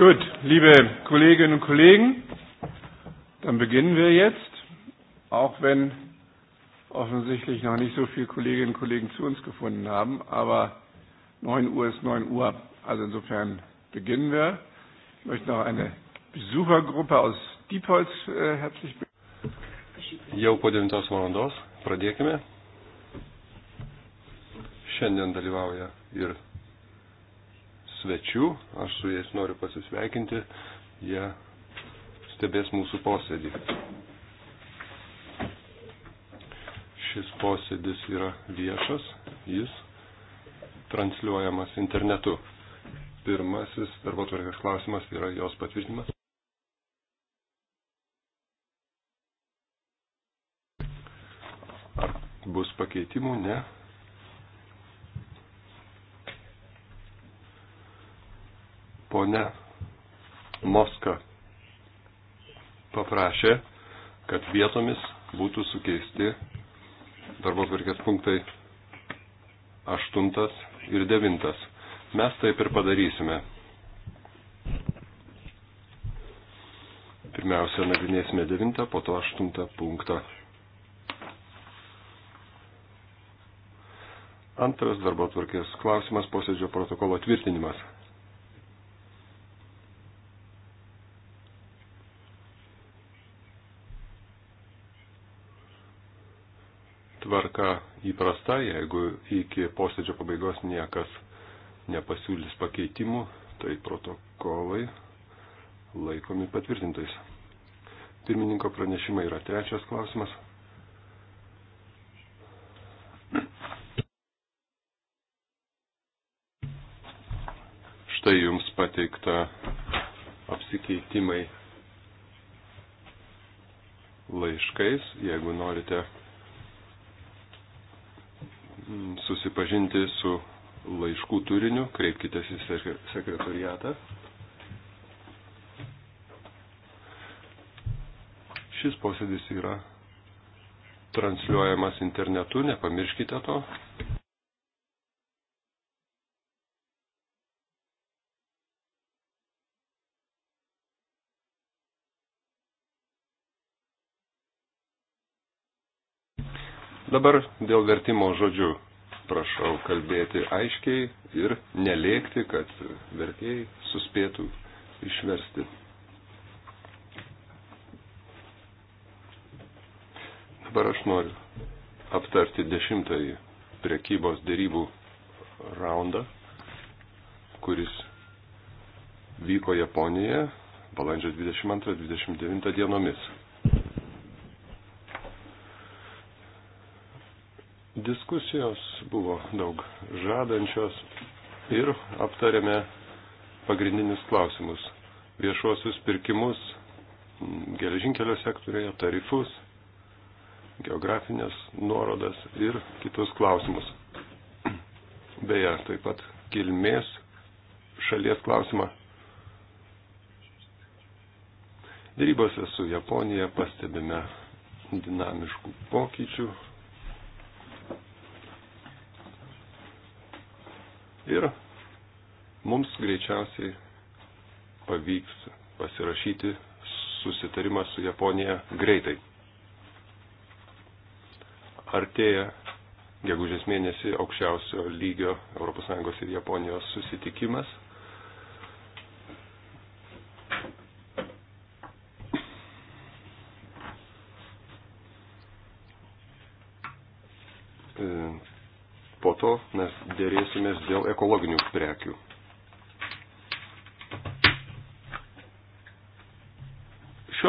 Gut, liebe Kolleginnen und Kollegen, dann beginnen wir jetzt, auch wenn offensichtlich noch nicht so viele Kolleginnen und Kollegen zu uns gefunden haben, aber 9 Uhr ist 9 Uhr, also insofern beginnen wir. Ich möchte noch eine Besuchergruppe aus Diepholz äh, herzlich begrüßen. Jau po 9 valandos pradėkime. Šiandien dalyvauja ir svečių, aš su jais noriu pasisveikinti, jie stebės mūsų posėdį. Šis posėdis yra viešas, jis transliuojamas internetu. Pirmasis darbo tvarkės klausimas yra jos patvirtinimas. Ar bus pakeitimų? Ne. Pone Moska paprašė, kad vietomis būtų sukeisti darbo tvarkės punktai 8 ir 9. Mes taip ir padarysime. Pirmiausia, nagrinėsime 9, po to 8 punktą. Antras darbo tvarkės klausimas posėdžio protokolo tvirtinimas. įprasta, jeigu iki posėdžio pabaigos niekas nepasiūlys pakeitimų, tai protokolai laikomi patvirtintais. Pirmininko pranešimai yra trečias klausimas. Štai jums pateikta apsikeitimai laiškais, jeigu norite susipažinti su laiškų turiniu, kreipkite į sekretariatą. Šis posėdis yra transliuojamas internetu, nepamirškite to. Dabar dėl vertimo žodžių prašau kalbėti aiškiai ir nelėkti, kad vertėjai suspėtų išversti. Dabar aš noriu aptarti dešimtąjį priekybos dėrybų raundą, kuris vyko Japonijoje balandžio 22-29 dienomis. Diskusijos buvo daug žadančios ir aptarėme pagrindinius klausimus - viešuosius pirkimus, geležinkelio sektorėje, tarifus, geografinės nuorodas ir kitus klausimus. Beje, taip pat kilmės šalies klausimą. Dėrybose su Japonija pastebime dinamiškų pokyčių ir mums greičiausiai pavyks pasirašyti susitarimą su Japonija greitai. Artėja gegužės mėnesį aukščiausio lygio ES ir Japonijos susitikimas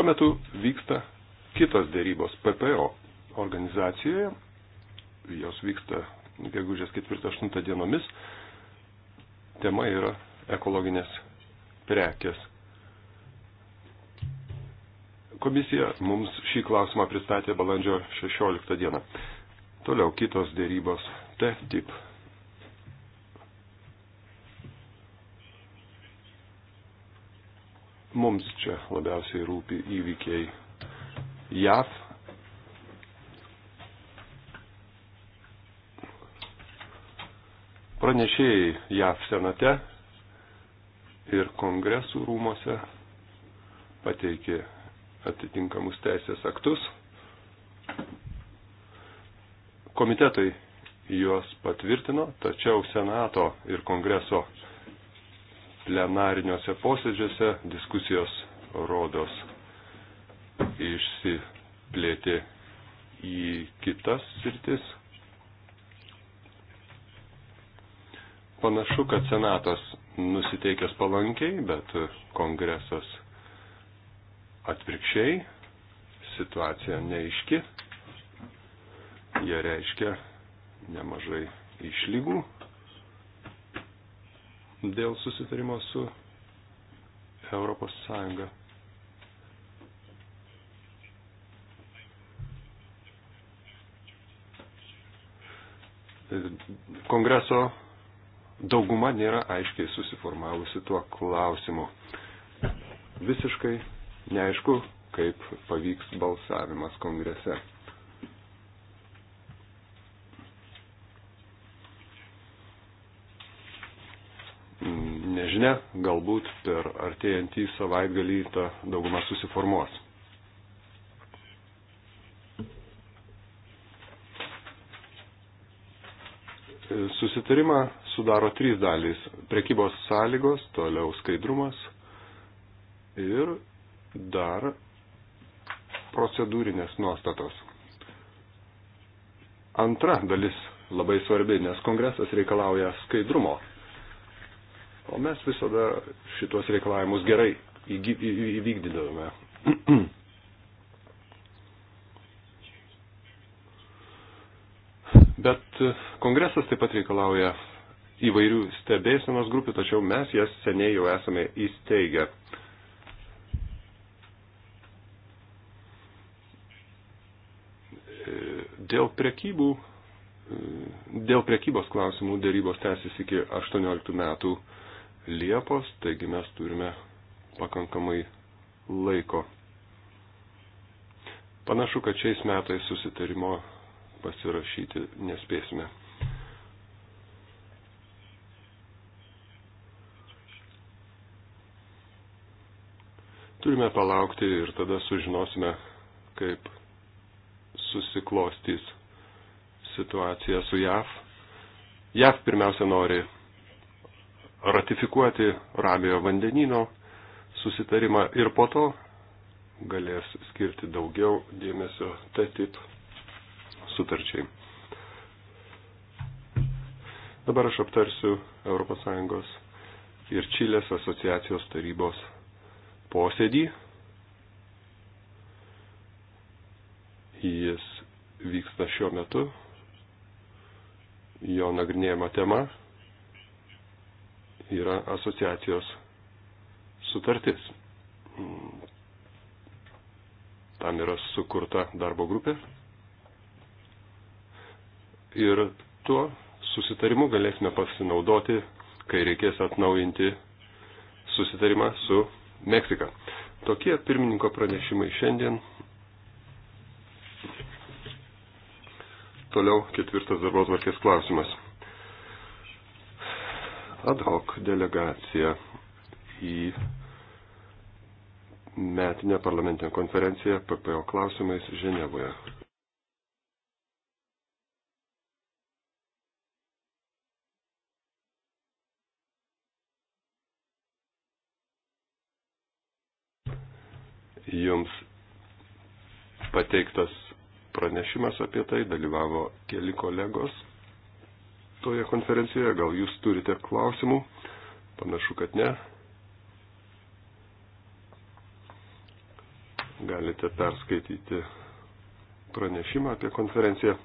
Šiuo metu vyksta kitos dėrybos PPO organizacijoje. Jos vyksta gegužės 4-8 dienomis. Tema yra ekologinės prekės. Komisija mums šį klausimą pristatė balandžio 16 dieną. Toliau kitos dėrybos T-tip Mums čia labiausiai rūpi įvykiai JAV. Pranešėjai JAV senate ir kongresų rūmose pateikė atitinkamus teisės aktus. Komitetai juos patvirtino, tačiau Senato ir Kongreso plenariniuose posėdžiuose diskusijos rodos išsiplėtė į kitas sritis. Panašu, kad senatas nusiteikęs palankiai, bet kongresas atvirkščiai, situacija neiški, jie reiškia nemažai išlygų dėl susitarimo su Europos Sąjunga. Kongreso dauguma nėra aiškiai susiformavusi tuo klausimu. Visiškai neaišku, kaip pavyks balsavimas kongrese. žinia, galbūt per artėjantį savaitgalį ta dauguma susiformuos. Susitarimą sudaro trys dalys - prekybos sąlygos, toliau skaidrumas ir dar procedūrinės nuostatos. Antra dalis labai svarbi, nes kongresas reikalauja skaidrumo O mes visada šitos reikalavimus gerai įvykdydavome. Bet kongresas taip pat reikalauja įvairių stebėsenos grupių, tačiau mes jas seniai jau esame įsteigę. Dėl prekybų dėl priekybos klausimų dėrybos tęsis iki 18 metų Liepos, taigi mes turime pakankamai laiko. Panašu, kad šiais metais susitarimo pasirašyti nespėsime. Turime palaukti ir tada sužinosime, kaip susiklostys situacija su JAV. JAV pirmiausia nori ratifikuoti Ramiojo vandenino susitarimą ir po to galės skirti daugiau dėmesio TTIP sutarčiai. Dabar aš aptarsiu ES ir Čilės asociacijos tarybos posėdį. Jis vyksta šiuo metu. Jo nagrinėjama tema yra asociacijos sutartis. Tam yra sukurta darbo grupė. Ir tuo susitarimu galėsime pasinaudoti, kai reikės atnaujinti susitarimą su Meksika. Tokie pirmininko pranešimai šiandien. Toliau ketvirtas darbo tvarkės klausimas ad hoc delegaciją į metinę parlamentinę konferenciją PPO klausimais Ženevoje. Jums pateiktas pranešimas apie tai dalyvavo keli kolegos toje konferencijoje. Gal jūs turite klausimų? Panašu, kad ne. Galite perskaityti pranešimą apie konferenciją.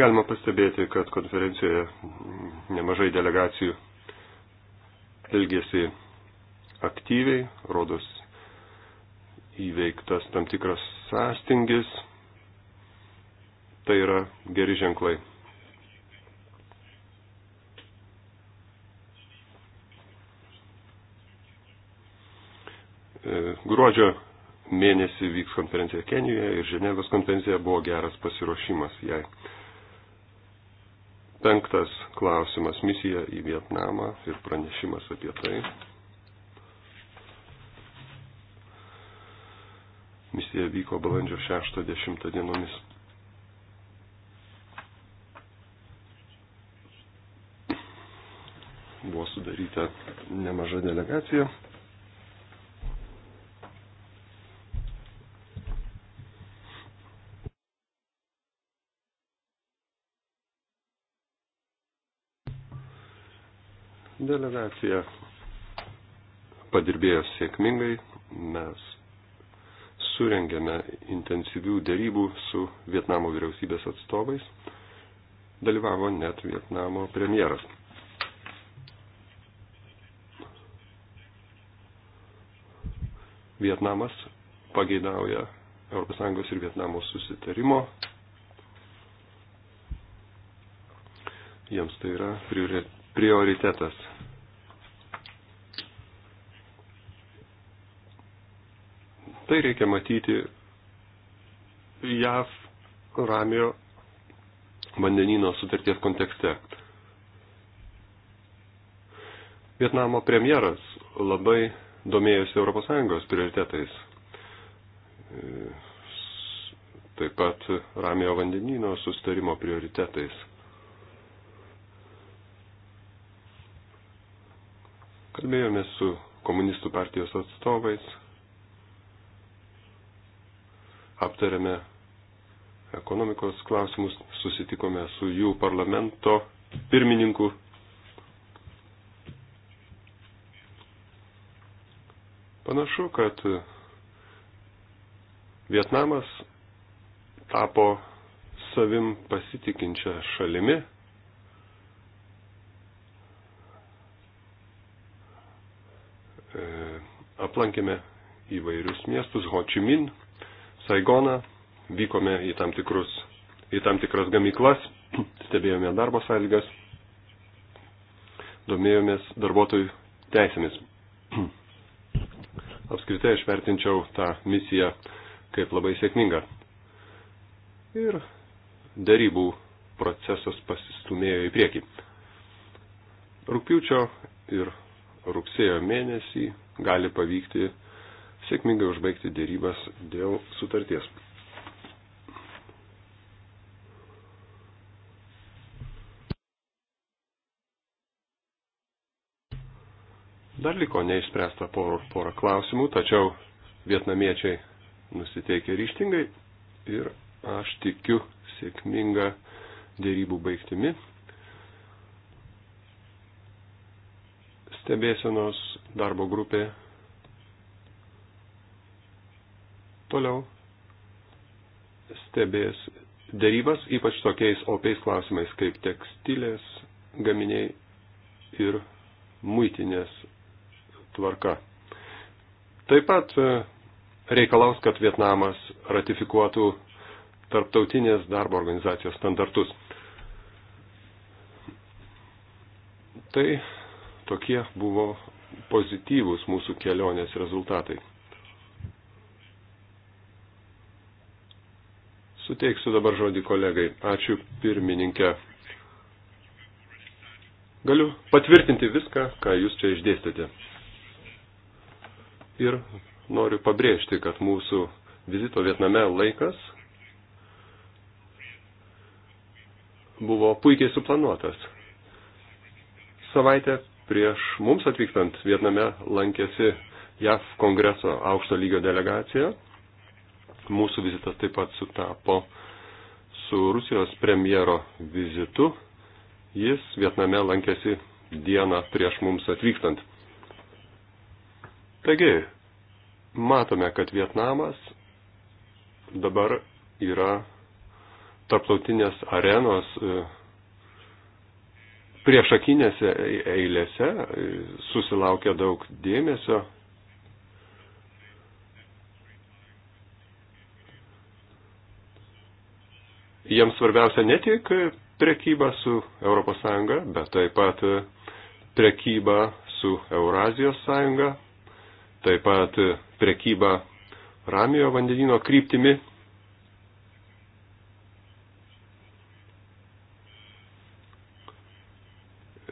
Galima pastebėti, kad konferencijoje nemažai delegacijų elgėsi aktyviai, rodos įveiktas tam tikras sąstingis. Tai yra geri ženklai. E, gruodžio mėnesį vyks konferencija Kenijoje ir Ženevos konferencija buvo geras pasiruošimas jai. Penktas klausimas - misija į Vietnamą ir pranešimas apie tai. Misija vyko balandžio 60 dienomis. Buvo sudaryta nemaža delegacija Delegacija padirbėjo sėkmingai, mes surengėme intensyvių dėrybų su Vietnamo vyriausybės atstovais, dalyvavo net Vietnamo premjeras. Vietnamas pageidauja ES ir Vietnamo susitarimo. Jiems tai yra prioritetas. Tai reikia matyti JAV ramio vandenino sutarties kontekste. Vietnamo premjeras labai domėjosi ES prioritetais. Taip pat ramio vandenino sustarimo prioritetais. Kalbėjome su komunistų partijos atstovais, aptarėme ekonomikos klausimus, susitikome su jų parlamento pirmininku. Panašu, kad Vietnamas tapo savim pasitikinčią šalimi. E, aplankėme įvairius miestus, Ho Chi Minh, Saigoną, vykome į tam, tikrus, į tam tikras gamyklas, stebėjome darbo sąlygas, domėjomės darbuotojų teisėmis. Apskritai aš vertinčiau tą misiją kaip labai sėkmingą. Ir darybų procesas pasistumėjo į priekį. Rūpiučio ir rugsėjo mėnesį gali pavykti sėkmingai užbaigti dėrybas dėl sutarties. Dar liko neišspręsta porą klausimų, tačiau vietnamiečiai nusiteikia ryštingai ir aš tikiu sėkmingą dėrybų baigtimi. Stebėsenos darbo grupė toliau stebės dėrybas, ypač tokiais opiais klausimais kaip tekstilės, gaminiai ir muitinės tvarka. Taip pat e, reikalaus, kad Vietnamas ratifikuotų tarptautinės darbo organizacijos standartus. Tai tokie buvo pozityvūs mūsų kelionės rezultatai. Suteiksiu dabar žodį kolegai. Ačiū pirmininkė. Galiu patvirtinti viską, ką jūs čia išdėstėte. Ir noriu pabrėžti, kad mūsų vizito Vietname laikas buvo puikiai suplanuotas. Savaitę prieš mums atvykstant Vietname lankėsi JAV kongreso aukšto lygio delegacija mūsų vizitas taip pat sutapo su Rusijos premjero vizitu. Jis Vietname lankėsi dieną prieš mums atvykstant. Taigi, matome, kad Vietnamas dabar yra tarptautinės arenos e, priešakinėse e-, eilėse, e, susilaukia daug dėmesio jiems svarbiausia ne tik prekyba su ES, bet taip pat prekyba su Eurazijos sąjunga, taip pat prekyba Ramijo vandenino kryptimi.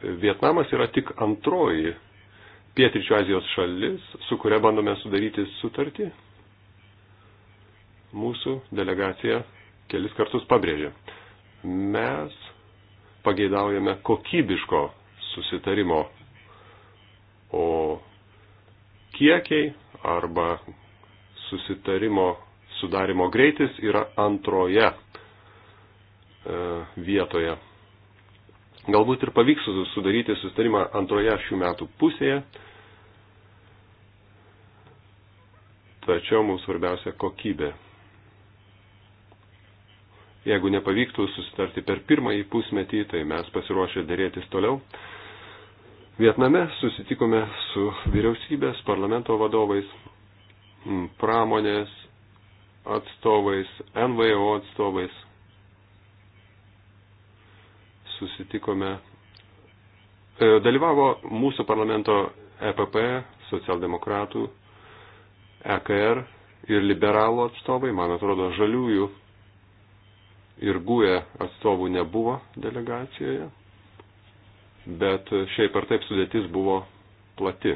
Vietnamas yra tik antroji Pietričio Azijos šalis, su kuria bandome sudaryti sutartį. Mūsų delegacija kelis kartus pabrėžė. Mes pageidaujame kokybiško susitarimo, o kiekiai arba susitarimo sudarimo greitis yra antroje e, vietoje. Galbūt ir pavyks sudaryti susitarimą antroje šių metų pusėje, tačiau mums svarbiausia kokybė. Jeigu nepavyktų susitarti per pirmąjį pusmetį, tai mes pasiruošę dėrėtis toliau. Vietname susitikome su vyriausybės, parlamento vadovais, pramonės atstovais, NVO atstovais. Susitikome. E, dalyvavo mūsų parlamento EPP, socialdemokratų, EKR ir liberalų atstovai, man atrodo, žaliųjų ir GUE atstovų nebuvo delegacijoje, bet šiaip ar taip sudėtis buvo plati.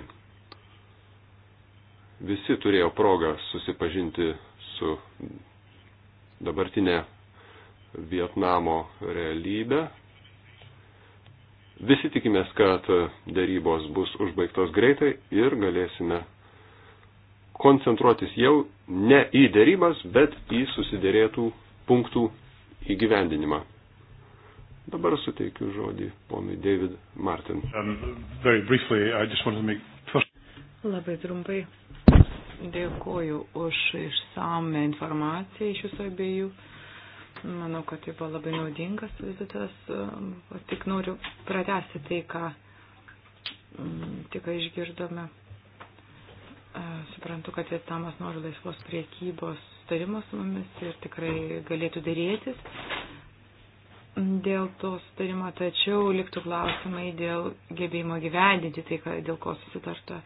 Visi turėjo progą susipažinti su dabartinė Vietnamo realybė. Visi tikimės, kad dėrybos bus užbaigtos greitai ir galėsime koncentruotis jau ne į dėrybas, bet į susidėrėtų punktų įgyvendinimą. Dabar suteikiu žodį ponui David Martin. Um, briefly, make... Labai trumpai. Dėkuoju už išsame informaciją iš jūsų abiejų. Manau, kad tai buvo labai naudingas vizitas. Um, tik noriu pratesti tai, ką mm, tik išgirdome. Uh, suprantu, kad Vietnamas nori laisvos priekybos sutarimo su mumis ir tikrai galėtų dėrėtis dėl to sutarimo, tačiau liktų klausimai dėl gebėjimo gyvendinti tai, dėl ko susitarta.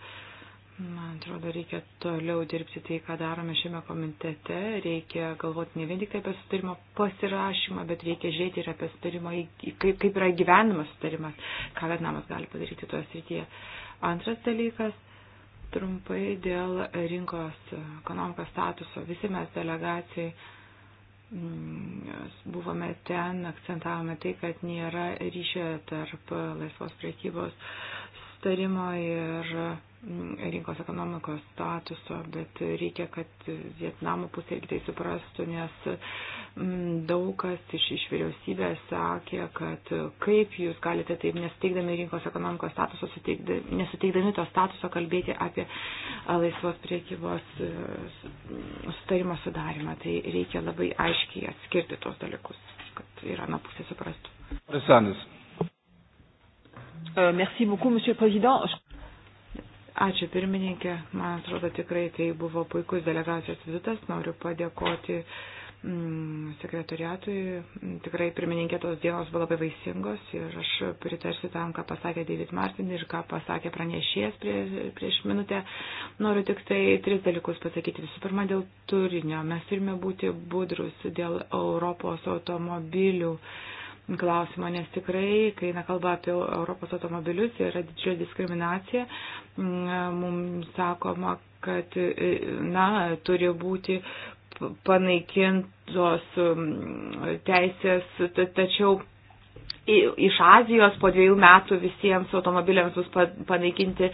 Man atrodo, reikia toliau dirbti tai, ką darome šiame komitete. Reikia galvoti ne vien tik apie sutarimo pasirašymą, bet reikia žiūrėti ir apie sutarimo, kaip, kaip yra gyvenimas sutarimas, ką Vietnamas gali padaryti toje srityje. Antras dalykas Trumpai dėl rinkos ekonomikos statuso. Visi mes delegacijai mm, buvome ten, akcentavome tai, kad nėra ryšio tarp laisvos priekybos starimo ir rinkos ekonomikos statuso, bet reikia, kad Vietnamo pusė irgi tai suprastų, nes mm, daug kas iš, iš vyriausybės sakė, kad kaip jūs galite taip nesuteikdami rinkos ekonomikos statuso, nesuteikdami to statuso kalbėti apie laisvos priekybos e, sutarimo sudarimą. Tai reikia labai aiškiai atskirti tos dalykus, kad ir ana pusė suprastų. Presanis. Euh, merci beaucoup, Monsieur le Président. Je... Ačiū pirmininkė, man atrodo tikrai tai buvo puikus delegacijos vizitas, noriu padėkoti mm, sekretoriatui. Tikrai pirmininkė tos dienos buvo labai vaisingos ir aš pritarsiu tam, ką pasakė David Martin ir ką pasakė pranešėjas prie, prieš minutę. Noriu tik tai tris dalykus pasakyti. Visų pirma, dėl turinio. Mes turime būti budrus dėl Europos automobilių. Uh, klausimo, nes tikrai, kai na, kalba apie Europos automobilius, tai yra didžiulė diskriminacija. Mm, mums sakoma, kad na, turi būti panaikintos mm, teisės, tačiau iš Azijos po dviejų metų visiems automobiliams bus panaikinti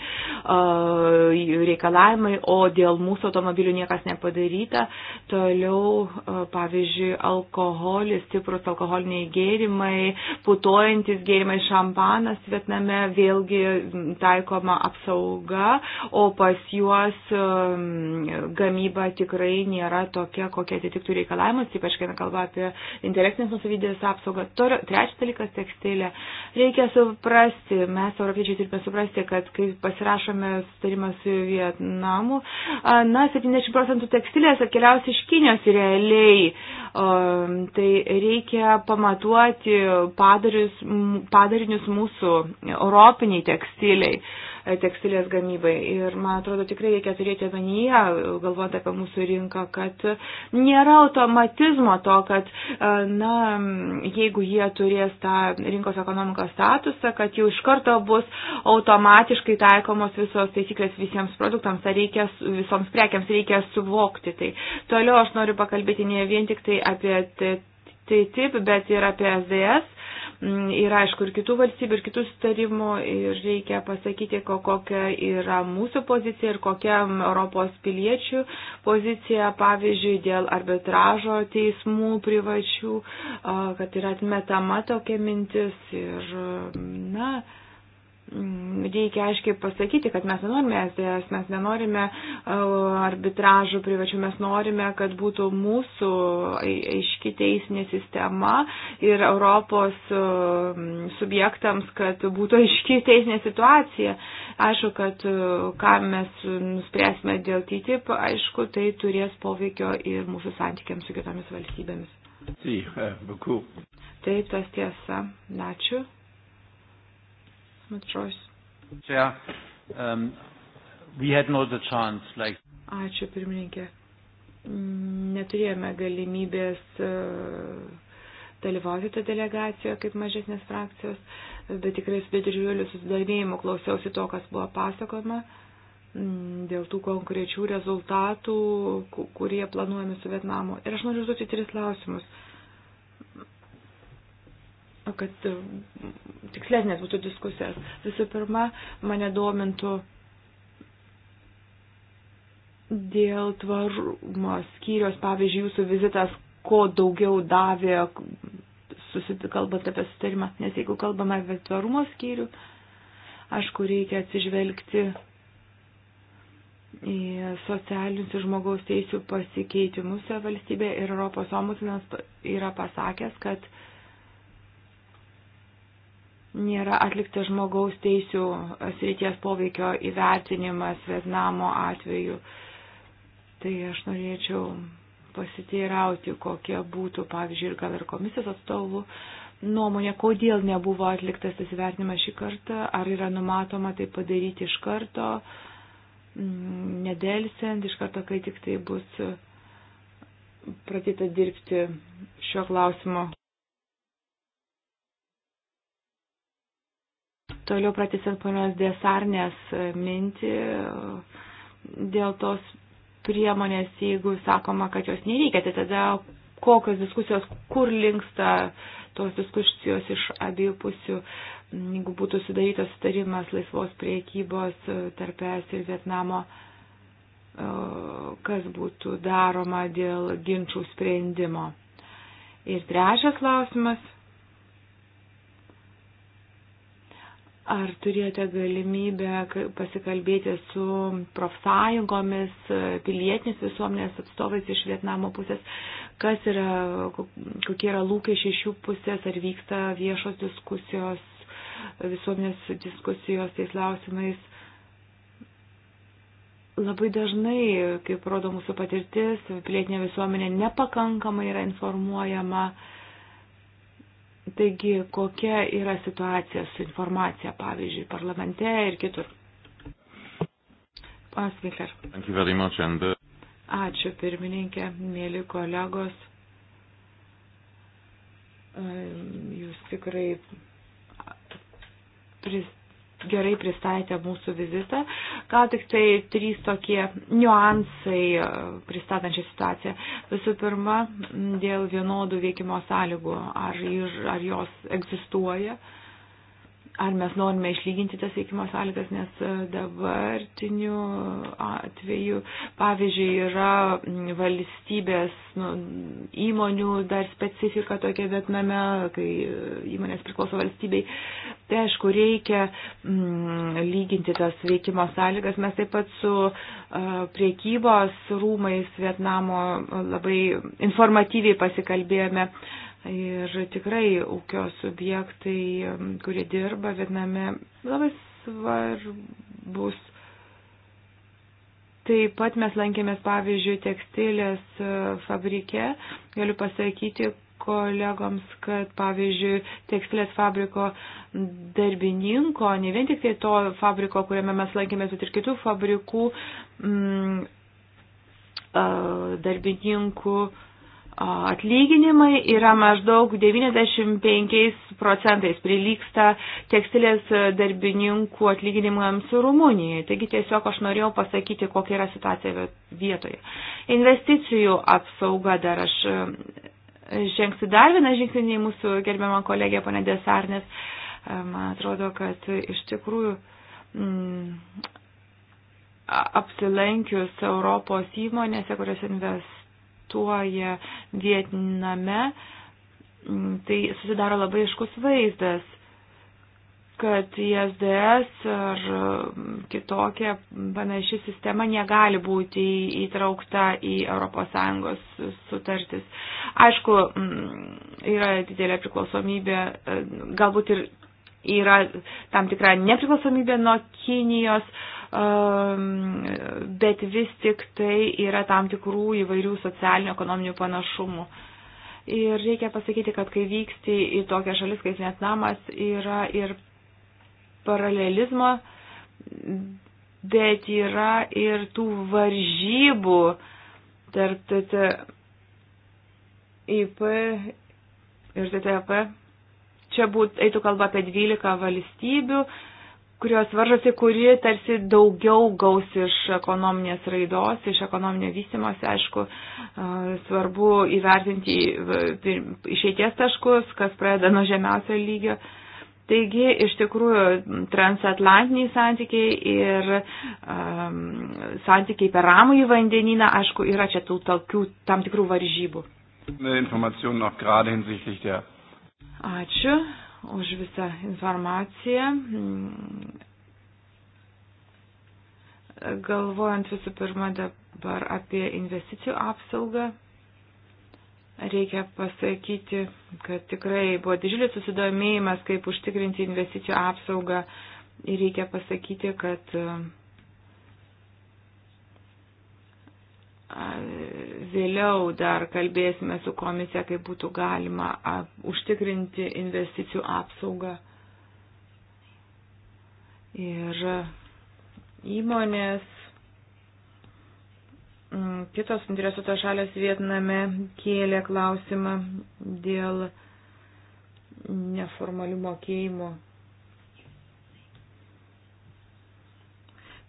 reikalavimai, o dėl mūsų automobilių niekas nepadaryta. Toliau, pavyzdžiui, alkoholis, stiprus alkoholiniai gėrimai, putojantis gėrimai, šampanas Vietname vėlgi taikoma apsauga, o pas juos gamyba tikrai nėra tokia, kokia atitiktų reikalavimus, ypač kai kalba apie intelektinės nusavydės apsaugą. Trečias dalykas tai tekstilę. Reikia suprasti, mes europiečiai turime suprasti, kad kai pasirašome sutarimą su Vietnamu, na, 70 procentų tekstilės atkeliaus iš Kinijos realiai. O, tai reikia pamatuoti padarius, padarinius mūsų europiniai tekstiliai tekstilės gamybai. Ir man atrodo, tikrai reikia turėti omenyje, galvojant apie mūsų rinką, kad nėra automatizmo to, kad, na, jeigu jie turės tą rinkos ekonomikos statusą, kad jau iš karto bus automatiškai taikomos visos taisyklės visiems produktams, ar tai reikia visoms prekiams, reikia suvokti. Tai toliau aš noriu pakalbėti ne vien tik tai apie TTIP, bet ir apie SDS Mm, yra, aišku, ir kitų valstybių, ir kitų starimų, ir reikia pasakyti, kokia yra mūsų pozicija ir kokia Europos piliečių pozicija, pavyzdžiui, dėl arbitražo teismų privačių, kad yra atmetama tokia mintis. Ir, na, Mm, reikia aiškiai pasakyti, kad mes nenorime SDS, mes nenorime e, arbitražų privačių, mes norime, kad būtų mūsų aiški teisinė sistema ir Europos e, subjektams, kad būtų aiški teisinė situacija. Aišku, kad e, ką mes nuspręsime dėl TTIP, aišku, tai turės poveikio ir mūsų santykiams su kitomis valstybėmis. Eh, Taip, tas tiesa. Ačiū. Helmut Royce. Yeah, um, we had not the chance, like... Ačiū pirmininkė. Neturėjome galimybės e, dalyvauti tą delegaciją kaip mažesnės frakcijos, bet tikrai su didžiuliu susidomėjimu klausiausi to, kas buvo pasakojama dėl tų konkrečių rezultatų, kurie planuojami su Vietnamu. Ir aš noriu užduoti tris klausimus kad mm, tikslesnės būtų diskusijos. Visų pirma, mane domintų dėl tvarumo skyrios, pavyzdžiui, jūsų vizitas, ko daugiau davė, kalbant apie sutarimą, nes jeigu kalbame apie tvarumo skyrių, aišku, reikia atsižvelgti į socialinius ir žmogaus teisų pasikeitimus valstybėje ir Europos ombudsmenas yra pasakęs, kad uh, nėra atliktas žmogaus teisų srities poveikio įvertinimas Vietnamo atveju. Tai aš norėčiau pasiteirauti, kokie būtų, pavyzdžiui, ir gal ir komisijos atstovų nuomonė, kodėl nebuvo atliktas tas įvertinimas šį kartą, ar yra numatoma tai padaryti iš karto, mm, nedelsiant, iš karto, kai tik tai bus pradėta dirbti šiuo klausimu. Toliau pratisant ponios Desarnės mintį e, dėl tos priemonės, jeigu sakoma, kad jos nereikia, tai tada kokios diskusijos, kur linksta tos diskusijos iš abiejų pusių, jeigu būtų sudarytas sutarimas laisvos priekybos e, tarp ES ir Vietnamo, e, kas būtų daroma dėl ginčių sprendimo. Ir trečias klausimas Ar turėjote galimybę pasikalbėti su profsąjungomis, pilietinės visuomenės atstovais iš Vietnamo pusės, kas yra, kokie yra lūkesčiai iš jų pusės, ar vyksta viešos diskusijos, visuomenės diskusijos tais klausimais? labai dažnai, kaip rodo mūsų patirtis, pilietinė visuomenė nepakankamai yra informuojama Taigi, kokia yra situacija su informacija, pavyzdžiui, parlamente ir kitur? Panas Vikler. Uh, Ačiū, pirmininkė, mėly kolegos. Jūs tikrai pristatėte gerai pristatė mūsų vizitą. Gal tik tai trys tokie niuansai e, pristatančią situaciją. Visų pirma, dėl vienodų veikimo sąlygų, ar, ir, ar jos egzistuoja. Uh, ar mes norime išlyginti tas veikimo sąlygas, nes e, dabartiniu atveju, pavyzdžiui, yra valstybės nu, įmonių dar specifika tokia Vietname, kai e, įmonės priklauso valstybei. Tai aišku, reikia mm, lyginti tas veikimo sąlygas. Mes taip pat su uh, priekybos rūmais Vietnamo labai informatyviai pasikalbėjome. Uh, Ir tikrai ūkio subjektai, kurie dirba Vietname, labai svarbus. Taip pat mes lankėmės, pavyzdžiui, tekstilės e, fabrike. Galiu pasakyti, kolegoms, kad pavyzdžiui tekstilės fabriko darbininko, ne vien tik tai to fabriko, kuriame mes lankėmės, bet ir kitų fabrikų mm, darbininkų uh, atlyginimai yra maždaug 95 procentais prilyksta tekstilės darbininkų atlyginimams Rumunijoje. Taigi tiesiog aš norėjau pasakyti, kokia yra situacija vietoje. Investicijų apsauga dar aš e, žengsiu dar vieną žingsnį į mūsų gerbiamą kolegę ponę Desarnės. E, man atrodo, kad iš tikrųjų. Mm, apsilankius Europos įmonėse, kurios investuoja egzistuoja Vietname, mm, tai susidaro labai iškus vaizdas kad ISDS ar mm, kitokia panaši sistema negali būti įtraukta į ES sutartis. Aišku, mm, yra didelė priklausomybė, e, galbūt ir yra tam tikra nepriklausomybė nuo Kinijos, Ehm, bet vis tik tai yra tam tikrų įvairių socialinių ekonominių panašumų. Ir reikia pasakyti, kad kai vyksti į tokią šalis kaip Vietnamas, yra ir paralelizmo, bet yra ir tų varžybų tarp TTIP ir TTP. Čia būt, eitų kalba apie 12 valstybių, kurios varžosi, kuri tarsi daugiau gaus iš ekonominės raidos, iš ekonominio vystimosi, aišku, svarbu įvertinti išeities taškus, kas pradeda nuo žemiausio lygio. Taigi, iš tikrųjų, transatlantiniai santykiai ir um, santykiai per ramų į vandenyną, aišku, yra čia tų tokių tam tikrų varžybų. Ačiū už visą informaciją. Galvojant visų pirma dabar apie investicijų apsaugą, reikia pasakyti, kad tikrai buvo didžiulis susidomėjimas, kaip užtikrinti investicijų apsaugą. Ir reikia pasakyti, kad uh, Vėliau dar kalbėsime su komisija, kaip būtų galima užtikrinti investicijų apsaugą. Ir įmonės, kitos interesuotos šalės Vietname kėlė klausimą dėl neformalių mokėjimų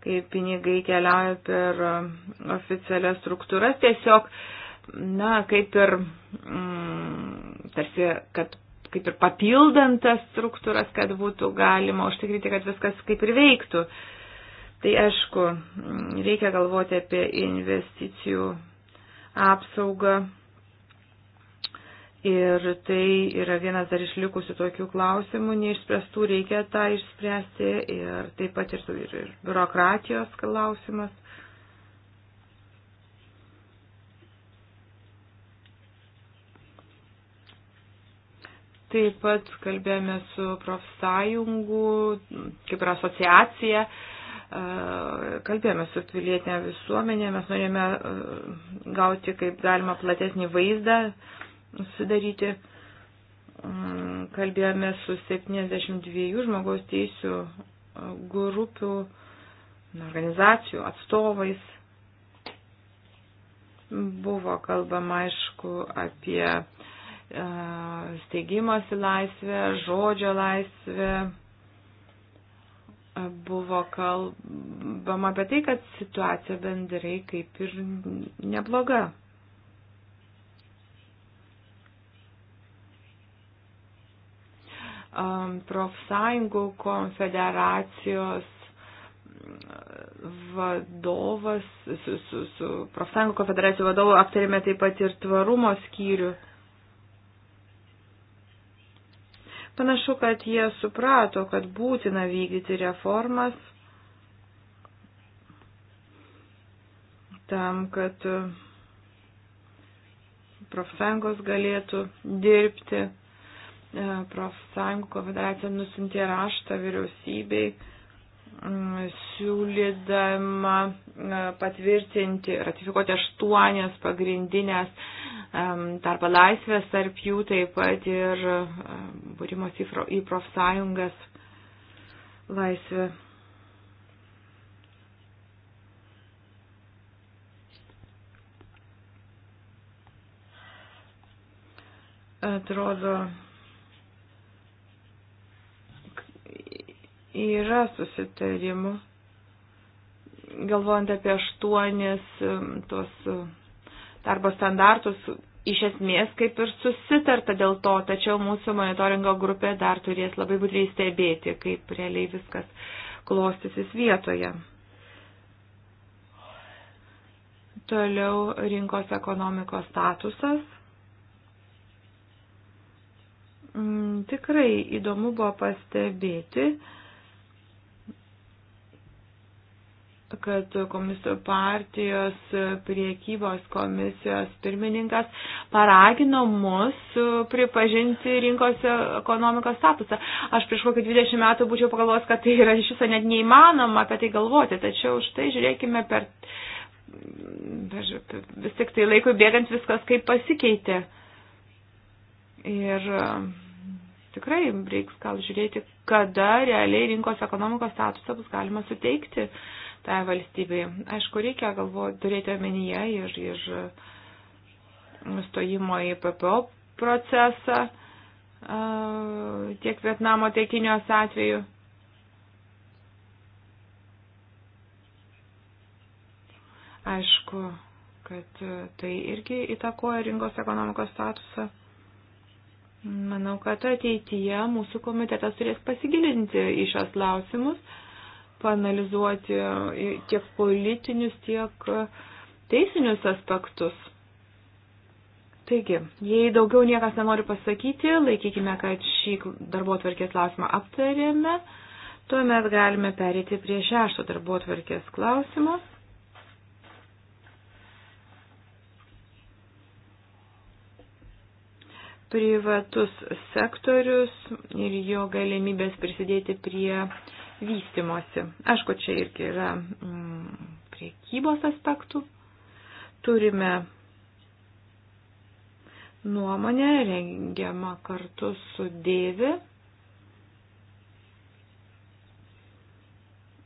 kai pinigai keliauja per um, oficialias struktūras, tiesiog, na, kaip ir, mm, tarsi, kad kaip ir papildant tas struktūras, kad būtų galima užtikrinti, kad viskas kaip ir veiktų. Tai aišku, mm, reikia galvoti apie investicijų apsaugą Ir tai yra vienas dar išlikusių tokių klausimų, neišspręstų reikia tą išspręsti ir taip pat ir, ir, ir biurokratijos klausimas. Taip pat kalbėjome su profsąjungų, kaip ir asociacija, e, kalbėjome su pilietinė visuomenė, mes norėjome e, gauti kaip galima platesnį vaizdą sudaryti. Mm, kalbėjome su 72 žmogaus teisų grupių, organizacijų atstovais. Buvo kalbama, aišku, apie steigimosi laisvę, žodžio laisvę, buvo kalbama apie tai, kad situacija bendrai kaip ir nebloga. Um, profsąjungų konfederacijos mm, vadovas, su, su, su profsąjungų konfederacijų vadovu aptarėme taip pat ir tvarumo skyrių. Panašu, kad jie suprato, kad būtina vykdyti reformas tam, kad profsąjungos galėtų dirbti E, profsąjungų konfederacija nusintė raštą vyriausybei siūlydama e, patvirtinti, ratifikuoti aštuonias pagrindinės darbo laisvės, tarp jų taip pat ir e, būrimos į profsąjungas laisvė. Atrodo, yra susitarimų, galvojant apie aštuonis um, tuos um, darbo standartus, iš esmės kaip ir susitarta dėl to, tačiau mūsų monitoringo grupė dar turės labai budriai stebėti, kaip realiai viskas klostysis vietoje. Toliau rinkos ekonomikos statusas. Mm, tikrai įdomu buvo pastebėti, kad komisijų partijos priekybos komisijos pirmininkas paragino mus pripažinti rinkos ekonomikos statusą. Aš prieš kokį 20 metų būčiau pagalvojęs, kad tai yra iš viso net neįmanoma apie tai galvoti, tačiau štai žiūrėkime per, vis tik tai laikui bėgant viskas kaip pasikeitė. Ir tikrai reiks gal žiūrėti, kada realiai rinkos ekonomikos statusą bus galima suteikti. Uh, tai valstybei. Aišku, reikia galvo, turėti omenyje ir, ir stojimo į PPO procesą tiek Vietnamo, tiek Kinijos atveju. Aišku, kad tai irgi įtakoja rinkos ekonomikos statusą. Manau, kad ateityje mūsų komitetas turės pasigilinti į šios klausimus panalizuoti tiek politinius, tiek teisinius aspektus. Taigi, jei daugiau niekas nenori pasakyti, laikykime, kad šį darbo atvarkės klausimą aptarėme, tuomet galime perėti prie šešto darbo atvarkės klausimo. Privatus sektorius ir jo galimybės prisidėti prie uh, vystimosi. Aišku, čia irgi yra mm, priekybos aspektų. Turime nuomonę rengiamą kartu su dėvi.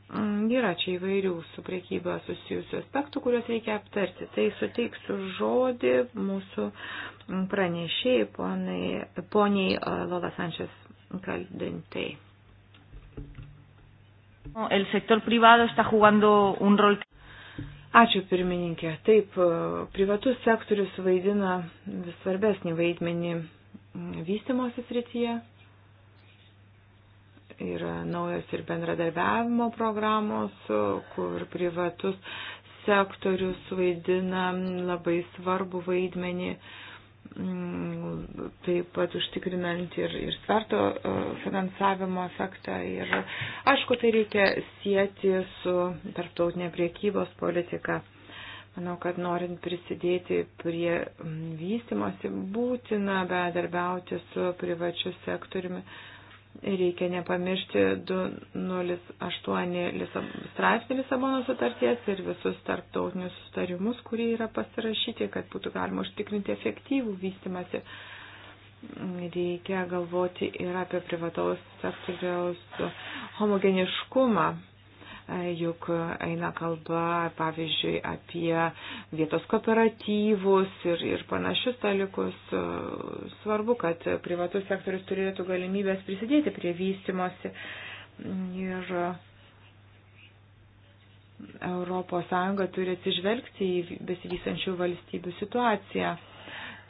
Mm, yra čia įvairių su priekyba susijusių aspektų, kuriuos reikia aptarti. Tai suteiksiu žodį mūsų pranešėjai poniai e, Lola Sančias Kaldentai. El sector privado está jugando un rol. Ačiū pirmininkė. Taip, privatus sektorius vaidina vis svarbesnį vaidmenį vystimosi srityje. Yra naujas ir bendradarbiavimo programos, kur privatus sektorius vaidina labai svarbu vaidmenį. Uh, Mm, taip pat užtikrinant ir, ir sverto e, finansavimo efektą. Ir aišku, tai reikia sieti su tarptautinė priekybos politika. Manau, kad norint prisidėti prie vystimosi, būtina bedarbiauti su privačiu sektoriumi. Uh, Reikia nepamiršti 208 straipsnį Lisabono sutarties ir visus tarptautinius sustarimus, kurie yra pasirašyti, kad būtų galima užtikrinti efektyvų vystimasi. Reikia galvoti ir apie privataus sektoriaus homogeniškumą juk eina kalba, pavyzdžiui, apie vietos kooperatyvus ir, ir panašius dalykus. Svarbu, kad privatus sektorius turėtų galimybės prisidėti prie vystimosi. Ir ES turi atsižvelgti į besivystančių valstybių situaciją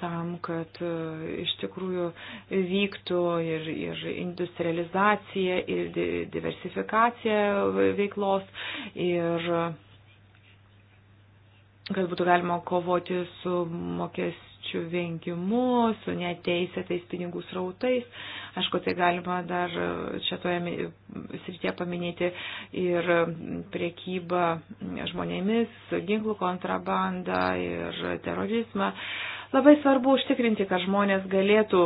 tam, kad e, iš tikrųjų vyktų ir, ir industrializacija, ir diversifikacija veiklos, ir kad būtų galima kovoti su mokės mokesčių vengimu, su neteisėtais pinigų srautais. Aišku, tai galima dar čia toje srityje paminėti ir priekybą žmonėmis, ginklų kontrabandą ir terorizmą. Uh, Labai svarbu užtikrinti, kad žmonės galėtų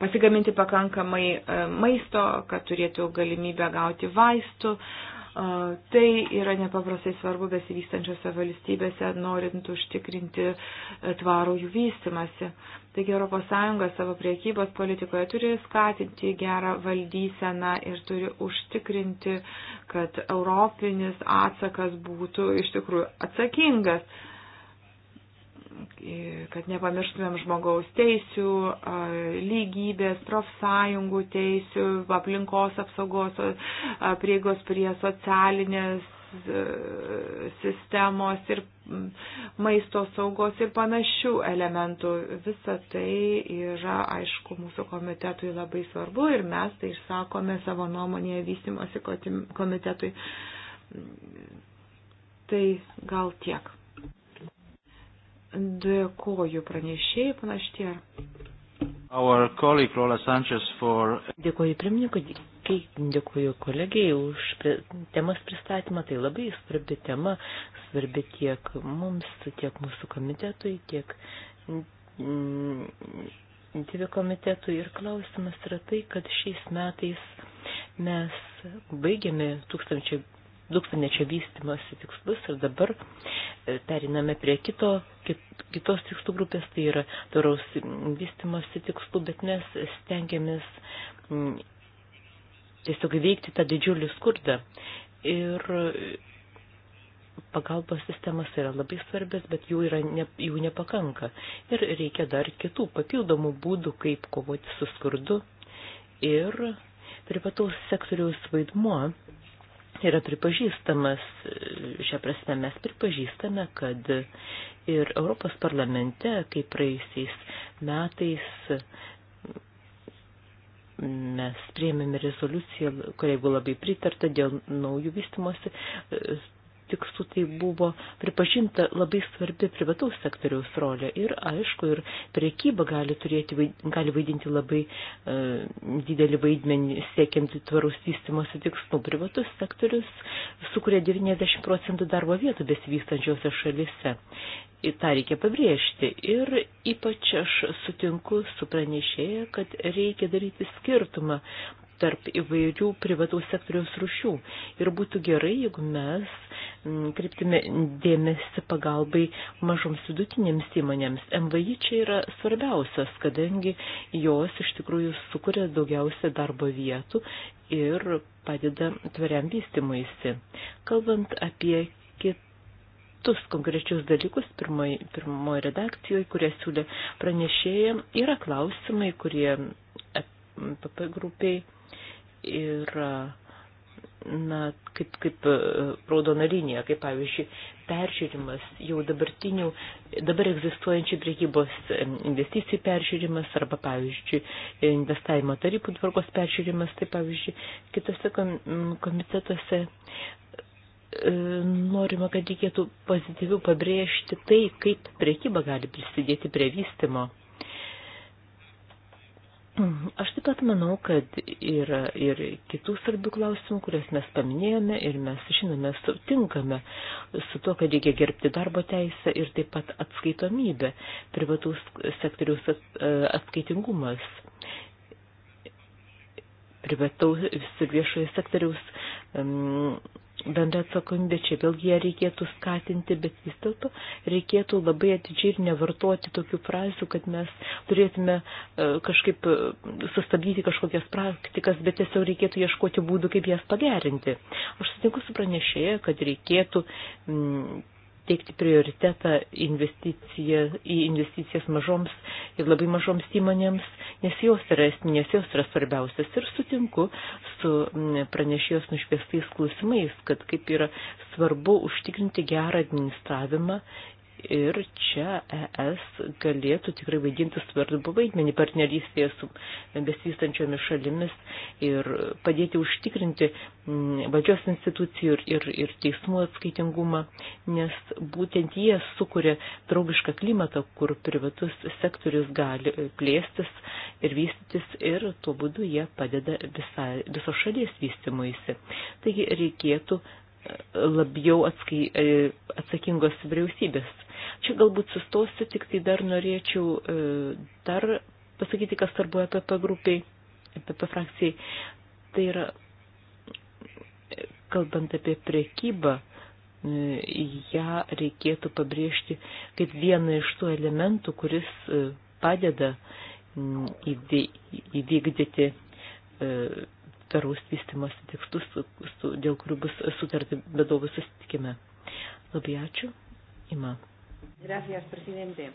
pasigaminti pakankamai e, maisto, kad turėtų galimybę gauti vaistų, Tai yra nepaprastai svarbu besivystančiose valstybėse, norint užtikrinti e, tvarų jų vystimasi. Taigi ES savo priekybos politikoje turi skatinti gerą valdyseną ir turi užtikrinti, kad europinis atsakas būtų iš tikrųjų atsakingas kad nepamirštumėm žmogaus teisių, lygybės, profsąjungų teisių, aplinkos apsaugos, prieigos prie socialinės e, sistemos ir maisto saugos ir panašių elementų. Visa tai yra, aišku, mūsų komitetui labai svarbu ir mes tai išsakome savo nuomonėje vystimosi komitetui. Tai gal tiek. Dėkoju pranešėjai panaštie. For... Dėkoju pirmininkui, dėkoju kolegijai už temas pristatymą. Tai labai svarbi tema, svarbi tiek mums, tiek mūsų komitetui, tiek TV komitetui. Ir klausimas yra tai, kad šiais metais mes baigėme tūkstančio tūkstančio vystimosi tikslus ir dabar e, periname prie kito, kit, kitos tikslų grupės, tai yra tvaraus vystimosi tikslų, bet mes stengiamės m, tiesiog įveikti tą didžiulį skurdą. Ir pagalbos sistemas yra labai svarbios, bet jų, yra ne, jų nepakanka. Ir reikia dar kitų papildomų būdų, kaip kovoti su skurdu. Ir privataus sektoriaus vaidmuo yra pripažįstamas, šią prasme mes pripažįstame, kad ir Europos parlamente, kaip praeisiais metais, mes priėmėme rezoliuciją, kuriai buvo labai pritarta dėl naujų vystimosi tikslų tai buvo pripažinta labai svarbi privataus sektoriaus rolė ir aišku ir priekyba gali turėti, gali vaidinti labai e, didelį vaidmenį siekiant tvaraus vystimosi tikslų. Privatus sektorius sukuria 90 procentų darbo vietų besivystančiose šalise. Ir tą reikia pabrėžti. Ir ypač aš sutinku su pranešėja, kad reikia daryti skirtumą tarp įvairių privataus sektoriaus rušių. Ir būtų gerai, jeigu mes mm, kreiptume dėmesį pagalbai mažoms vidutinėms įmonėms. MVI čia yra svarbiausias, kadangi jos iš tikrųjų sukuria daugiausia darbo vietų ir padeda tvariam vystimuisi. Kalbant apie kitus konkrečius dalykus pirmoji pirmoj redakcijoje, kurie siūlė pranešėja, yra klausimai, kurie PP grupiai ir na, kaip, kaip raudona linija, kaip pavyzdžiui, peržiūrimas jau dabartinių, dabar egzistuojančių priekybos investicijų peržiūrimas arba, pavyzdžiui, investavimo tarifų tvarkos peržiūrimas, tai, pavyzdžiui, kitose komitetuose e, norima, kad reikėtų pozityvių pabrėžti tai, kaip priekyba gali prisidėti prie vystimo Aš taip pat manau, kad yra ir kitų svarbių klausimų, kurias mes paminėjome ir mes, žinome, sutinkame su tuo, kad reikia gerbti darbo teisę ir taip pat atskaitomybę, privatus sektoriaus e, atskaitingumas, privataus ir viešojo sektoriaus bendra atsakomybė, čia vėlgi ją reikėtų skatinti, bet vis dėlto reikėtų labai atidžiai ir nevartoti tokių frazių, kad mes turėtume e, kažkaip e, sustabdyti kažkokias praktikas, bet tiesiog reikėtų ieškoti būdų, kaip jas pagerinti. Aš sutinku su pranešėja, kad reikėtų. Mm, teikti prioritetą investiciją, į investicijas mažoms ir labai mažoms įmonėms, nes jos yra esminės, jos yra svarbiausias. Ir sutinku su mm, pranešėjos nušviestais klausimais, kad kaip yra svarbu užtikrinti gerą administravimą Ir čia ES galėtų tikrai vaidinti svarbu vaidmenį partnerystėje su besivystančiomis šalimis ir padėti užtikrinti mm, valdžios institucijų ir, ir, ir teismų atskaitingumą, nes būtent jie sukuria draugišką klimatą, kur privatus sektorius gali plėstis ir vystytis ir tuo būdu jie padeda visa, viso šalies vystimuisi. Taigi reikėtų e, labiau atskai, e, atsakingos vyriausybės Čia galbūt sustosiu, tik tai dar norėčiau e, dar pasakyti, kas svarbu EPP grupiai, EPP frakcijai. Tai yra, kalbant apie priekybą, e, ją reikėtų pabrėžti kaip vieną iš tų elementų, kuris e, padeda įvykdyti tvaraus vystimosi tikslus, dėl kurių bus sutarti bedovų susitikime. Labai ačiū. Ima. Gracias, presidente.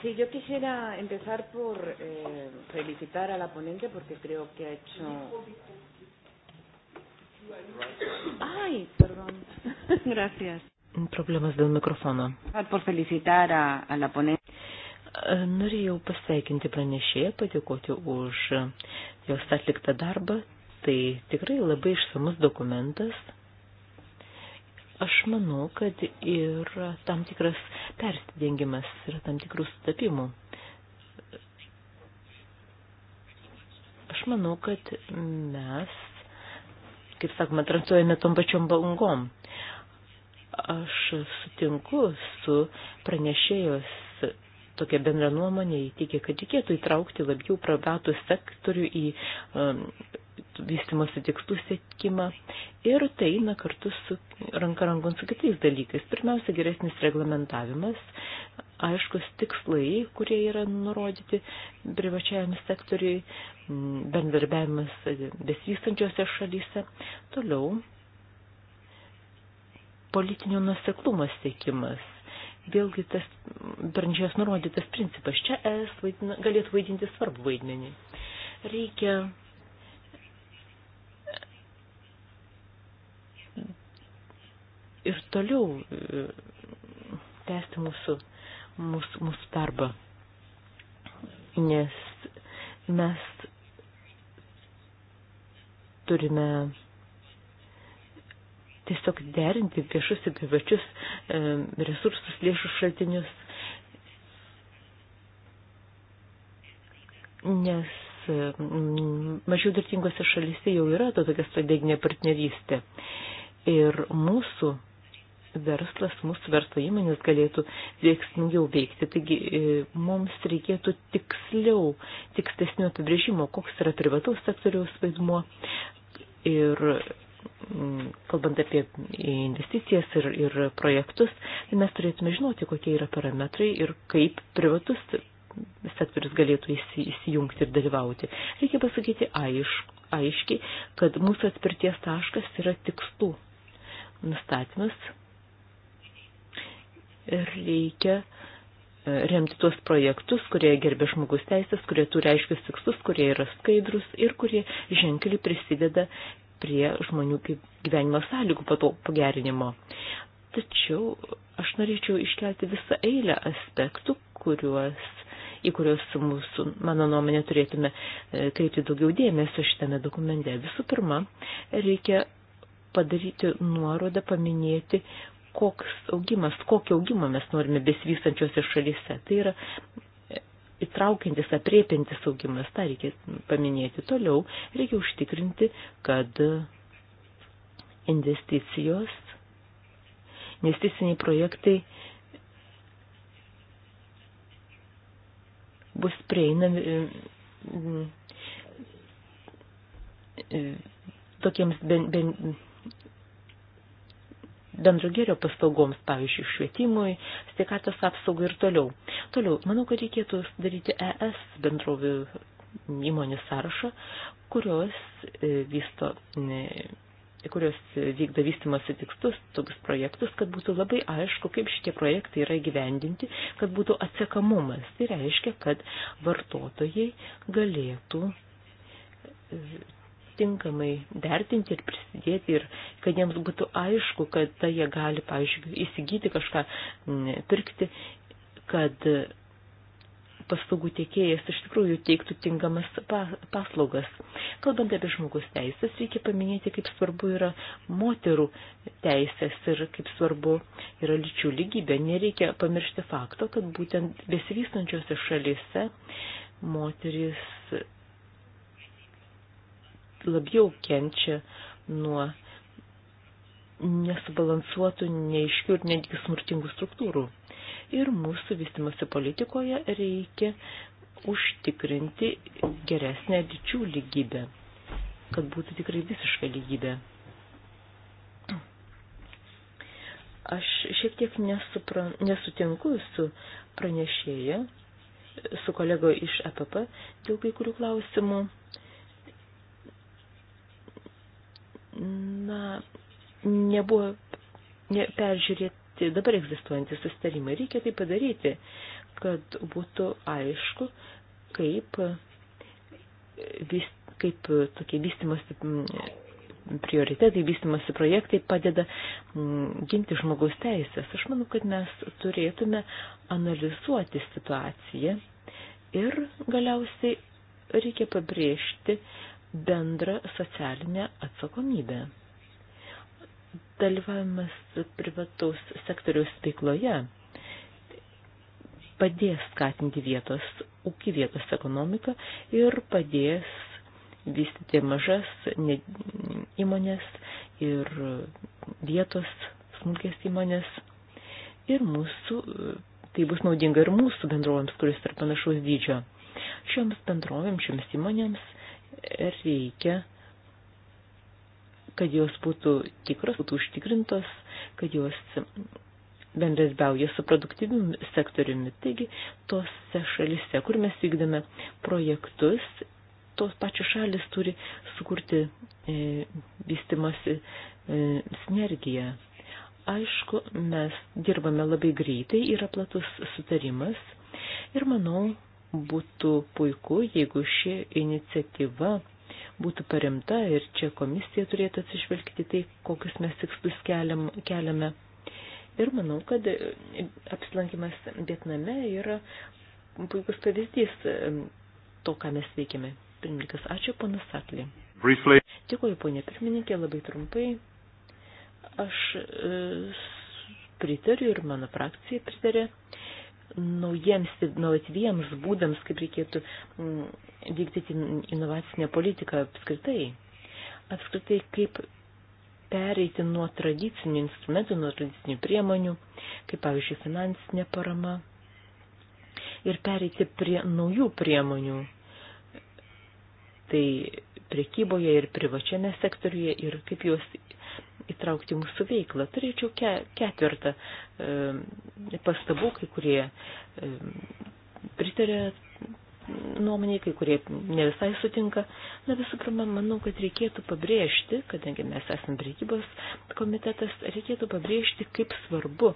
Sí, yo quisiera empezar por eh, felicitar a la ponente porque creo que ha hecho. Ay, perdón. Gracias. Problemas dėl mikrofono. Ah, por felicitar a, a la ponente. Eh, norėjau pasveikinti pranešėją, padėkoti už eh, jos atliktą darbą. Tai tikrai labai išsamus dokumentas Aš manau, kad yra tam tikras persidengimas, yra tam tikrų sutapimų. Aš manau, kad mes, kaip sakoma, transliuojame tom pačiom bangom. Aš sutinku su pranešėjos tokia bendra nuomonė, teigia, kad reikėtų įtraukti labiau pravatų sektorių į um, vystimosi tikslų siekimą ir tai eina kartu su ranka rankon su kitais dalykais. Pirmiausia, geresnis reglamentavimas, aiškus tikslai, kurie yra nurodyti privačiajam sektoriui, bendarbiavimas besivystančiose šalyse. Toliau, politinio nuseklumas siekimas. Vėlgi tas brandžios nurodytas principas čia es vaidina, galėtų vaidinti svarbų vaidmenį. Reikia ir toliau e, tęsti mūsų, mūsų, mūsų darbą. Nes mes turime tiesiog derinti viešus ir privačius e, resursus, lėšų šaltinius, nes e, mažiau turtingose šalyse jau yra to tokia strateginė partnerystė. Ir mūsų verslas, mūsų verslo įmonės galėtų veiksmingiau veikti. Taigi e, mums reikėtų tiksliau, tikslesnio apibrėžimo, koks yra privataus sektoriaus vaidmuo ir mm, kalbant apie investicijas ir, ir projektus, tai mes turėtume žinoti, kokie yra parametrai ir kaip privatus sektorius galėtų įsijungti ir dalyvauti. Reikia pasakyti aišku, aiškiai, kad mūsų atspirties taškas yra tikslų nustatymas reikia e, remti tuos projektus, kurie gerbė žmogus teisės, kurie turi aiškius tikslus, kurie yra skaidrus ir kurie ženkliai prisideda prie žmonių gyvenimo sąlygų pato pagerinimo. Tačiau aš norėčiau iškelti visą eilę aspektų, kuriuos, į kuriuos mūsų, mano nuomonė, turėtume e, kreipti daugiau dėmesio šitame dokumente. Visų pirma, reikia padaryti nuorodą, paminėti koks augimas, kokį augimą mes norime besivystančiose šalyse. Tai yra įtraukiantis, apriepintis augimas, tą reikia paminėti toliau, reikia užtikrinti, kad investicijos, investiciniai projektai bus prieinami e, e, tokiems ben, ben, bendro gėrio paslaugoms, pavyzdžiui, švietimui, sveikatos apsaugai ir toliau. Toliau, manau, kad reikėtų daryti ES bendrovių įmonių sąrašą, kurios e, vysto kurios vykdo vystimosi tikslus, tokius projektus, kad būtų labai aišku, kaip šitie projektai yra gyvendinti, kad būtų atsekamumas. Tai reiškia, kad vartotojai galėtų tinkamai vertinti ir prisidėti ir kad jiems būtų aišku, kad tai jie gali, pavyzdžiui, įsigyti kažką, pirkti, kad paslaugų tiekėjas iš tikrųjų teiktų tinkamas paslaugas. Kalbant apie žmogus teisės, reikia paminėti, kaip svarbu yra moterų teisės ir kaip svarbu yra lyčių lygybė. Nereikia pamiršti fakto, kad būtent besivystančiose šalyse moteris labiau kenčia nuo nesubalansuotų, neiškių ir netgi smurtingų struktūrų. Ir mūsų vystimosi politikoje reikia užtikrinti geresnę lyčių lygybę, kad būtų tikrai visiška lygybė. Aš šiek tiek nesupra, nesutinku su pranešėja, su kolego iš EPP dėl kai kurių klausimų na, nebuvo peržiūrėti dabar egzistuojantys sustarimai. Reikia tai padaryti, kad būtų aišku, kaip, vis, kaip tokie vystimosi prioritetai, vystimosi projektai padeda ginti žmogaus teisės. Aš manau, kad mes turėtume analizuoti situaciją ir galiausiai reikia pabrėžti, bendrą socialinę atsakomybę. Dalyvavimas privataus sektoriaus veikloje padės skatinti vietos ūkį, vietos ekonomiką ir padės vystyti mažas įmonės ir vietos smulkės įmonės. Ir mūsų, tai bus naudinga ir mūsų bendrovėms, kuris yra panašaus dydžio. Šioms bendrovėms, šioms įmonėms reikia, kad jos būtų tikros, būtų užtikrintos, kad jos bendradarbiauja su produktyviu sektoriumi. Taigi, tose šalise, kur mes vykdame projektus, tos pačios šalis turi sukurti e, vystimasi e, sinergiją. Aišku, mes dirbame labai greitai, yra platus sutarimas ir manau, būtų puiku, jeigu ši iniciatyva būtų paremta ir čia komisija turėtų atsižvelgti tai, kokius mes tikslus keliam, keliame. Ir manau, kad apsilankimas Vietname yra puikus pavyzdys to, ką mes veikiame. Pirmininkas, ačiū, ponas Satlį. Briefly. Dėkuoju, ponė pirmininkė, labai trumpai. Aš e, pritariu ir mano frakcija pritarė naujiems inovatyviems būdams, kaip reikėtų mm, vykdyti inovacinę politiką apskritai. Apskritai, kaip pereiti nuo tradicinių instrumentų, nuo tradicinių priemonių, kaip pavyzdžiui finansinė parama, ir pereiti prie naujų priemonių. Tai prekyboje ir privačiame sektoriuje ir kaip juos įtraukti mūsų veiklą. Turėčiau ke, ketvirtą e, pastabų, kai kurie e, pritarė nuomonėje, kai kurie ne visai sutinka. Na visų pirma, manau, kad reikėtų pabrėžti, kadangi mes esame prekybos komitetas, reikėtų pabrėžti, kaip svarbu,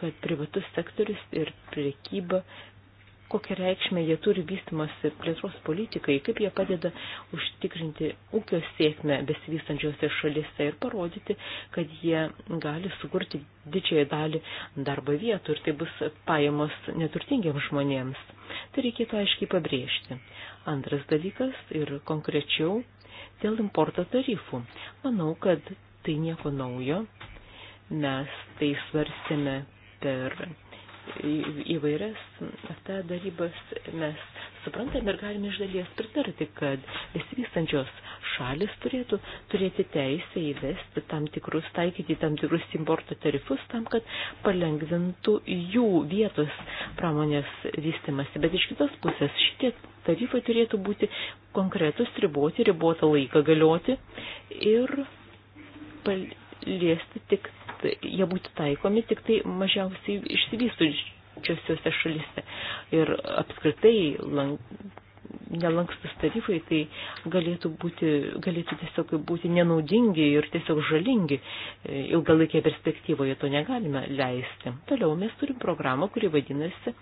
kad privatus sektorius ir prekyba kokią reikšmę jie turi vystimas plėtros politikai, kaip jie padeda užtikrinti ūkio sėkmę besivystančiose šalise ir parodyti, kad jie gali sukurti didžiąją dalį darbo vietų ir tai bus pajamos neturtingiems žmonėms. Tai reikėtų aiškiai pabrėžti. Antras dalykas ir konkrečiau dėl importo tarifų. Manau, kad tai nieko naujo. Mes tai svarstėme per įvairias tą darybas mes suprantame ir galime iš dalies pritarti, kad besivystančios šalis turėtų turėti teisę įvesti tam tikrus, taikyti tam tikrus importo tarifus tam, kad palengvintų jų vietos pramonės vystimasi. Bet iš kitos pusės šitie tarifai turėtų būti konkretus, riboti, ribotą laiką galioti ir pal liesti tik kad jie būtų taikomi tik tai mažiausiai išsivystučiosiuose šalise. Ir apskritai lank, nelankstus tarifai, tai galėtų, būti, galėtų tiesiog būti nenaudingi ir tiesiog žalingi. E, ilgalaikėje perspektyvoje to negalime leisti. Toliau mes turim programą, kuri vadinasi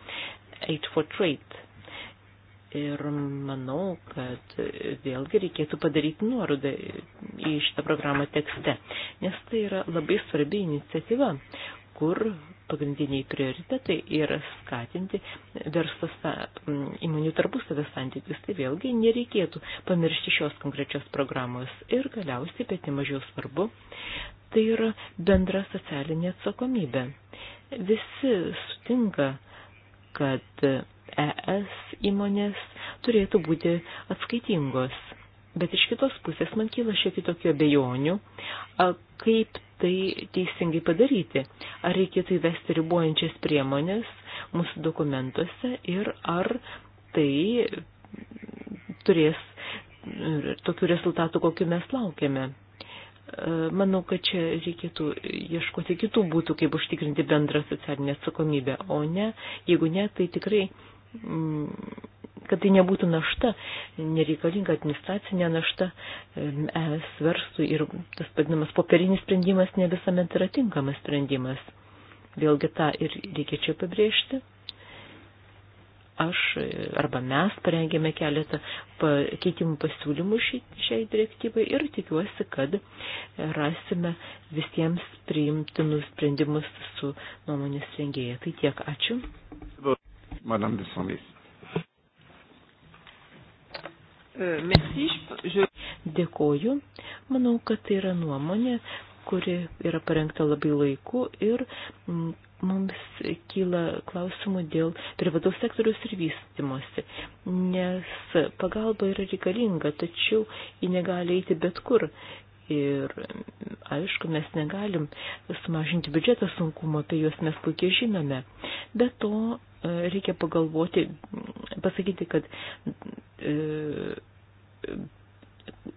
Aid for Trade. Ir manau, kad vėlgi reikėtų padaryti nuorodą į šitą programą tekste, nes tai yra labai svarbi iniciatyva, kur pagrindiniai prioritetai yra skatinti verslo įmonių tarpusavę santykius. Tai vėlgi nereikėtų pamiršti šios konkrečios programos. Ir galiausiai, bet nemažiau svarbu, tai yra bendra socialinė atsakomybė. Visi sutinka, kad ES įmonės turėtų būti atskaitingos. Bet iš kitos pusės man kyla šiek tiek tokių abejonių, kaip tai teisingai padaryti. Ar reikėtų įvesti ribojančias priemonės mūsų dokumentuose ir ar tai turės tokių rezultatų, kokiu mes laukiame. Manau, kad čia reikėtų ieškoti kitų būtų, kaip užtikrinti bendrą socialinę atsakomybę, o ne, jeigu ne, tai tikrai Mm, kad tai nebūtų našta, nereikalinga administracinė našta es verslui ir tas vadinamas popierinis sprendimas ne visuomet yra tinkamas sprendimas. Vėlgi tą ir reikia čia pabrėžti. Aš arba mes parengėme keletą pakeitimų pasiūlymų šiai direktyvai ir tikiuosi, kad rasime visiems priimtinus sprendimus su nuomonės rengėja. Tai tiek ačiū. Madame de Samis. Euh, Dėkoju. Manau, kad tai yra nuomonė, kuri yra parengta labai laiku ir mm, mums kyla klausimų dėl privataus sektoriaus ir vystimosi, nes pagalba yra reikalinga, tačiau ji negali eiti bet kur. Ir mm, aišku, mes negalim sumažinti biudžeto sunkumo, apie juos mes puikiai žinome. Be to, E, reikia pagalvoti, pasakyti, kad e,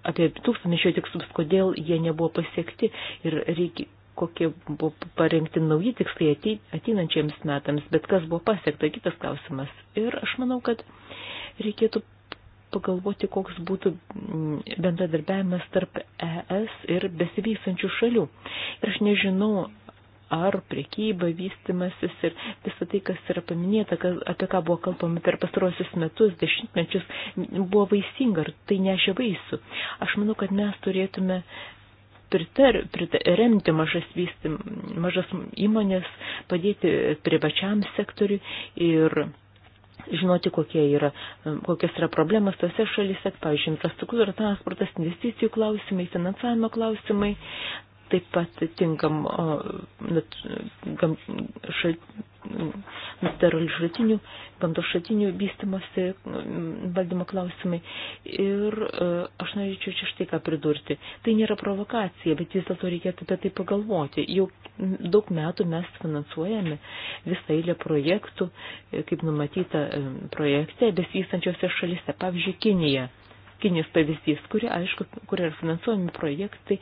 apie tūkstančio tikslus, kodėl jie nebuvo pasiekti ir reikia kokie buvo parengti nauji tikslai ateinančiams metams, bet kas buvo pasiekta, kitas klausimas. Ir aš manau, kad reikėtų pagalvoti, koks būtų mm, bendradarbiavimas tarp ES ir besivysančių šalių. Ir aš nežinau, ar priekyba, vystimasis ir visą tai, kas yra paminėta, kas, apie ką buvo kalbama per pastarosius metus, dešimtmečius, buvo vaisinga ir tai nešė vaisių. Aš manau, kad mes turėtume pritar, pritar, remti mažas, vystim, mažas įmonės, padėti privačiam sektoriui ir žinoti, kokie yra, kokias yra problemas tose šalyse, pavyzdžiui, infrastruktūra, transportas, investicijų klausimai, finansavimo klausimai, taip pat tinkam natūralių šaltinių, gamtos šaltinių vystimosi valdymo klausimai. Ir e, aš norėčiau čia štai ką pridurti. Tai nėra provokacija, bet vis dėlto reikėtų apie tai pagalvoti. Jau daug metų mes finansuojame visą eilę projektų, e, kaip numatyta e, projekte, besivystančiose šalise, pavyzdžiui, Kinija Kinijos pavyzdys, kur, aišku, kur yra finansuojami projektai,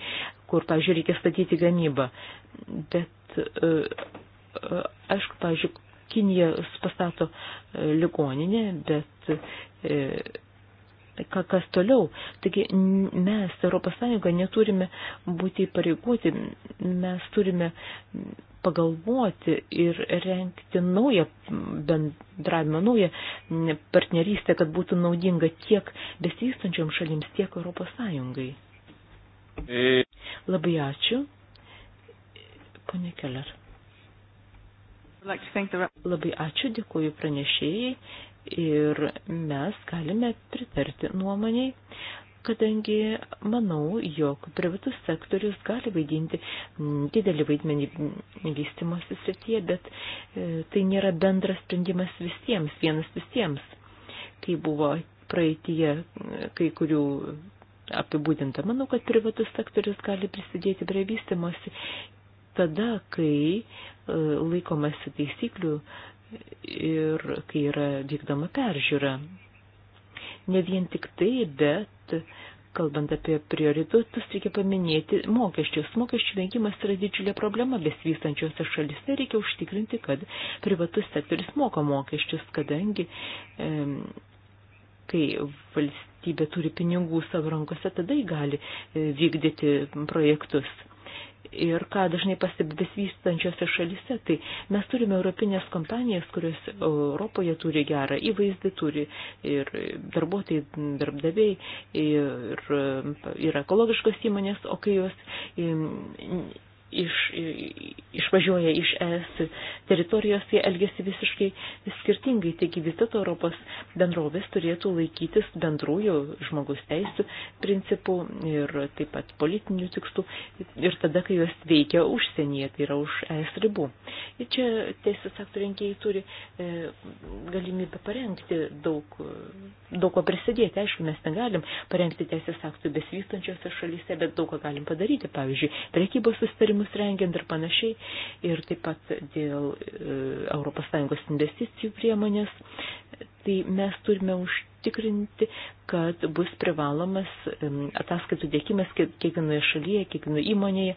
kur, pavyzdžiui, reikia statyti gamybą. Bet, e, e, aišku, pavyzdžiui, Kinija pastato e, ligoninę, bet kas toliau. Taigi mes, ES, neturime būti įpareigoti, mes turime pagalvoti ir renkti naują bendravimą, naują partnerystę, kad būtų naudinga tiek besivystančiom šalims, tiek Europos Sąjungai. E. Labai ačiū. Pone Keller. Labai ačiū, dėkuoju pranešėjai ir mes galime pritarti nuomoniai kadangi manau, jog privatus sektorius gali vaidinti didelį vaidmenį vystimosi srityje, bet e, tai nėra bendras sprendimas visiems, vienas visiems, kai buvo praeitie e, kai kurių apibūdinta. Manau, kad privatus sektorius gali prisidėti prie vystimosi tada, kai e, laikomasi taisyklių ir kai yra vykdoma peržiūra ne vien tik tai, bet kalbant apie prioritetus, reikia paminėti mokesčius. Mokesčių vengimas yra didžiulė problema besivystančiose šalise. Reikia užtikrinti, kad privatus sektorius moka mokesčius, kadangi e, kai valstybė turi pinigų savo rankose, tada jį gali e, vykdyti projektus ir ką dažnai pastebi besivystančiose šalise, tai mes turime europinės kompanijas, kurios Europoje turi gerą įvaizdį, turi ir darbuotojai, darbdaviai, ir, ir ekologiškos įmonės, o kai jos iš, išvažiuoja iš ES teritorijos, jie tai elgesi visiškai skirtingai. Taigi visą to Europos bendrovės turėtų laikytis bendrųjų žmogus teisų principų ir taip pat politinių tikslų ir tada, kai jos veikia užsienyje, tai yra už ES ribų. Ir čia teisės aktų rinkėjai turi e, galimybę parengti daug, daug ko prisidėti. Aišku, mes negalim parengti teisės aktų besivystančiose šalyse, bet daug ką galim padaryti. Pavyzdžiui, prekybos sustarimus įstatymus rengiant ir panašiai, ir taip pat dėl ES investicijų priemonės, tai mes turime užtikrinti, kad bus privalomas e, ataskaitų dėkimas kiekvienoje šalyje, kiekvienoje įmonėje,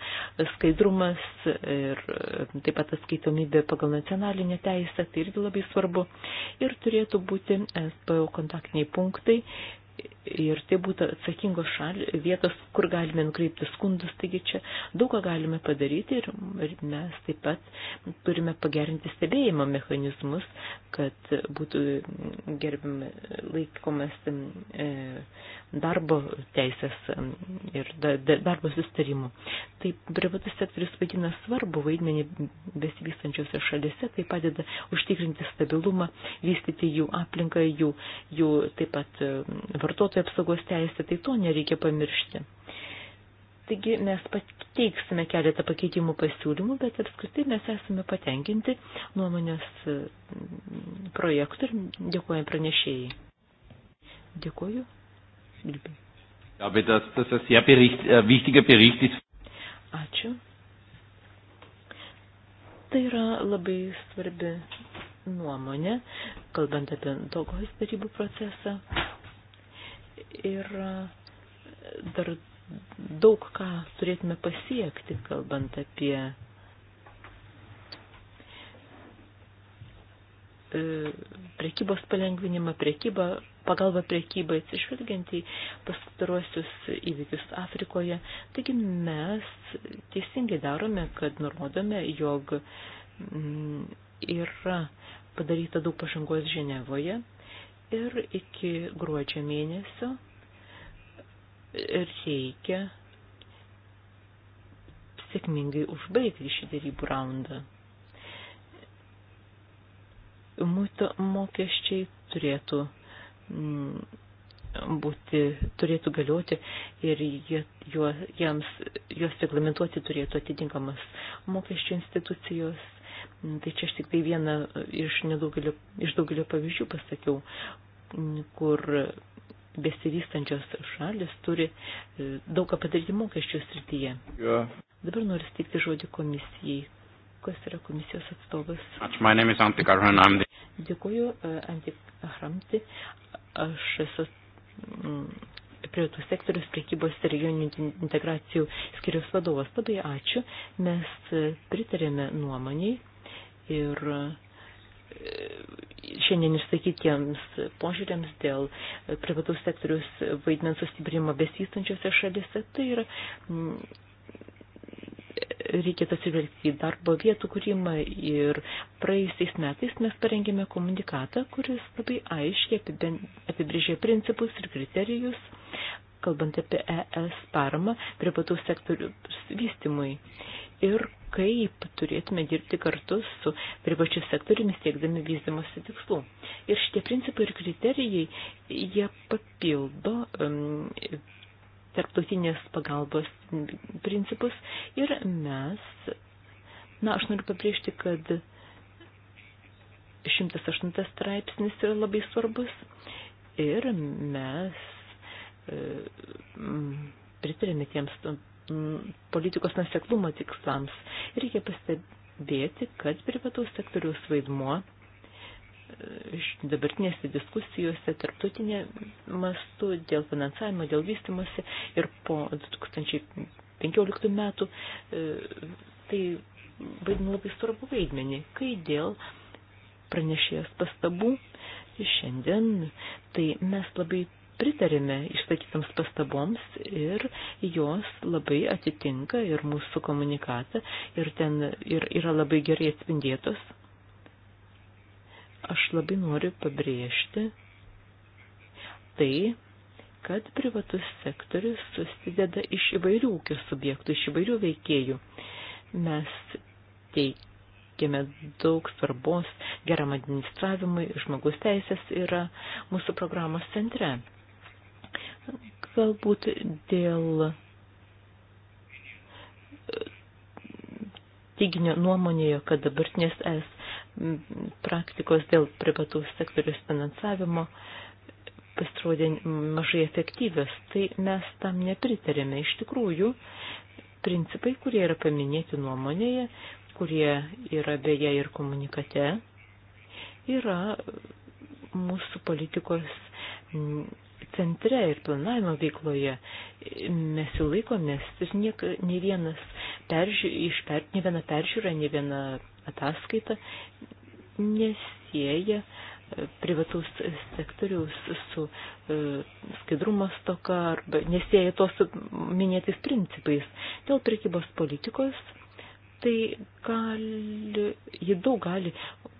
skaidrumas ir e, taip pat atskaitomybė pagal nacionalinę teisę, tai irgi labai svarbu. Ir turėtų būti SPO kontaktiniai punktai, ir tai būtų atsakingos šal, vietos, kur galime nukreipti skundus, taigi čia daug ką galime padaryti ir mes taip pat turime pagerinti stebėjimo mechanizmus, kad būtų gerbim laikomas e, darbo teisės ir darbo sustarimų. Tai privatus sektorius vaidina svarbu vaidmenį besivystančiose šalise, tai padeda užtikrinti stabilumą, vystyti jų aplinką, jų, jų taip pat vartotojų apsaugos teisę, tai to nereikia pamiršti. Taigi mes pateiksime keletą pakeitimų pasiūlymų, bet apskritai mes esame patenkinti nuomonės projektų ir dėkuojam pranešėjai. Dėkuoju glaube, dass das ein sehr Bericht, äh, wichtiger Bericht ist. Ačiū. Tai yra labai svarbi nuomonė, kalbant apie Dogos darybų procesą. Ir e, dar daug ką turėtume pasiekti, kalbant apie e, prekybos palengvinimą, prekybą pagalbą priekybai atsižvelgiant į pastaruosius įvykius Afrikoje. Taigi mes teisingai darome, kad nurodome, jog mm, yra padaryta daug pažangos Ženevoje ir iki gruodžio mėnesio reikia sėkmingai užbaigti šį darybų raundą. Muito mokesčiai turėtų Mm, būti, turėtų galioti ir jie, juo, jiems, juos reglamentuoti turėtų atitinkamas mokesčių institucijos. Tai čia aš tik tai vieną iš, nedaugelio, iš daugelio pavyzdžių pasakiau, kur besivystančios šalis turi e, daug ką padaryti mokesčių srityje. Ja. Dabar noriu steigti žodį komisijai. Kas yra komisijos atstovas? The... Dėkuoju, e, Antik Ahramti. Aš esu mm, prietų sektorius priekybos ir regioninių integracijų skiriaus vadovas. Labai ačiū. Mes pritarėme nuomoniai ir e, šiandien išsakytiems požiūrėms dėl privataus sektorius vaidmens sustiprimo besistančiose šalise. Tai yra mm, reikėtų atsižvelgti į darbo vietų kūrimą ir praėjusiais metais mes parengėme komunikatą, kuris labai aiškiai apibrėžė principus ir kriterijus, kalbant apie ES paramą privataus sektorių vystimui ir kaip turėtume dirbti kartu su privačiu sektoriumi siekdami vyzdimosi tikslų. Ir šitie principai ir kriterijai, jie papildo um, tarptautinės pagalbos principus ir mes, na, aš noriu pabrėžti, kad 108 straipsnis yra labai svarbus ir mes e, pritarėme tiems politikos nuseklumo tikslams. Reikia pastebėti, kad privataus sektoriaus vaidmuo dabartinėse diskusijose tarptautinė mastu dėl finansavimo, dėl vystimosi ir po 2015 metų e, tai vaidina labai svarbu vaidmenį, kai dėl pranešėjas pastabų šiandien, tai mes labai pritarėme išsakytams pastaboms ir jos labai atitinka ir mūsų komunikatą ir ten ir yra labai gerai atspindėtos Aš labai noriu pabrėžti tai, kad privatus sektorius susideda iš įvairių ūkio subjektų, iš įvairių veikėjų. Mes teikiame daug svarbos geram administravimui, žmogus teisės yra mūsų programos centre. Galbūt dėl teiginio nuomonėje, kad dabartinės es praktikos dėl privataus sektorius finansavimo pasirodė mažai efektyvios, tai mes tam nepritarėme. Iš tikrųjų, principai, kurie yra paminėti nuomonėje, kurie yra beje ir komunikate, yra mūsų politikos centre ir planavimo veikloje mes jų laikomės ir niek, ne vienas peržiū, iš per, ne viena peržiūra, ne viena ataskaita nesieja e, privataus sektoriaus su e, skaidrumo stoka arba nesieja to su minėtais principais. Dėl prekybos politikos tai gali, ji daug gali,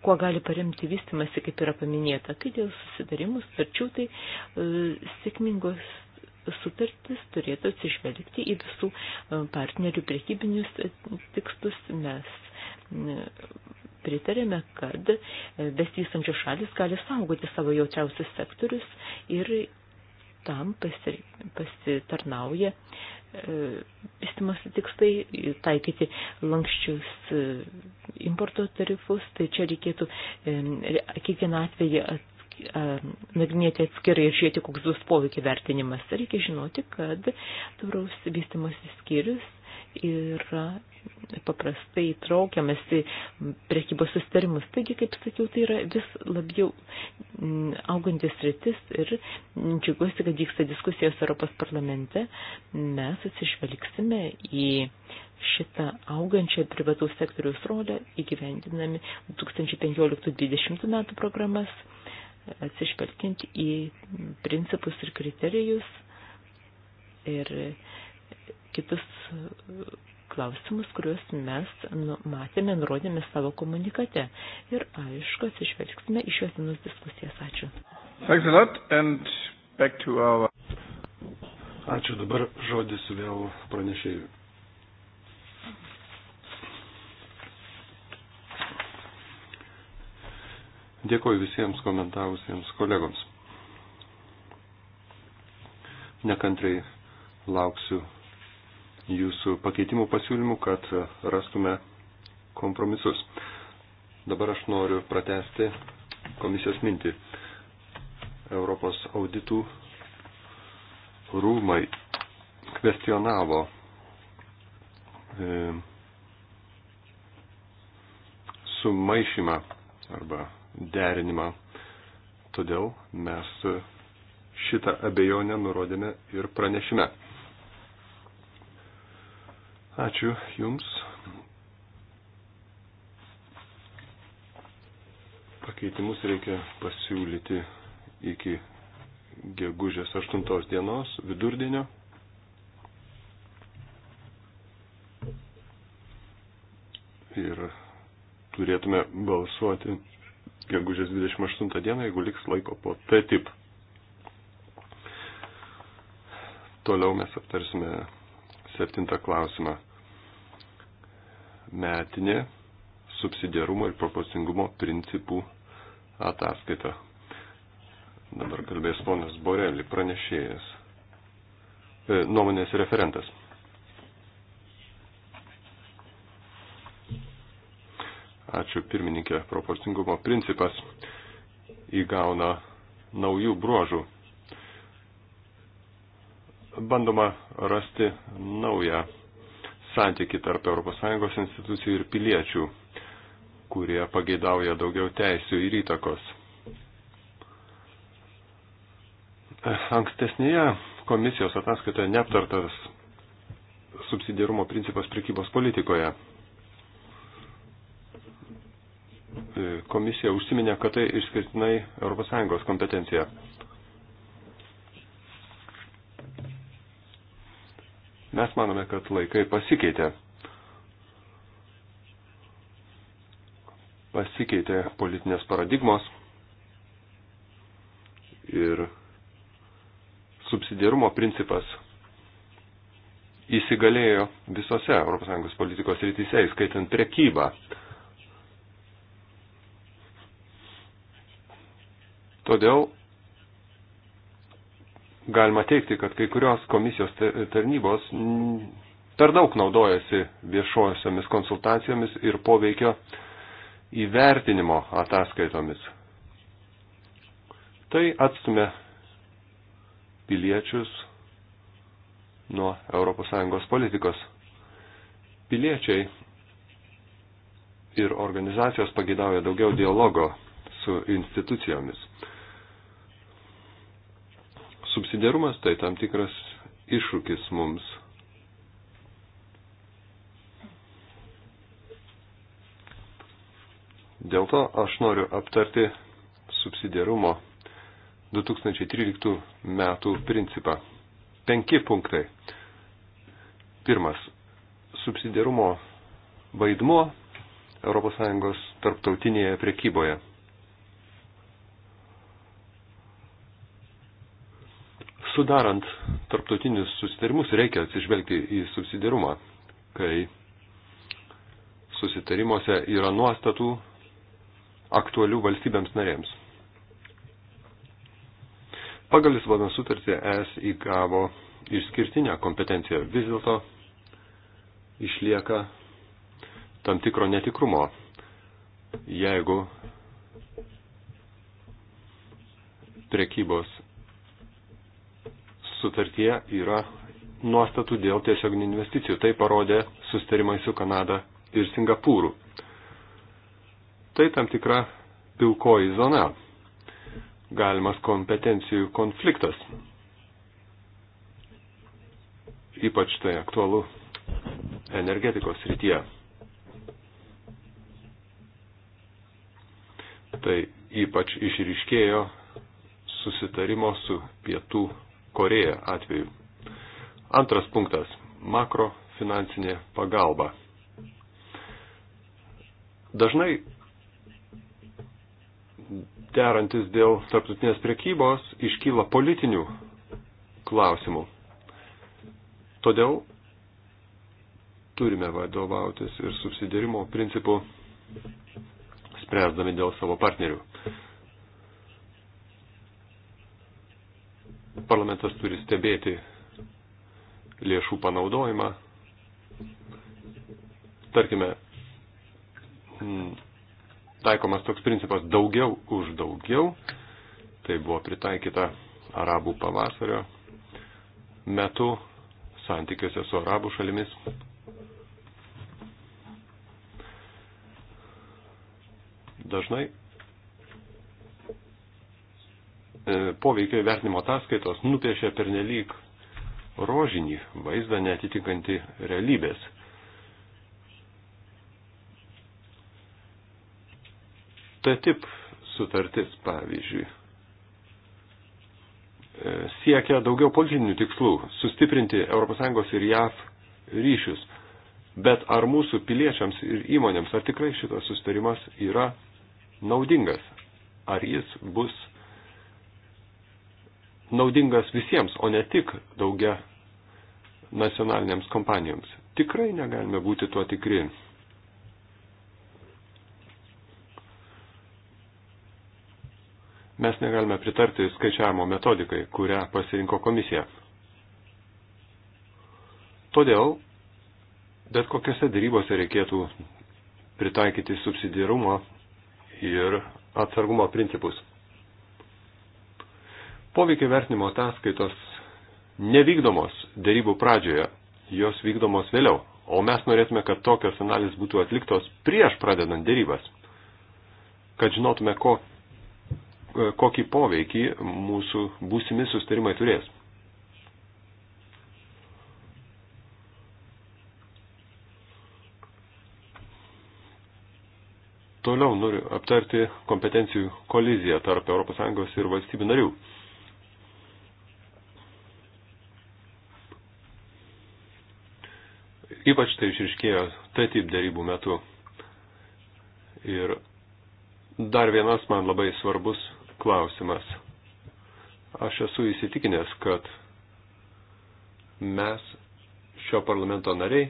kuo gali paremti vystimasi, kaip yra paminėta, kai dėl susidarimų sutarčių, tai e, sėkmingos sutartis turėtų atsižvelgti į visų e, partnerių priekybinius tikslus. Mes pritarėme, kad besistančios šalis gali saugoti savo jautriausius sektorius ir tam pasitarnauja e, vystimosi tikslai, taikyti lankščius e, importo tarifus, tai čia reikėtų e, kiekvieną atvejį nagrinėti atskirai ir žiūrėti, koks bus poveikio vertinimas. Reikia žinoti, kad tvaraus vystimosi skyrius yra paprastai traukiamas į prekybos sustarimus. Taigi, kaip sakiau, tai yra vis labiau mm, augantis rytis ir džiuguosi, kad vyksta diskusijos Europos parlamente. Mes atsižvelgsime į šitą augančią privataus sektoriaus rolę įgyvendinami 2015-2020 metų programas, atsižvelgiant į principus ir kriterijus ir kitus klausimus, kuriuos mes nu, matėme, nurodėme savo komunikate. Ir aišku, atsižvelgsime į šios dienos diskusijas. Ačiū. Thanks a lot and back to our. Ačiū dabar žodis vėl pranešėjui. Dėkoju visiems komentavusiems kolegoms. Nekantrai lauksiu jūsų pakeitimų pasiūlymų, kad rastume kompromisus. Dabar aš noriu pratesti komisijos mintį. Europos auditų rūmai kvestionavo e, sumaišymą arba derinimą. Todėl mes šitą abejonę nurodėme ir pranešime. Ačiū Jums. Pakeitimus reikia pasiūlyti iki gegužės 8 dienos vidurdienio. Ir turėtume balsuoti gegužės 28 dieną, jeigu liks laiko po T-tip. Toliau mes aptarsime septintą klausimą metinė subsidiarumo ir proporcingumo principų ataskaita. Dabar kalbės ponas Borelį, pranešėjas, e, nuomonės referentas. Ačiū pirmininkė, proporcingumo principas įgauna naujų bruožų. Bandoma rasti naują santyki tarp ES institucijų ir piliečių, kurie pageidauja daugiau teisių ir įtakos. Ankstesnėje komisijos ataskaitoje neaptartas subsidiarumo principas prekybos politikoje. Komisija užsiminė, kad tai išskirtinai ES kompetencija. Mes manome, kad laikai pasikeitė. Pasikeitė politinės paradigmos ir subsidiarumo principas įsigalėjo visose ES politikos rytise, įskaitant prekybą. Todėl galima teikti, kad kai kurios komisijos tarnybos per daug naudojasi viešosiomis konsultacijomis ir poveikio įvertinimo ataskaitomis. Tai atstumia piliečius nuo ES politikos. Piliečiai ir organizacijos pagidauja daugiau dialogo su institucijomis subsidiarumas tai tam tikras iššūkis mums. Dėl to aš noriu aptarti subsidiarumo 2013 metų principą. Penki punktai. Pirmas. Subsidiarumo vaidmuo ES tarptautinėje prekyboje. Sudarant tarptautinius susitarimus reikia atsižvelgti į subsidirumą, kai susitarimuose yra nuostatų aktualių valstybėms narėms. Pagal Lisbono sutartį ES įgavo išskirtinę kompetenciją, vis dėlto išlieka tam tikro netikrumo, jeigu prekybos sutartie yra nuostatų dėl tiesioginių investicijų. Tai parodė sustarimai su Kanada ir Singapūru. Tai tam tikra pilkoji zona, galimas kompetencijų konfliktas. Ypač tai aktualu energetikos rytyje. Tai ypač išryškėjo susitarimo su pietų Koreja atveju. Antras punktas - makrofinansinė pagalba. Dažnai derantis dėl tarptautinės priekybos iškyla politinių klausimų. Todėl turime vadovautis ir subsidirimo principu, spręsdami dėl savo partnerių. Parlamentas turi stebėti lėšų panaudojimą. Tarkime, taikomas toks principas daugiau už daugiau. Tai buvo pritaikyta arabų pavasario metu santykiuose su arabų šalimis. Dažnai E, poveikio įvertinimo ataskaitos nupiešia pernelyg rožinį vaizdą netitinkantį realybės. Tai tip sutartis, pavyzdžiui, e, siekia daugiau politinių tikslų - sustiprinti ES ir JAV ryšius. Bet ar mūsų piliečiams ir įmonėms, ar tikrai šitas sustarimas yra naudingas? Ar jis bus naudingas visiems, o ne tik daugia nacionalinėms kompanijoms. Tikrai negalime būti tuo tikri. Mes negalime pritarti skaičiavimo metodikai, kurią pasirinko komisija. Todėl, bet kokiose darybose reikėtų pritaikyti subsidiarumo ir atsargumo principus. Poveikio vertinimo ataskaitos nevykdomos darybų pradžioje, jos vykdomos vėliau, o mes norėtume, kad tokios analizės būtų atliktos prieš pradedant darybas, kad žinotume, ko, e, kokį poveikį mūsų būsimi sustarimai turės. Toliau noriu aptarti kompetencijų koliziją tarp ES ir valstybių narių. Ypač tai išriškėjo TTIP darybų metu. Ir dar vienas man labai svarbus klausimas. Aš esu įsitikinęs, kad mes šio parlamento nariai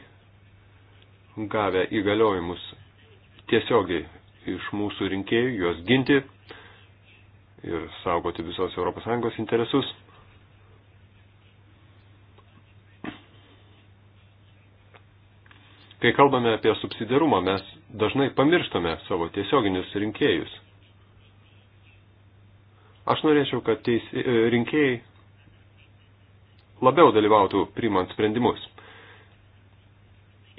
gavę įgaliojimus tiesiogiai iš mūsų rinkėjų juos ginti ir saugoti visos ES interesus. Kai kalbame apie subsidiarumą, mes dažnai pamirštame savo tiesioginius rinkėjus. Aš norėčiau, kad teis, e, rinkėjai labiau dalyvautų priimant sprendimus,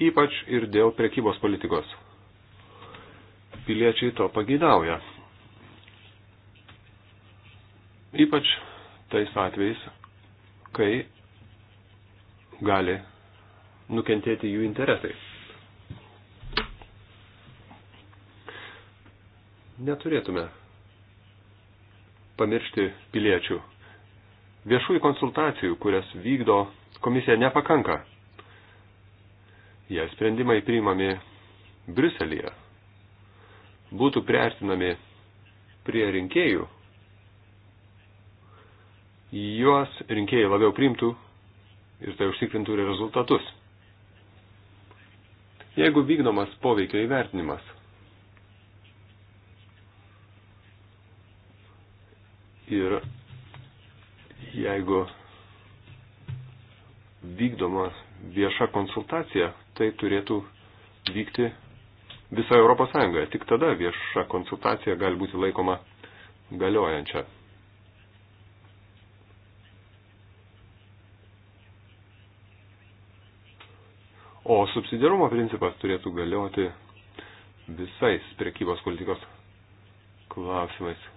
ypač ir dėl prekybos politikos. Piliečiai to pageidauja. Ypač tais atvejais, kai gali nukentėti jų interesai. neturėtume pamiršti piliečių. Viešųjų konsultacijų, kurias vykdo komisija, nepakanka. Jei sprendimai priimami Briuselėje, būtų priartinami prie rinkėjų, juos rinkėjai labiau primtų ir tai užtikrintų rezultatus. Jeigu vykdomas poveikio įvertinimas – Ir jeigu vykdoma vieša konsultacija, tai turėtų vykti visą Europos Sąjungoje. Tik tada vieša konsultacija gali būti laikoma galiojančia. O subsidiarumo principas turėtų galioti visais prekybos politikos klausimais.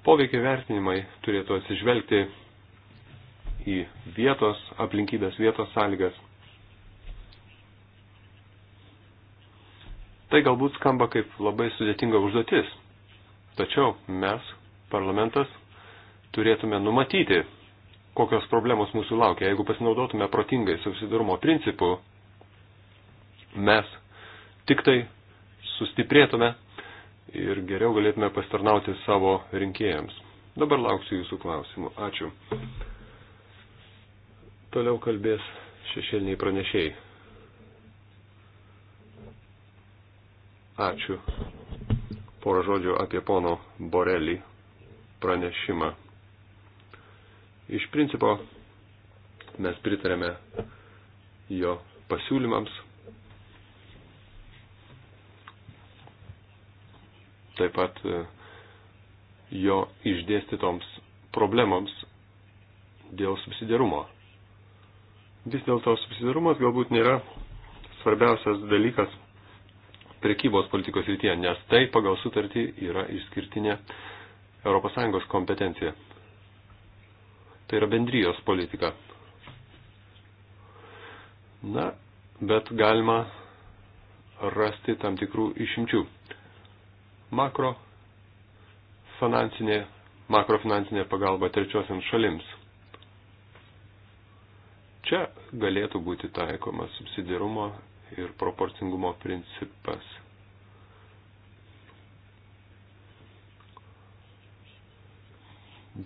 Poveikio vertinimai turėtų atsižvelgti į vietos aplinkybės, vietos sąlygas. Tai galbūt skamba kaip labai sudėtinga užduotis, tačiau mes, parlamentas, turėtume numatyti, kokios problemos mūsų laukia. Jeigu pasinaudotume protingai susidarumo principu, mes tik tai sustiprėtume ir geriau galėtume pastarnauti savo rinkėjams. Dabar lauksiu jūsų klausimų. Ačiū. Toliau kalbės šešėliniai pranešėjai. Ačiū. Porą žodžių apie pono Borelį pranešimą. Iš principo mes pritarėme jo pasiūlymams taip pat e, jo išdėstytoms problemams dėl subsidiarumo. Vis dėlto subsidiarumas galbūt nėra svarbiausias dalykas prekybos politikos rytyje, nes tai pagal sutartį yra išskirtinė ES kompetencija. Tai yra bendrijos politika. Na, bet galima rasti tam tikrų išimčių makro finansinė, makrofinansinė pagalba trečiosiams šalims. Čia galėtų būti taikomas subsidirumo ir proporcingumo principas.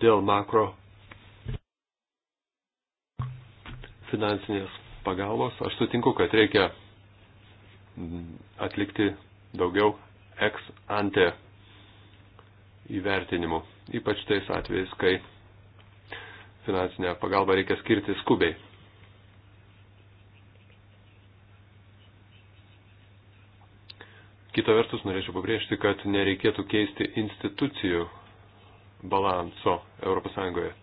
Dėl makro finansinės pagalbos aš sutinku, kad reikia atlikti daugiau ex ante įvertinimu, ypač tais atvejais, kai finansinę pagalbą reikia skirti skubiai. Kita vertus, norėčiau pabrėžti, kad nereikėtų keisti institucijų balanso ES,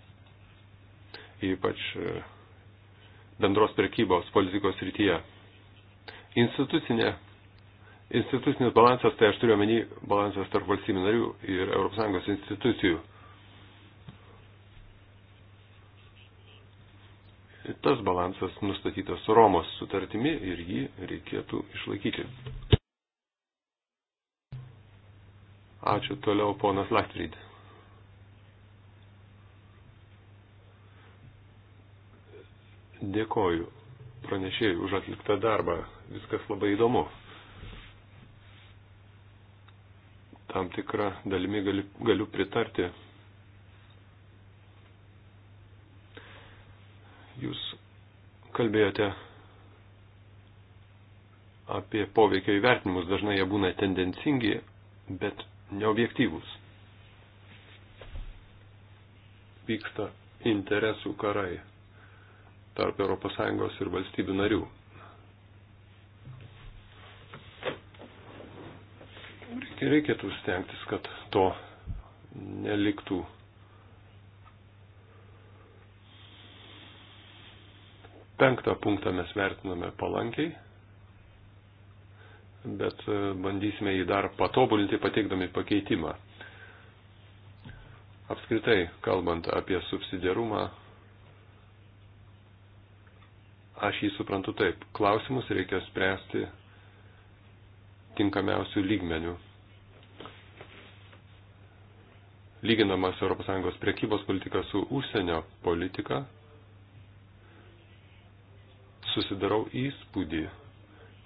ypač e, bendros prekybos politikos rytyje. Institucinė Institucinis balansas, tai aš turiu omeny balansas tarp valstybių narių ir ES institucijų. Tas balansas nustatytas Romos sutartimi ir jį reikėtų išlaikyti. Ačiū toliau ponas Lachtrid. Dėkoju pranešėjai už atliktą darbą. Viskas labai įdomu. tam tikrą dalimi galiu, galiu pritarti. Jūs kalbėjote apie poveikio įvertinimus, dažnai jie būna tendencingi, bet neobjektyvūs. Vyksta interesų karai tarp ES ir valstybių narių. ir reikėtų stengtis, kad to neliktų. Penktą punktą mes vertiname palankiai, bet e, bandysime jį dar patobulinti pateikdami pakeitimą. Apskritai, kalbant apie subsidiarumą, aš jį suprantu taip. Klausimus reikia spręsti tinkamiausių lygmenių lyginamas ES priekybos politika su užsienio politika, susidarau įspūdį,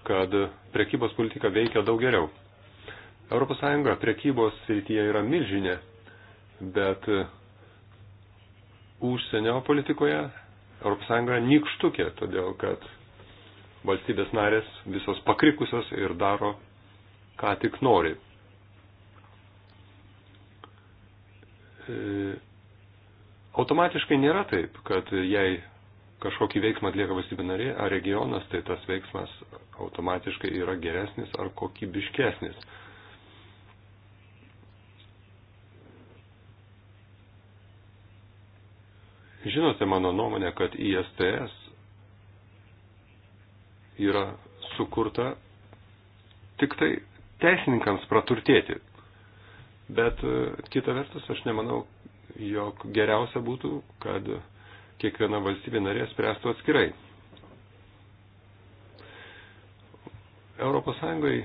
kad priekybos politika veikia daug geriau. ES priekybos srityje yra milžinė, bet užsienio politikoje ES nykštukė, todėl kad valstybės narės visos pakrikusios ir daro, ką tik nori. E, automatiškai nėra taip, kad jei kažkokį veiksmą atlieka valstybė narė ar regionas, tai tas veiksmas automatiškai yra geresnis ar kokybiškesnis. Žinote mano nuomonę, kad ISTS yra sukurta tik tai teisininkams praturtėti. Bet e, kita vertus, aš nemanau, jog geriausia būtų, kad kiekviena valstybė narė spręstų atskirai. Europos Sąjungai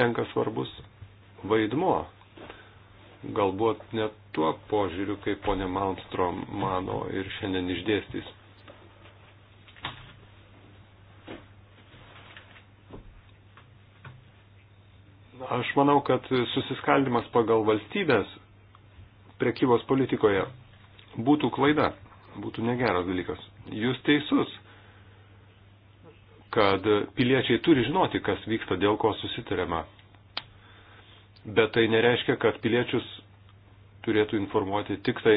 tenka svarbus vaidmuo. Galbūt net tuo požiūriu, kaip ponė Malmstrom mano ir šiandien išdėstys. Aš manau, kad susiskaldimas pagal valstybės prekybos politikoje būtų klaida, būtų negeras dalykas. Jūs teisus, kad piliečiai turi žinoti, kas vyksta, dėl ko susitariama. Bet tai nereiškia, kad piliečius turėtų informuoti tik tai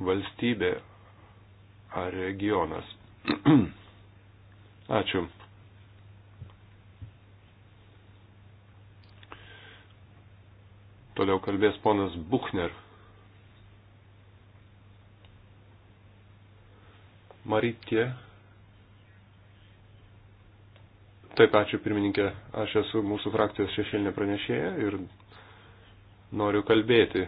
valstybė ar regionas. Ačiū. Toliau kalbės ponas Buchner. Marytė. Taip, ačiū pirmininkė. Aš esu mūsų frakcijos šešėlinė pranešėja ir noriu kalbėti.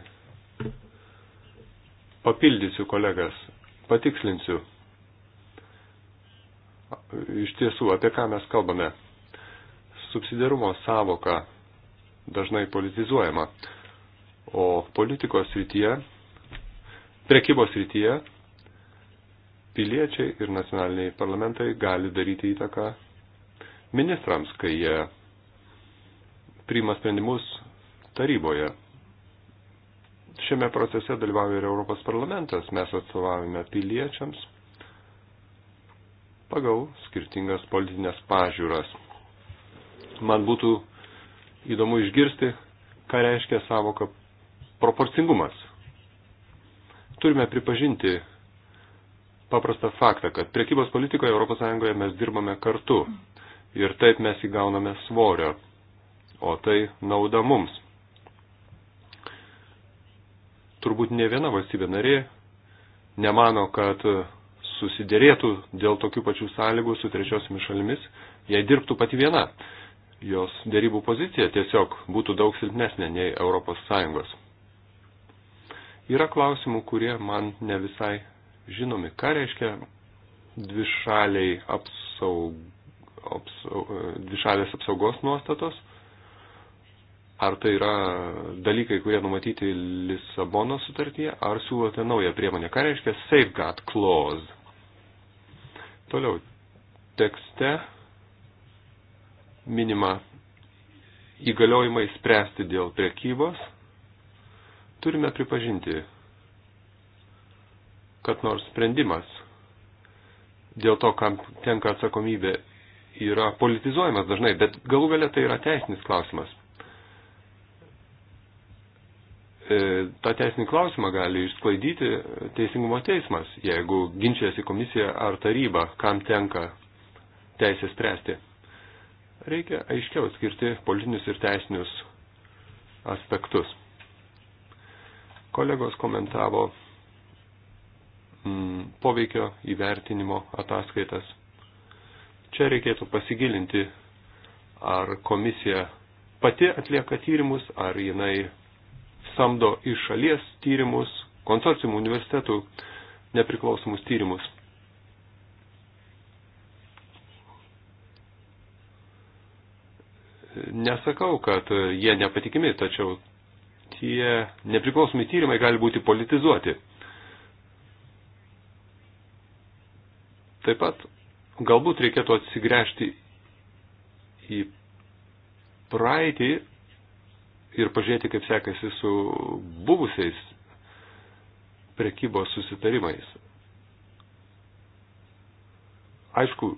Papildysiu kolegas, patikslinsiu. Iš tiesų, apie ką mes kalbame? Subsidiarumo savoka dažnai politizuojama. O politikos srityje, prekybos srityje, piliečiai ir nacionaliniai parlamentai gali daryti įtaką ministrams, kai jie priima sprendimus taryboje. Šiame procese dalyvauja ir Europos parlamentas. Mes atstovavime piliečiams pagal skirtingas politinės pažiūras. Man būtų įdomu išgirsti, ką reiškia savoka proporcingumas. Turime pripažinti paprastą faktą, kad priekybos politikoje ES mes dirbame kartu ir taip mes įgauname svorio, o tai nauda mums. Turbūt ne viena valstybė narė nemano, kad susidėrėtų dėl tokių pačių sąlygų su trečiosiomis šalimis, jei dirbtų pati viena jos dėrybų pozicija tiesiog būtų daug silpnesnė nei ES. Yra klausimų, kurie man ne visai žinomi. Ką reiškia dvišaliai apsaug, apsaug, dvišalės apsaugos nuostatos? Ar tai yra dalykai, kurie numatyti Lisabono sutartyje, ar siūlote naują priemonę? Ką reiškia safeguard clause? Toliau tekste minima įgaliojimai spręsti dėl prekybos, turime pripažinti, kad nors sprendimas dėl to, kam tenka atsakomybė, yra politizuojamas dažnai, bet galų galia tai yra teisinis klausimas. E, tą teisinį klausimą gali išsklaidyti teisingumo teismas, jeigu ginčiasi komisija ar taryba, kam tenka teisė spręsti. Reikia aiškiau skirti politinius ir teisinius aspektus. Kolegos komentavo mm, poveikio įvertinimo ataskaitas. Čia reikėtų pasigilinti, ar komisija pati atlieka tyrimus, ar jinai samdo iš šalies tyrimus, konsorciumų universitetų nepriklausomus tyrimus. Nesakau, kad jie nepatikimi, tačiau tie nepriklausomi tyrimai gali būti politizuoti. Taip pat galbūt reikėtų atsigręžti į praeitį ir pažiūrėti, kaip sekasi su buvusiais prekybos susitarimais. Aišku,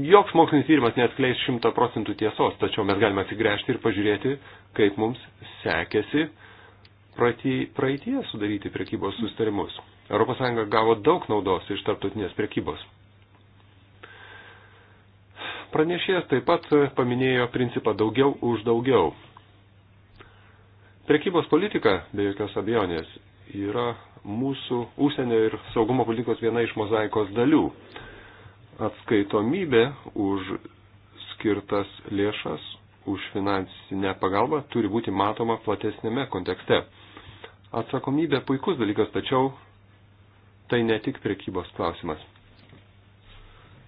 joks mokslinis tyrimas neatskleis 100 procentų tiesos, tačiau mes galime atsigręžti ir pažiūrėti, kaip mums sekėsi praeitie sudaryti prekybos sustarimus. ES gavo daug naudos iš tarptautinės prekybos. Pranešėjas taip pat paminėjo principą daugiau už daugiau. Prekybos politika, be jokios abejonės, yra mūsų užsienio ir saugumo politikos viena iš mozaikos dalių atskaitomybė už skirtas lėšas, už finansinę pagalbą turi būti matoma platesnėme kontekste. Atsakomybė puikus dalykas, tačiau tai ne tik prekybos klausimas.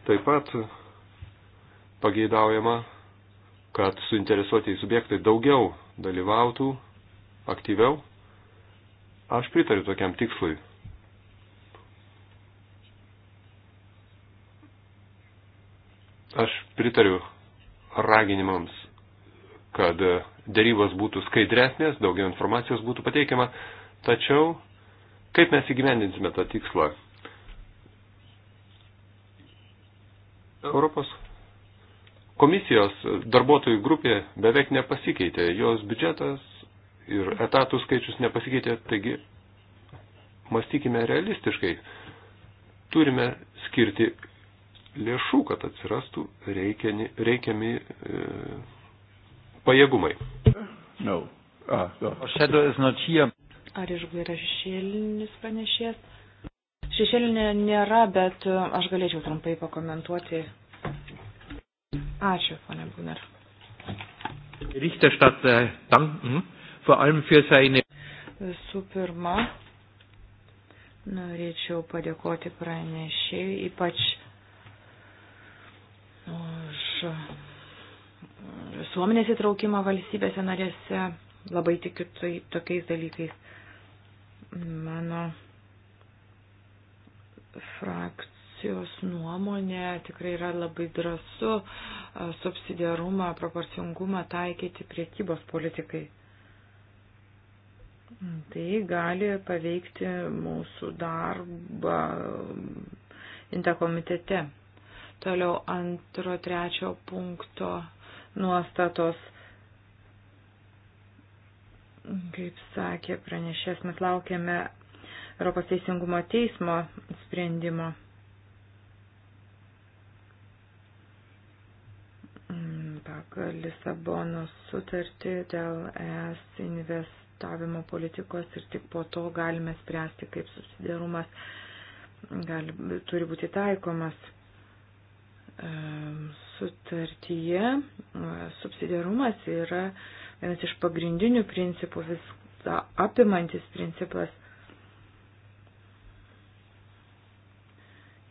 Taip pat pageidaujama, kad suinteresuotieji subjektai daugiau dalyvautų aktyviau. Aš pritariu tokiam tikslui. Aš pritariu raginimams, kad dėrybos būtų skaidresnės, daugiau informacijos būtų pateikiama, tačiau kaip mes įgyvendinsime tą tikslą? Europos komisijos darbuotojų grupė beveik nepasikeitė, jos biudžetas ir etatų skaičius nepasikeitė, taigi mąstykime realistiškai. Turime skirti lėšų, kad atsirastų reikiami, reikiami e, pajėgumai. No. Ah, no. Ar išgaira šešėlinis pranešės? Šešėlinė nėra, bet e, aš galėčiau trumpai pakomentuoti. Ačiū, ponė Buner. Richterstadt äh, danken, mhm. vor allem für seine. Visų pirma, norėčiau padėkoti pranešėjui, ypač už visuomenės įtraukimą valstybėse narėse. Labai tikiu tai, tokiais dalykais. Mano frakcijos nuomonė tikrai yra labai drasu subsidiarumą, proporcingumą taikyti priekybos politikai. Tai gali paveikti mūsų darbą interkomitete. komitete Toliau antro, trečio punkto nuostatos. Kaip sakė pranešės, mes laukiame Europos Teisingumo teismo sprendimo. pagal Lisabonos sutartį dėl ES investavimo politikos ir tik po to galime spręsti, kaip susidarumas gali, turi būti taikomas sutartyje subsidiarumas yra vienas iš pagrindinių principų, visą apimantis principas.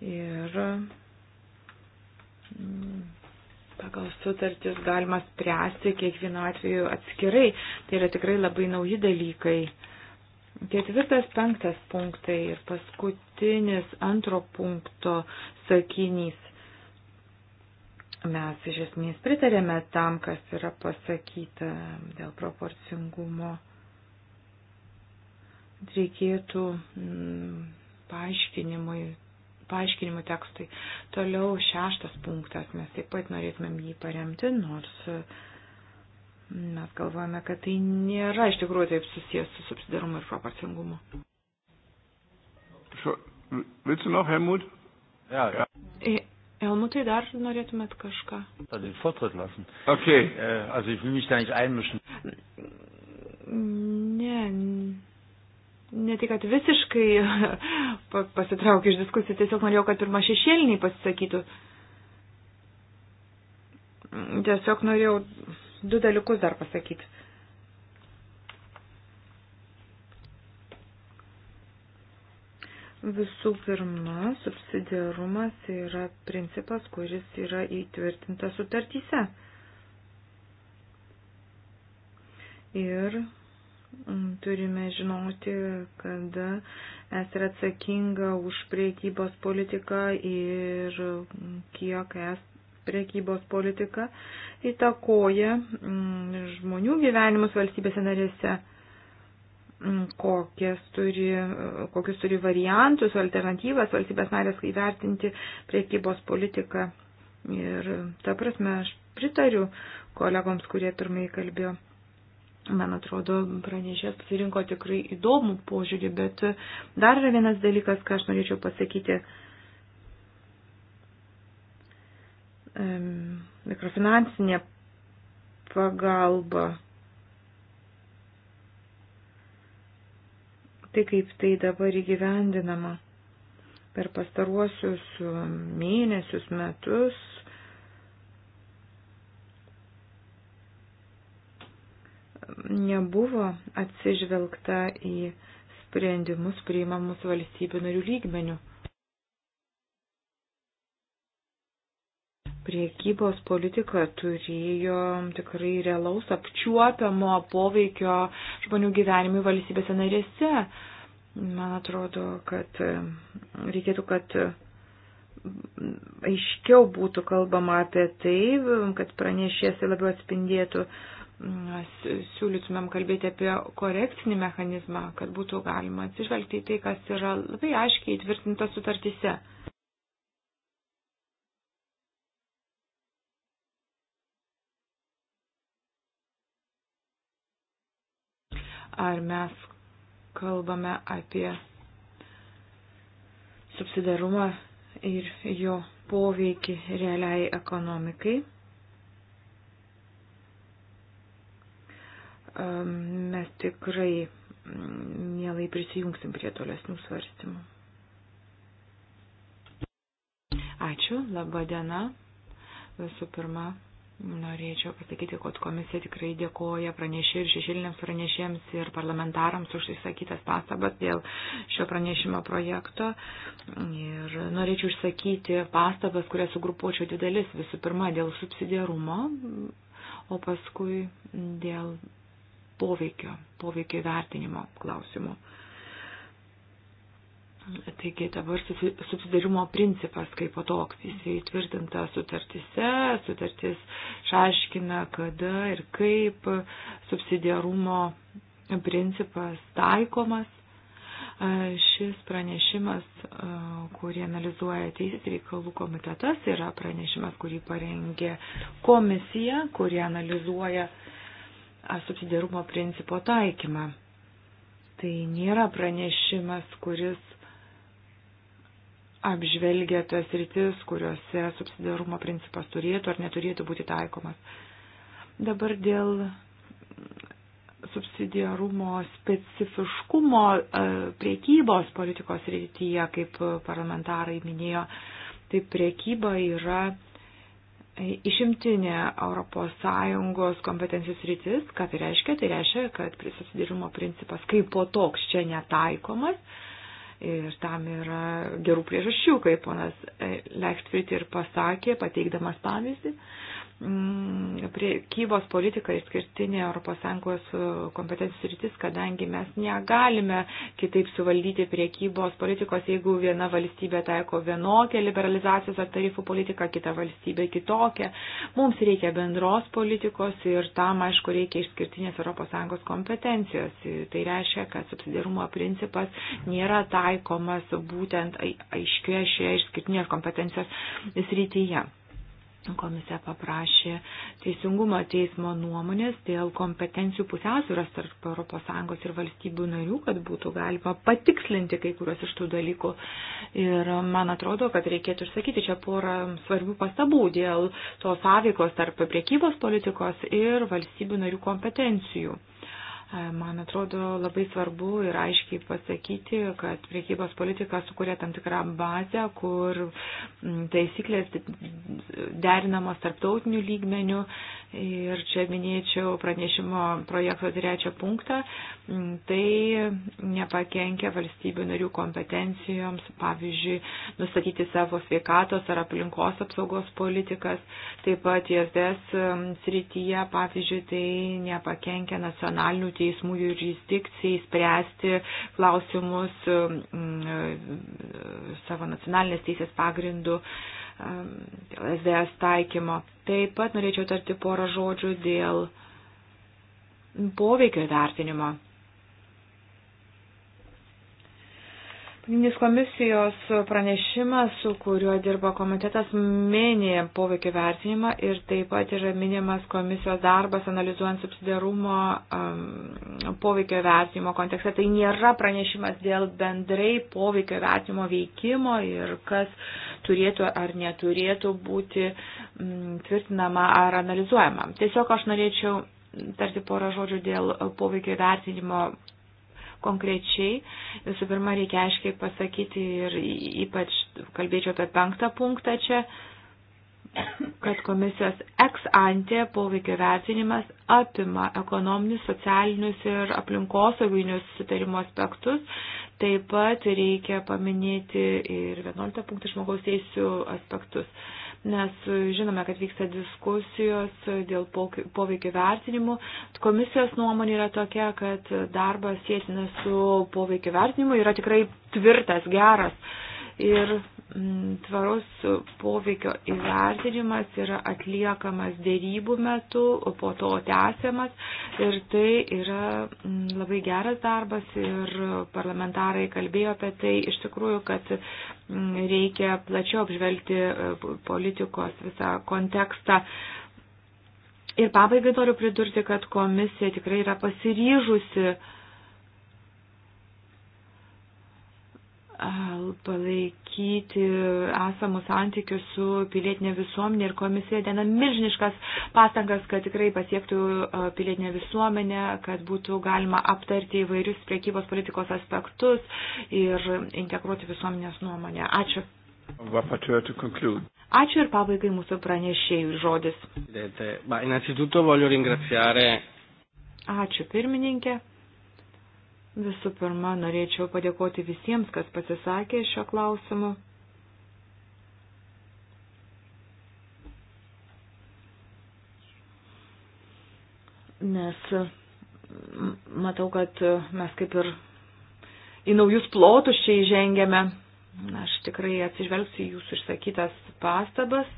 Ir pagal sutartis galima spręsti kiekvienu atveju atskirai. Tai yra tikrai labai nauji dalykai. Ketvirtas, penktas punktai ir paskutinis antro punkto sakinys. Mes iš esmės pritarėme tam, kas yra pasakyta dėl proporcingumo. Reikėtų mm, paaiškinimui, paaiškinimų tekstui. Toliau šeštas punktas, mes taip pat norėtumėm jį paremti, nors mm, mes galvojame, kad tai nėra iš tikrųjų taip susijęs su subsidarumu ir proporcingumu. Willst du noch, Helmut? Ja, ja. Helmutai, dar norėtumėt kažką? Okay, äh, also ich will mich da nicht einmischen. Ne, ne tik, kad visiškai pasitraukiu iš diskusijų, tiesiog norėjau, kad pirma šešėliniai pasisakytų. Tiesiog norėjau du dalykus dar pasakyti. Visų pirma, subsidiarumas yra principas, kuris yra įtvirtintas sutartyse. Ir mm, turime žinoti, kad es yra atsakinga už priekybos politiką ir mm, kiek es priekybos politika įtakoja mm, žmonių gyvenimus valstybėse narėse kokias turi, kokius turi variantus, alternatyvas valstybės narės įvertinti priekybos politiką. Ir ta prasme aš pritariu kolegoms, kurie pirmai kalbėjo. Man atrodo, pranešės pasirinko tikrai įdomų požiūrį, bet dar yra vienas dalykas, ką aš norėčiau pasakyti. Mikrofinansinė pagalba tai kaip tai dabar įgyvendinama. Per pastaruosius um, mėnesius, metus nebuvo atsižvelgta į sprendimus priimamus valstybių narių lygmenių. priekybos politika turėjo tikrai realaus apčiuopiamo poveikio žmonių gyvenimui valstybėse narėse. Man atrodo, kad reikėtų, kad aiškiau būtų kalbama apie tai, kad pranešėsi labiau atspindėtų, siūlytumėm kalbėti apie korekcinį mechanizmą, kad būtų galima atsižvelgti į tai, kas yra labai aiškiai įtvirtinta sutartyse. ar mes kalbame apie subsidarumą ir jo poveikį realiai ekonomikai. Ehm, mes tikrai mm, mielai prisijungsim prie tolesnių svarstymų. Ačiū, laba diena. Visų pirma, Norėčiau pasakyti, kad komisija tikrai dėkoja pranešėjai ir šešėliniams pranešėjams ir parlamentarams už išsakytas pastabas dėl šio pranešimo projekto. Ir norėčiau išsakyti pastabas, kurias sugrupuočiau dvi dalis. Visų pirma, dėl subsidiarumo, o paskui dėl poveikio, poveikio vertinimo klausimų. Taigi dabar subsidarimo principas kaip po toks, jis įtvirtinta sutartise, sutartis šaiškina, kada ir kaip subsidiarumo principas taikomas. Šis pranešimas, kurį analizuoja Teisės reikalų komitetas, yra pranešimas, kurį parengė komisija, kuri analizuoja subsidiarumo principo taikymą. Tai nėra pranešimas, kuris apžvelgia tas rytis, kuriuose subsidiarumo principas turėtų ar neturėtų būti taikomas. Dabar dėl subsidiarumo specifiškumo e, priekybos politikos rytyje, kaip parlamentarai minėjo, tai priekyba yra išimtinė ES kompetencijos rytis. Ką tai reiškia? Tai reiškia, kad subsidiarumo principas kaip po toks čia netaikomas Ir tam yra gerų priežasčių, kaip ponas Lechtfried ir pasakė, pateikdamas pavyzdį. Uh, Mm, priekybos politika išskirtinė ES e, kompetencijų rytis, kadangi mes negalime kitaip suvaldyti priekybos politikos, jeigu viena valstybė taiko vienokią liberalizacijos ar tarifų politiką, kita valstybė kitokią. Mums reikia bendros politikos ir tam, aišku, reikia išskirtinės ES kompetencijos. Tai reiškia, kad subsidiarumo principas nėra taikomas būtent aiškioje šioje išskirtinės kompetencijos srityje. Komisija paprašė Teisingumo teismo nuomonės dėl kompetencijų pusiausvyros tarp ES ir valstybių narių, kad būtų galima patikslinti kai kuriuos iš tų dalykų. Ir man atrodo, kad reikėtų išsakyti čia porą svarbių pastabų dėl to sąveikos tarp priekybos politikos ir valstybių narių kompetencijų. Man atrodo labai svarbu ir aiškiai pasakyti, kad priekybos politika sukuria tam tikrą bazę, kur taisyklės derinamos tarptautinių lygmenių. Ir čia minėčiau pranešimo projekto trečią punktą. Tai nepakenkia valstybių narių kompetencijoms, pavyzdžiui, nustatyti savo sveikatos ar aplinkos apsaugos politikas. Taip pat JSDS srityje, pavyzdžiui, tai nepakenkia nacionalinių teismų jurisdikcijai spręsti klausimus um, uh, savo nacionalinės teisės pagrindų SDS um, taikymo. Taip pat norėčiau tarti porą žodžių dėl poveikio vertinimo. Pagrindinis komisijos pranešimas, su kuriuo dirba komitetas, minė poveikį vertinimą ir taip pat yra minimas komisijos darbas analizuojant subsidiarumo um, poveikio vertinimo kontekste. Tai nėra pranešimas dėl bendrai poveikio vertinimo veikimo ir kas turėtų ar neturėtų būti um, tvirtinama ar analizuojama. Tiesiog aš norėčiau tarti porą žodžių dėl poveikio vertinimo konkrečiai. Visų pirma, reikia aiškiai pasakyti ir ypač kalbėčiau apie penktą punktą čia, kad komisijos ex ante poveikio vertinimas apima ekonominius, socialinius ir aplinkosauginius sutarimo aspektus. Taip pat reikia paminėti ir 11 punktą žmogaus teisų aspektus nes e, žinome, kad vyksta diskusijos e, dėl poveikio vertinimų. Komisijos nuomonė yra tokia, kad darbas sėtina su poveikio vertinimu yra tikrai tvirtas, geras. Ir Tvaros poveikio įvertinimas yra atliekamas dėrybų metu, po to tęsiamas ir tai yra labai geras darbas ir parlamentarai kalbėjo apie tai iš tikrųjų, kad reikia plačiau apžvelgti e, politikos visą kontekstą. Ir pabaigai noriu pridurti, kad komisija tikrai yra pasiryžusi uh, palaikyti esamus santykius su pilietinė visuomenė ir komisija dena milžiniškas pastangas, kad tikrai pasiektų pilietinė visuomenė, kad būtų galima aptarti įvairius priekybos politikos aspektus ir integruoti visuomenės nuomonę. Ačiū. Ačiū ir pabaigai mūsų pranešėjų žodis. Ačiū pirmininkė. Visų pirma, norėčiau padėkoti visiems, kas pasisakė šio klausimu. Nes matau, kad mes kaip ir į naujus plotus čia įžengėme. Aš tikrai atsižvelgsiu jūsų išsakytas pastabas.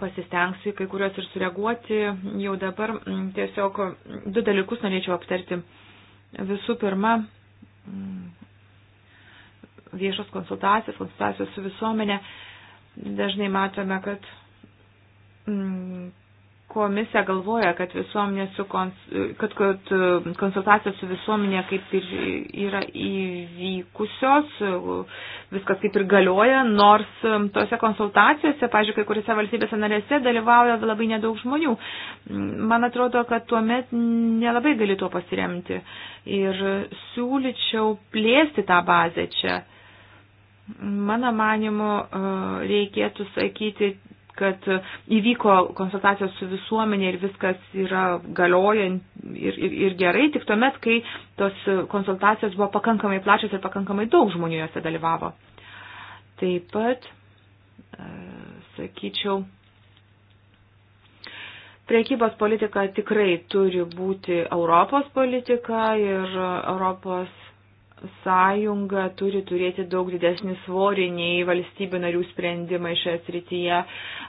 pasistengsiu kai kuriuos ir sureaguoti. Jau dabar mm, tiesiog mm, du dalykus norėčiau aptarti. Visų pirma, mm, viešos konsultacijos, konsultacijos su visuomenė. Dažnai matome, kad komisija galvoja, kad, su kons, kad, kad e, konsultacijos su visuomenė kaip ir yra įvykusios, viskas kaip ir galioja, nors e, tose konsultacijose, pažiūrėjau, kai kuriuose valstybėse narėse dalyvauja labai nedaug žmonių. Man atrodo, kad tuomet nelabai gali tuo pasiremti. Ir siūlyčiau plėsti tą bazę čia. Mano manimu, e, reikėtų sakyti kad įvyko konsultacijos su visuomenė ir viskas yra galiojant ir, ir, ir gerai, tik tuomet, kai tos konsultacijos buvo pakankamai plačios ir pakankamai daug žmonių juose dalyvavo. Taip pat, e, sakyčiau, Priekybos politika tikrai turi būti Europos politika ir Europos sąjunga turi turėti daug didesnį svorį nei valstybių narių sprendimai šioje srityje.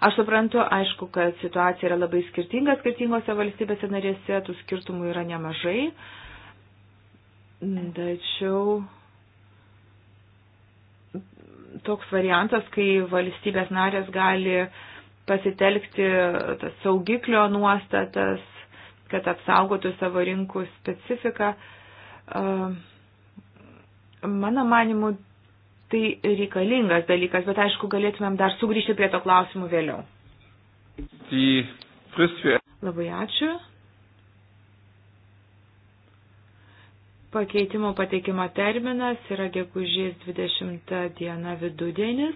Aš suprantu, aišku, kad situacija yra labai skirtinga skirtingose valstybėse narėse, tų skirtumų yra nemažai. Tačiau toks variantas, kai valstybės narės gali pasitelkti tas saugiklio nuostatas, kad apsaugotų savo rinkų specifiką. Uh, Mano manimu, tai reikalingas dalykas, bet aišku, galėtumėm dar sugrįžti prie to klausimų vėliau. Labai ačiū. Pakeitimo pateikimo terminas yra gegužės 20 diena vidudienis.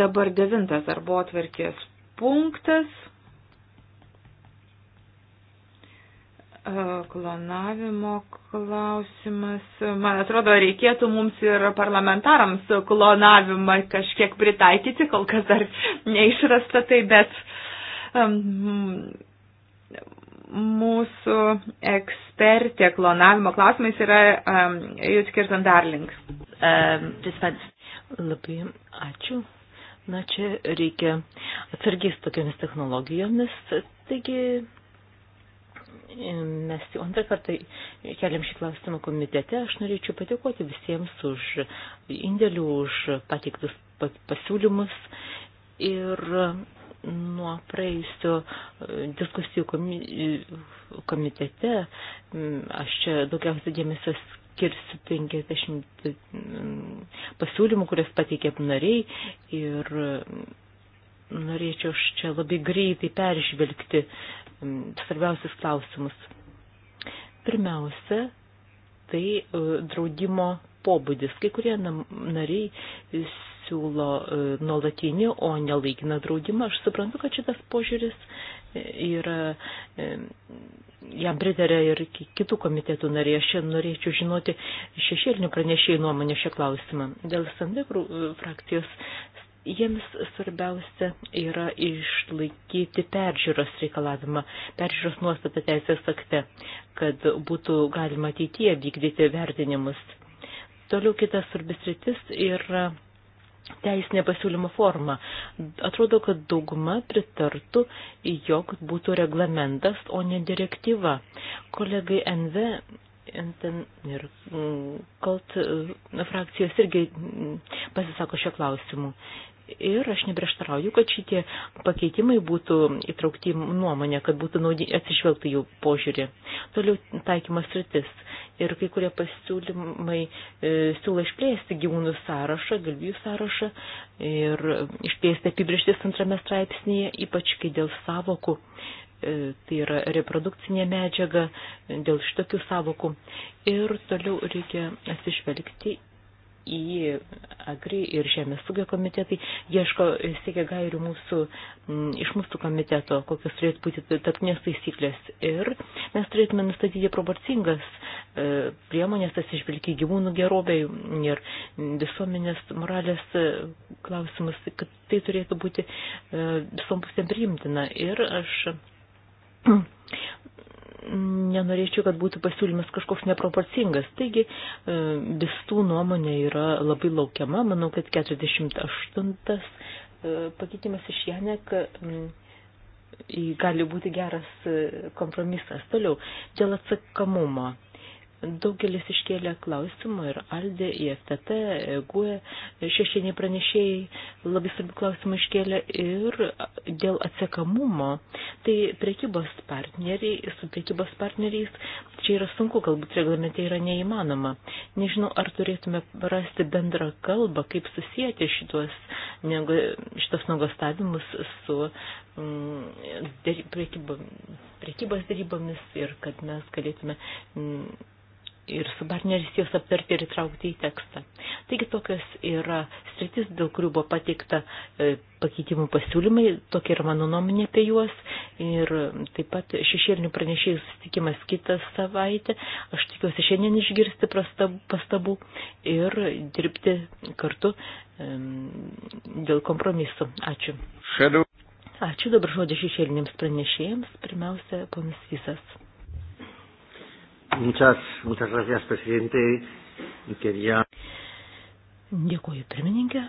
Dabar devintas darbo atverkės punktas. klonavimo klausimas. Man atrodo, reikėtų mums ir parlamentarams klonavimą kažkiek pritaikyti, kol kas dar neišrasta tai, bet um, mūsų ekspertė klonavimo klausimais yra um, Jutkirton Darling. Um, Labai ačiū. Na, čia reikia atsargys tokiamis technologijomis. Taigi, Mes jau antrą kartą keliam šį klausimą komitete. Aš norėčiau patikoti visiems už indėlių, už patiktus pasiūlymus. Ir nuo praėjusio e, diskusijų komitete aš čia daugiausia dėmesio skirsiu 50 pasiūlymų, kurias pateikė nariai ir norėčiau aš čia labai greitai peržvelgti svarbiausius klausimus. Pirmiausia, tai e, draudimo pobūdis. Kai kurie nariai siūlo e, nuolatinį, o nelaikiną draudimą. Aš suprantu, kad šitas požiūris e, yra, jam pritarė ir kitų komitetų nariai. Aš čia norėčiau žinoti šešėlinių pranešėjų nuomonę šią klausimą. Dėl SND frakcijos Jiems svarbiausia yra išlaikyti peržiūros reikalavimą, peržiūros nuostatą teisės akte, kad būtų galima ateityje vykdyti vertinimus. Toliau kitas svarbis rytis yra teisinė pasiūlymo forma. Atrodo, kad dauguma pritartų, jog būtų reglamentas, o ne direktyva. Kolegai NV ir mm, kalt mm, frakcijos irgi mm, pasisako šio klausimu. Ir aš neprieštarauju, kad šitie pakeitimai būtų įtraukti nuomonę, kad būtų atsižvelgtų jų požiūrį. Toliau taikymas rytis. Ir kai kurie pasiūlymai e, siūlo išplėsti gyvūnų sąrašą, galvijų sąrašą ir išplėsti apibrieštis antrame straipsnėje, ypač kai dėl savokų E, tai yra reprodukcinė medžiaga, dėl šitokių savokų. Ir toliau reikia atsižvelgti į Agri ir Žemės ūkio komitetai, ieško, siekia gairių mūsų, m, iš mūsų komiteto, kokios turėtų būti tarpinės taisyklės. Ir mes turėtume nustatyti proporcingas e, priemonės, atsižvelgti gyvūnų gerovę ir visuomenės moralės e, klausimus, kad tai turėtų būti e, visom pusėm priimtina. Ir aš nenorėčiau, kad būtų pasiūlymas kažkoks neproporcingas. Taigi e, visų nuomonė yra labai laukiama. Manau, kad 48 e, pakeitimas iš Janek gali būti geras e, kompromisas. Toliau, dėl atsakomumo. Daugelis iškėlė klausimų ir Aldė, IFTT, GUE, šešiniai pranešėjai labai svarbių klausimų iškėlė ir dėl atsekamumo. Tai prekybos partneriai, su prekybos partneriais čia yra sunku, galbūt reglamente yra neįmanoma. Nežinau, ar turėtume rasti bendrą kalbą, kaip susijęti šitos, šitos nuogastavimus su mm, dėry, prekybos, prekybos dėrybomis ir kad mes galėtume mm, ir su partneriais jos aptarti ir įtraukti į tekstą. Taigi tokios yra sritis, dėl kurių buvo pateikta e, pakeitimų pasiūlymai, tokia yra mano nuomonė apie juos ir taip pat šešėlinių pranešėjų susitikimas kitą savaitę. Aš tikiuosi šiandien išgirsti pastabų ir dirbti kartu dėl kompromisų. Ačiū. Shadow. Ačiū dabar žodį šešėlinėms pranešėjams. Pirmiausia, ponas Visas. Muchas, muchas gracias, presidente. Quería... Dėkuoju, pirmininkė.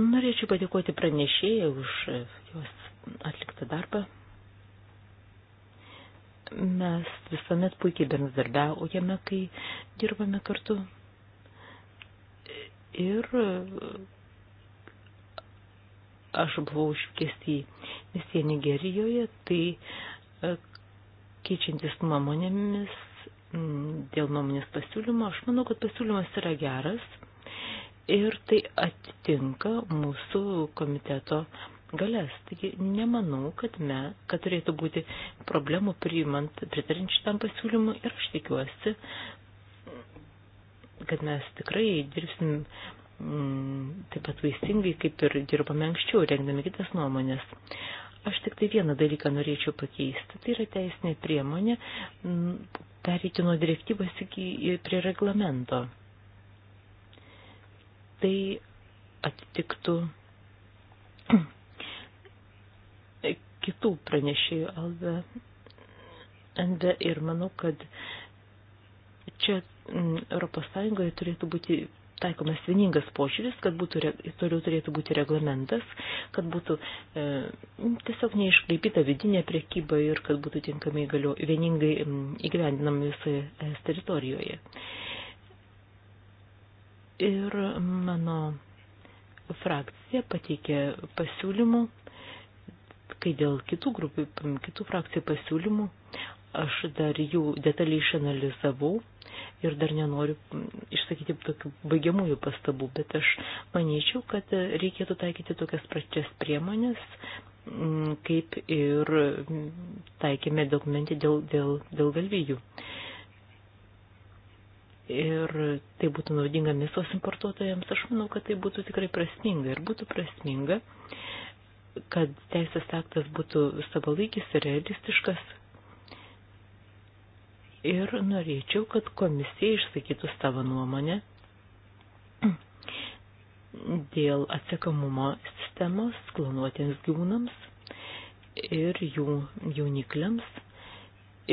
Norėčiau padėkoti pranešėjai už e, jos atliktą darbą. Mes visuomet puikiai bendradarbiaujame, kai dirbame kartu. Ir e, aš buvau iškviesti misija Nigerijoje, tai e, keičiantis nuomonėmis Mm, dėl nuomonės pasiūlymo. Aš manau, kad pasiūlymas yra geras ir tai atitinka mūsų komiteto galės. Taigi nemanau, kad, me, kad turėtų būti problemų priimant, pritarint šitam pasiūlymui ir aš tikiuosi, kad mes tikrai dirbsim mm, taip pat vaisingai, kaip ir dirbame anksčiau, rengdami kitas nuomonės. Aš tik tai vieną dalyką norėčiau pakeisti. Tai yra teisinė priemonė pereiti nuo direktyvos iki prie reglamento. Tai atitiktų kitų pranešėjų Alve Ende ir manau, kad čia Europos Sąjungoje turėtų būti taikomas vieningas požiūris, kad būtų, toliau turėtų būti reglamentas, kad būtų e, tiesiog neiškreipyta vidinė priekyba ir kad būtų tinkamai galio, vieningai įgyvendinami visoje e, teritorijoje. Ir mano frakcija pateikė pasiūlymų, kai dėl kitų grupių, kitų frakcijų pasiūlymų, aš dar jų detaliai išanalizavau ir dar nenoriu mm, išsakyti tokių baigiamųjų pastabų, bet aš manyčiau, kad reikėtų taikyti tokias pračias priemonės, mm, kaip ir mm, taikėme dokumentį dėl, dėl, dėl galvijų. Ir tai būtų naudinga mėsos importuotojams, aš manau, kad tai būtų tikrai prasminga ir būtų prasminga kad teisės aktas būtų savalaikis ir realistiškas, ir norėčiau, kad komisija išsakytų savo nuomonę dėl atsekamumo sistemos klonuotiems gyvūnams ir jų jaunikliams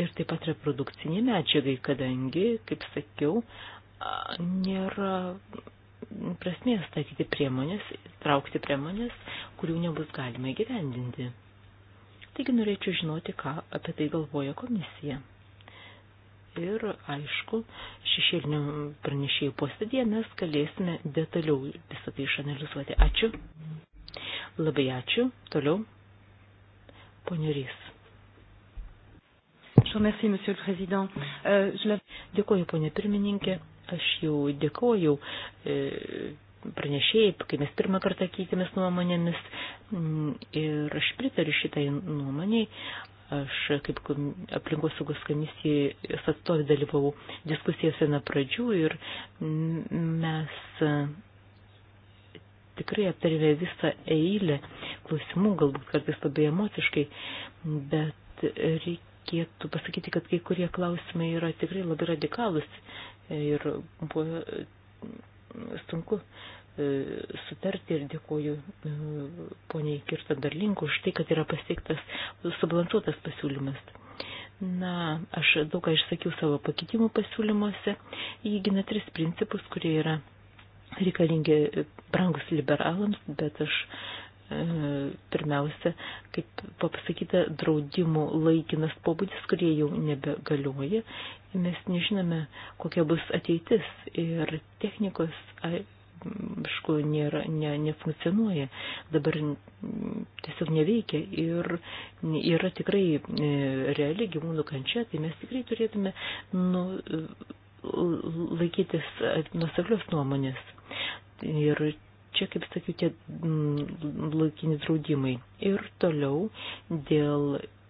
ir taip pat reprodukciniai medžiagai, kadangi, kaip sakiau, nėra prasmės statyti priemonės, traukti priemonės, kurių nebus galima įgyvendinti. Taigi norėčiau žinoti, ką apie tai galvoja komisija ir, aišku, šešėlinių pranešėjų posėdėje mes galėsime detaliau visą tai išanalizuoti. Ačiū. Labai ačiū. Toliau. Pone Rys. Euh, dėkuoju, ponė pirmininkė. Aš jau dėkuoju e, pranešėjai, kai mes pirmą kartą keitėmės nuomonėmis mm, ir aš pritariu šitai nuomoniai. Aš kaip aplinkos saugos komisijos atstovė dalyvau diskusijose nuo pradžių ir mes e, tikrai aptarėme visą eilę klausimų, galbūt kartais labai emociškai, bet reikėtų pasakyti, kad kai kurie klausimai yra tikrai labai radikalus ir buvo sunku E, sutarti ir dėkoju e, poniai Kirta Darlink už tai, kad yra pasiektas subalansuotas pasiūlymas. Na, aš daug ką išsakiau savo pakeitimų pasiūlymuose, įgina tris principus, kurie yra reikalingi e, brangus liberalams, bet aš pirmiausia, kaip pasakyta, draudimų laikinas pobūdis, kurie jau nebegalioja. Mes nežinome, kokia bus ateitis ir technikos aišku, nėra, ne, nefunkcionuoja, dabar tiesiog neveikia ir yra tikrai e, reali gyvūnų kančia, tai mes tikrai turėtume nu, laikytis e, nusaklios nuomonės. Ir čia, kaip sakiau, tie laikini draudimai. Ir toliau dėl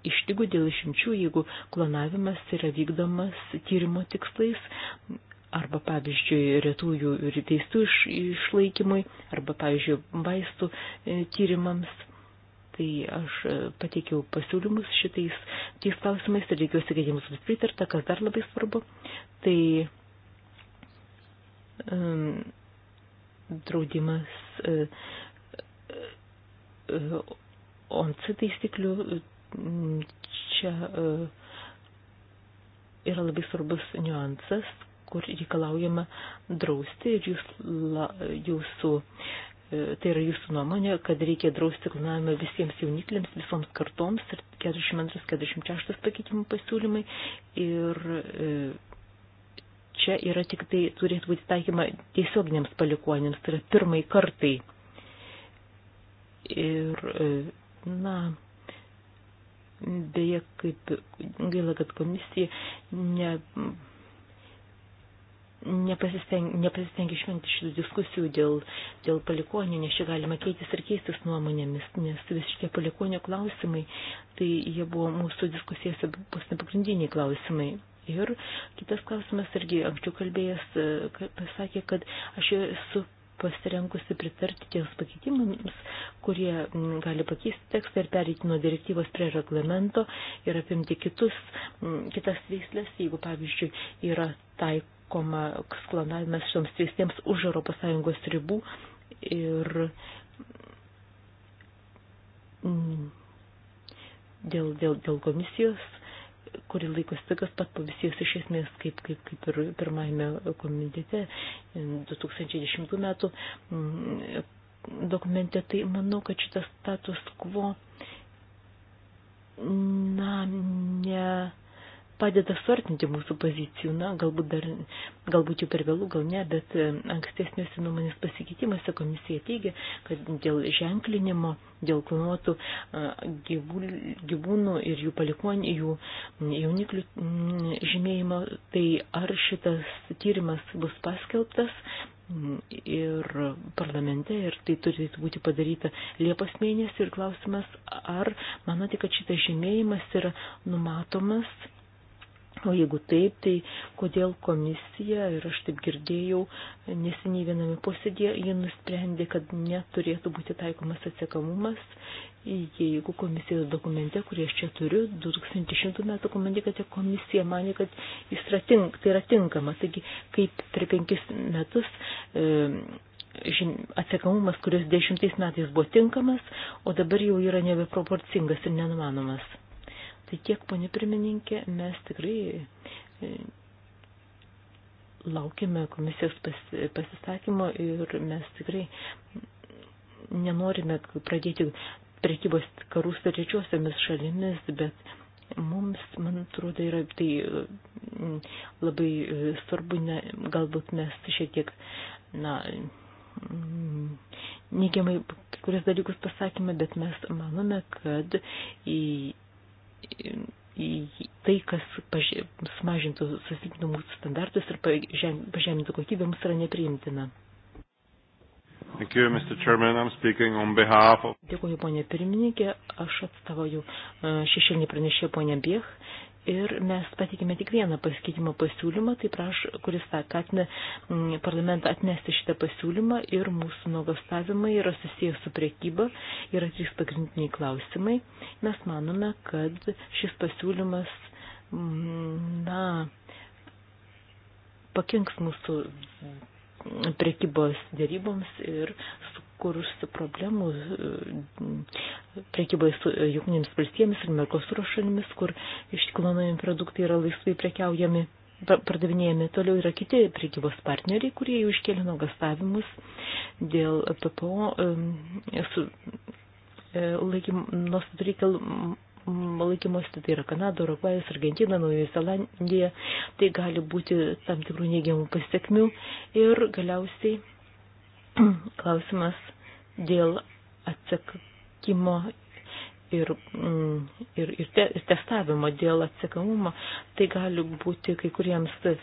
išlygų, dėl išimčių, jeigu klonavimas yra vykdomas tyrimo tikslais, arba, pavyzdžiui, retųjų ir teistų iš, išlaikymui, arba, pavyzdžiui, vaistų e, tyrimams. Tai aš e, pateikiau pasiūlymus šitais tais klausimais ir reikiuosi, kad jiems bus pritarta, kas dar labai svarbu. Tai um, draudimas uh, uh, ONC taisyklių čia uh, yra labai svarbus niuansas, kur reikalaujama drausti ir jūs, la, jūsų, e, tai yra jūsų nuomonė, kad reikia drausti klonavimą visiems jaunikliams, visoms kartoms ir 42-46 pakeitimų pasiūlymai ir e, čia yra tik tai turėtų būti taikymą tiesioginiams palikuonėms, tai yra pirmai kartai. Ir, e, na, beje, kaip gaila, kad komisija ne nepasistengia išvengti šių diskusijų dėl, dėl palikonių, nes čia galima keitis ir keistis nuomonėmis, nes visi šitie palikonių klausimai, tai jie buvo mūsų diskusijose bus nepagrindiniai klausimai. Ir kitas klausimas, irgi anksčiau kalbėjęs, e, pasakė, kad aš esu pasirengusi pritarti tiems pakeitimams, kurie gali pakeisti tekstą ir pereiti nuo direktyvos prie reglamento ir apimti kitus, kitas veislės, jeigu pavyzdžiui yra taikomas sakoma, klonavimas šioms teisėms už ES ribų ir mm, dėl, dėl, dėl komisijos, kuri laikosi tokios pat pozicijos iš esmės kaip, kaip, kaip ir pirmajame komitete 2010 metų mm, dokumente, tai manau, kad šitas status quo na, ne padeda suartinti mūsų pozicijų. Na, galbūt, dar, galbūt jau per vėlų, gal ne, bet e, ankstesniuose nuomonės pasikeitimuose komisija teigia, kad dėl ženklinimo, dėl klonuotų e, gyvūnų ir jų palikonių, jų jauniklių žymėjimo, tai ar šitas tyrimas bus paskelbtas, ir parlamente, ir tai turėtų būti padaryta Liepos mėnesį. Ir klausimas, ar manote, kad šitas žymėjimas yra numatomas O jeigu taip, tai kodėl komisija, ir aš taip girdėjau, neseniai viename posėdėje ji nusprendė, kad neturėtų būti taikomas atsiekamumas, jeigu komisijos dokumente, kurį aš čia turiu, 2010 metų komunikate komisija mane, kad jis yra tink, tai yra tinkama. Taigi, kaip per penkis metus. E, atsiekamumas, kuris dešimtais metais buvo tinkamas, o dabar jau yra nebeproporcingas ir nenumanomas. Tai tiek, ponė pirmininkė, mes tikrai e, laukiame komisijos pasisakymo ir mes tikrai nenorime pradėti prekybos karus trečiosiamis šalimis, bet mums, man atrodo, yra tai e, labai e, svarbu, ne, galbūt mes šiek tiek, na, neigiamai kai kurias dalykus pasakėme, bet mes manome, kad į tai, kas paži... sumažintų susitikimų mūsų standartus ir pažem... pažemintų kokybę, mums yra nepriimtina. Thank you, Mr. Chairman. I'm speaking on behalf of... Dėkuoju, ponė pirmininkė. Aš atstovauju e, šešėlinį pranešėją ponę Biech ir mes patikime tik vieną pasikeitimo pasiūlymą, tai praš, kuris skatina mm, parlamentą atmesti šitą pasiūlymą ir mūsų nuogastavimai yra susijęs su priekyba, yra trys pagrindiniai klausimai. Mes manome, kad šis pasiūlymas, mm, na, pakenks mūsų priekybos dėryboms ir su kurs problemų e, prekybai su e, jungtinėmis valstybėmis ir Merkosūro šalimis, kur iškilonojami produktai yra laisvai prekiaujami, pardavinėjami. Toliau yra kiti prekybos partneriai, kurie jau iškėlė nuogastavimus dėl PPO e, su nuostatų laikymosi, tai yra Kanada, Urugvajas, Argentina, Naujoji Zelandija, tai gali būti tam tikrų neigiamų pasiekmių ir galiausiai klausimas dėl atsakymo ir, mm, ir, ir, te, ir testavimo dėl atsakamumo, tai gali būti kai kuriems e,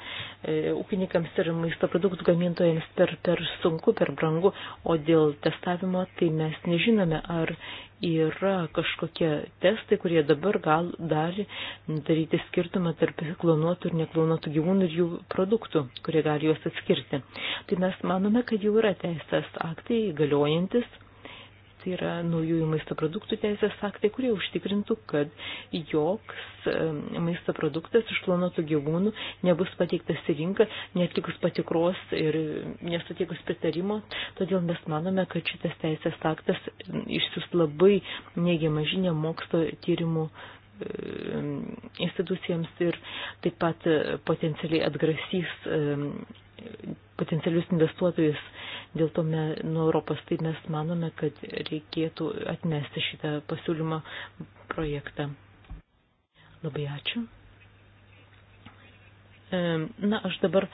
ūkininkams ir maisto produktų gamintojams per, per sunku, per brangu, o dėl testavimo tai mes nežinome, ar yra kažkokie testai, kurie dabar gal dar daryti skirtumą tarp klonuotų ir neklonuotų gyvūnų ir jų produktų, kurie gali juos atskirti. Tai mes manome, kad jau yra teisės aktai galiojantis tai yra naujųjų maisto produktų teisės aktai, kurie užtikrintų, kad joks maisto produktas iš klonotų gyvūnų nebus pateiktas į rinką, netlikus patikros ir nesutikus pritarimo. Todėl mes manome, kad šitas teisės aktas išsius labai neigiamą žinę mokslo tyrimų institucijams ir taip pat e, potencialiai atgrasys potencialius investuotojus. Dėl to me, nuo Europos tai mes manome, kad reikėtų atmesti šitą pasiūlymą projektą. Labai ačiū. Na, aš dabar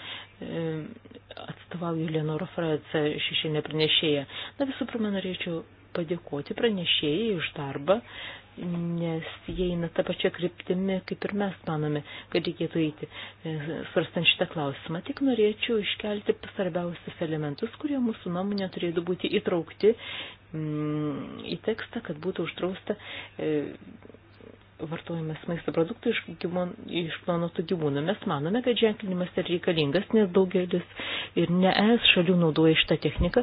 atstovauju Leonoro Frace šešinę pranešėją. Na, visų pirma, norėčiau padėkoti pranešėjai už darbą, nes jie eina tą pačią kryptimį, kaip ir mes manome, kad reikėtų eiti. E, svarstant šitą klausimą, tik norėčiau iškelti svarbiausius elementus, kurie mūsų nuomonė turėtų būti įtraukti mm, į tekstą, kad būtų uždrausta e, vartojimas maisto produktų iš, gyvon, iš klonotų gyvūnų. Mes manome, kad ženklinimas yra reikalingas, nes daugelis ir ne es šalių naudoja šitą techniką,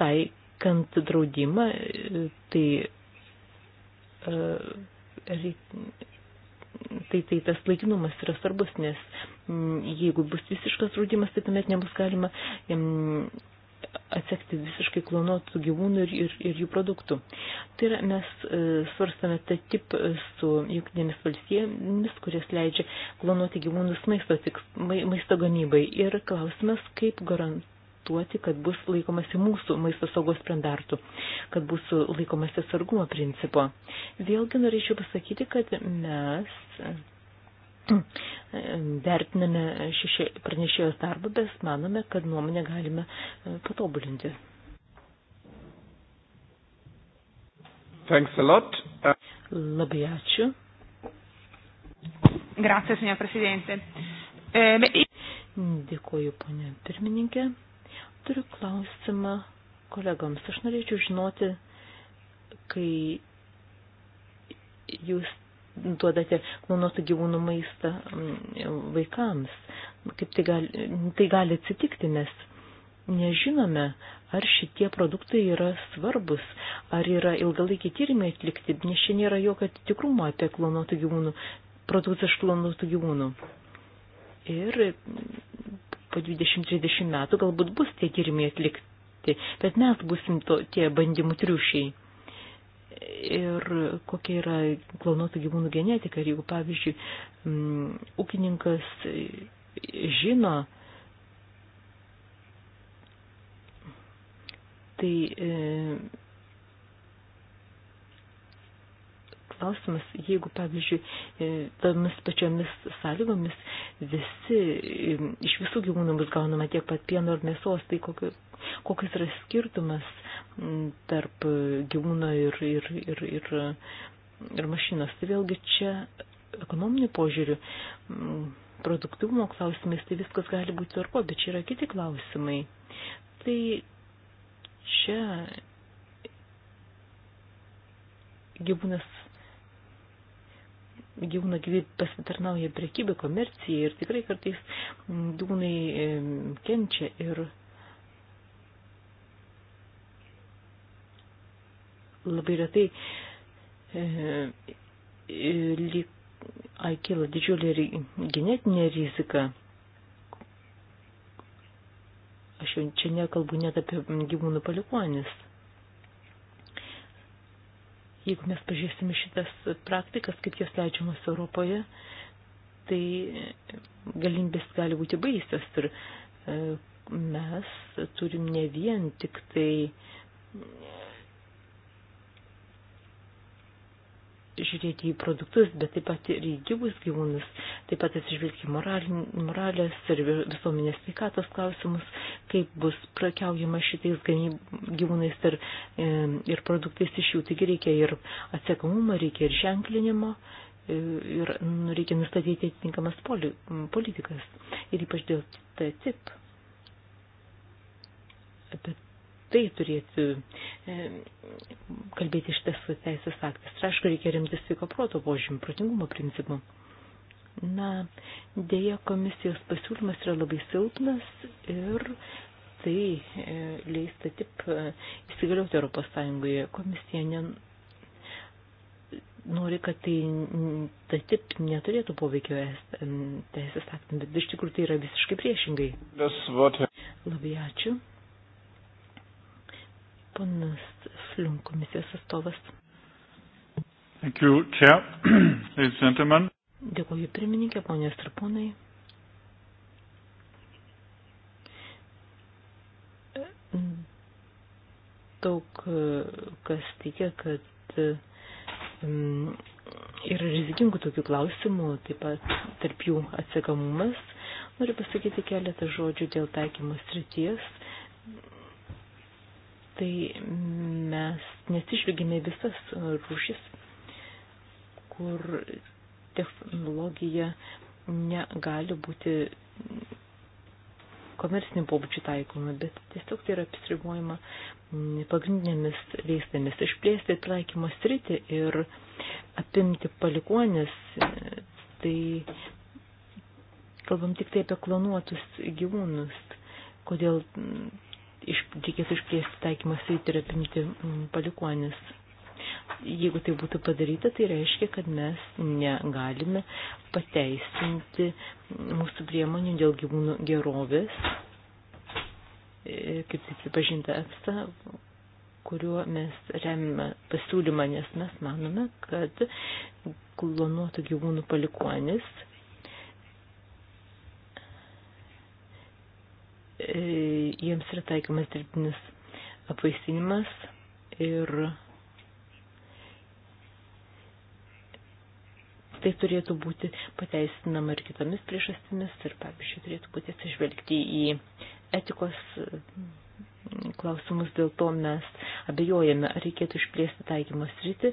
tai taikant draudimą, tai, e, tai, tai tas laikinumas yra svarbus, nes jeigu bus visiškas draudimas, tai tuomet nebus galima atsekti visiškai klonuotų gyvūnų ir, ir, ir jų produktų. Tai yra, mes e, svarstame tą tip su jungtinėmis valstybėmis, kurias leidžia klonuoti gyvūnus maisto, tiks, maisto gamybai. Ir klausimas, kaip garantuoti garantuoti, kad bus laikomasi mūsų maisto saugos standartų, kad bus laikomasi sargumo principo. Vėlgi norėčiau pasakyti, kad mes vertiname šešė, pranešėjos darbą, bet manome, kad nuomonę galime e, patobulinti. Thanks a lot. Labai ačiū. Grazie, signor Presidente. E, beh... Dėkuoju, ponė pirmininkė. Turiu klausimą kolegoms. Aš norėčiau žinoti, kai jūs duodate klonuotų gyvūnų maistą mm, vaikams, kaip tai gali, tai gali atsitikti, nes nežinome, ar šitie produktai yra svarbus, ar yra ilgalaikiai tyrimai atlikti, nes čia nėra jokio tikrumo apie klonuotų gyvūnų, produktus iš klonuotų gyvūnų. Ir po 20-30 metų galbūt bus tie tyrimai atlikti, bet mes busim to, tie bandymų triušiai. Ir kokia yra klonuotų gyvūnų genetika, ir jeigu, pavyzdžiui, m, mm, ūkininkas žino, tai e, klausimas, jeigu, pavyzdžiui, e, tomis pačiomis sąlygomis visi, e, iš visų gyvūnų bus gaunama tiek pat pieno ar mėsos, tai kokio, kokias yra skirtumas tarp gyvūno ir, ir, ir, ir, ir mašinos. Tai vėlgi čia ekonominiu požiūriu produktivumo klausimais, tai viskas gali būti tvarko, bet čia yra kiti klausimai. Tai čia gyvūnas gyvūno gyvybė pasitarnauja prekybė, komercija ir tikrai kartais gyvūnai kenčia ir labai retai e, e, ai, kyla didžiulė genetinė rizika. Aš jau čia nekalbu net apie gyvūnų palikuonis. Jeigu mes pažiūrėsime šitas praktikas, kaip jos leidžiamas Europoje, tai galimybės gali būti baisios ir e, mes turim ne vien tik tai žiūrėti į produktus, bet taip pat ir į gyvus gyvūnus, taip pat atsižvelgti moralės ir visuomenės sveikatos klausimus, kaip bus prekiaujama šitais gyvūnais ir, e, ir produktais iš jų. Taigi reikia ir atsiekamumo, reikia ir ženklinimo e, ir nu, reikia nustatyti atitinkamas politikas ir ypač dėl TTIP. Bet tai turėtų e, kalbėti iš tiesų teisės aktas. Ir aišku, reikia rimtis sveiko proto požymį, protingumo principų. Na, dėja, komisijos pasiūlymas yra labai silpnas ir tai e, leista tik e, įsigalioti Europos Sąjungoje. Komisija ne, nori, kad tai, tai taip neturėtų poveikio teisės aktams, bet iš tikrųjų tai yra visiškai priešingai. Labai ačiū. Panas Flium, komisijos atstovas. Thank you, Chair. Ladies and gentlemen. Dėkuoju pirmininkė, ponės ir ponai. Daug e, kas teikia, kad e, yra rizikingų tokių klausimų, taip pat tarp jų atsekamumas. Noriu pasakyti keletą žodžių dėl taikymo srities tai mes nesižvelgėme visas rūšis, kur technologija negali būti komercinių pobūdžių taikoma, bet tiesiog tai yra apsiribojama pagrindinėmis veislėmis išplėsti taikymo sritį ir apimti palikuonis, tai kalbam tik tai apie klonuotus gyvūnus, kodėl iš, reikės išplėsti taikymą sritį ir apimti mm, palikuonis. Jeigu tai būtų padaryta, tai reiškia, kad mes negalime pateisinti mūsų priemonių dėl gyvūnų gerovės, e, kaip tai pripažinta EFSA, kuriuo mes remiame pasiūlymą, nes mes manome, kad klonuotų gyvūnų palikuonis E, jiems yra taikomas dirbtinis apvaisinimas ir tai turėtų būti pateisinama ir kitomis priežastimis ir, pavyzdžiui, turėtų būti atsižvelgti į etikos klausimus, dėl to mes abejojame, ar reikėtų išplėsti taikymo sritį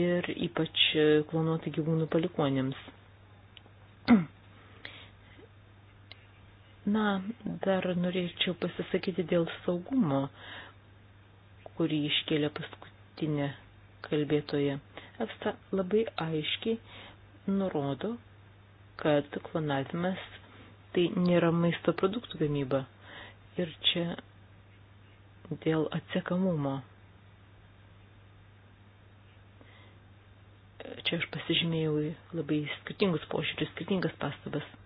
ir ypač klonuoti gyvūnų palikonėms. Na, dar norėčiau pasisakyti dėl saugumo, kurį iškėlė paskutinė kalbėtoja. EFSA labai aiškiai nurodo, kad klonavimas tai nėra maisto produktų gamyba. Ir čia dėl atsiekamumo. Čia aš pasižymėjau labai skirtingus požiūrius, skirtingas pastabas.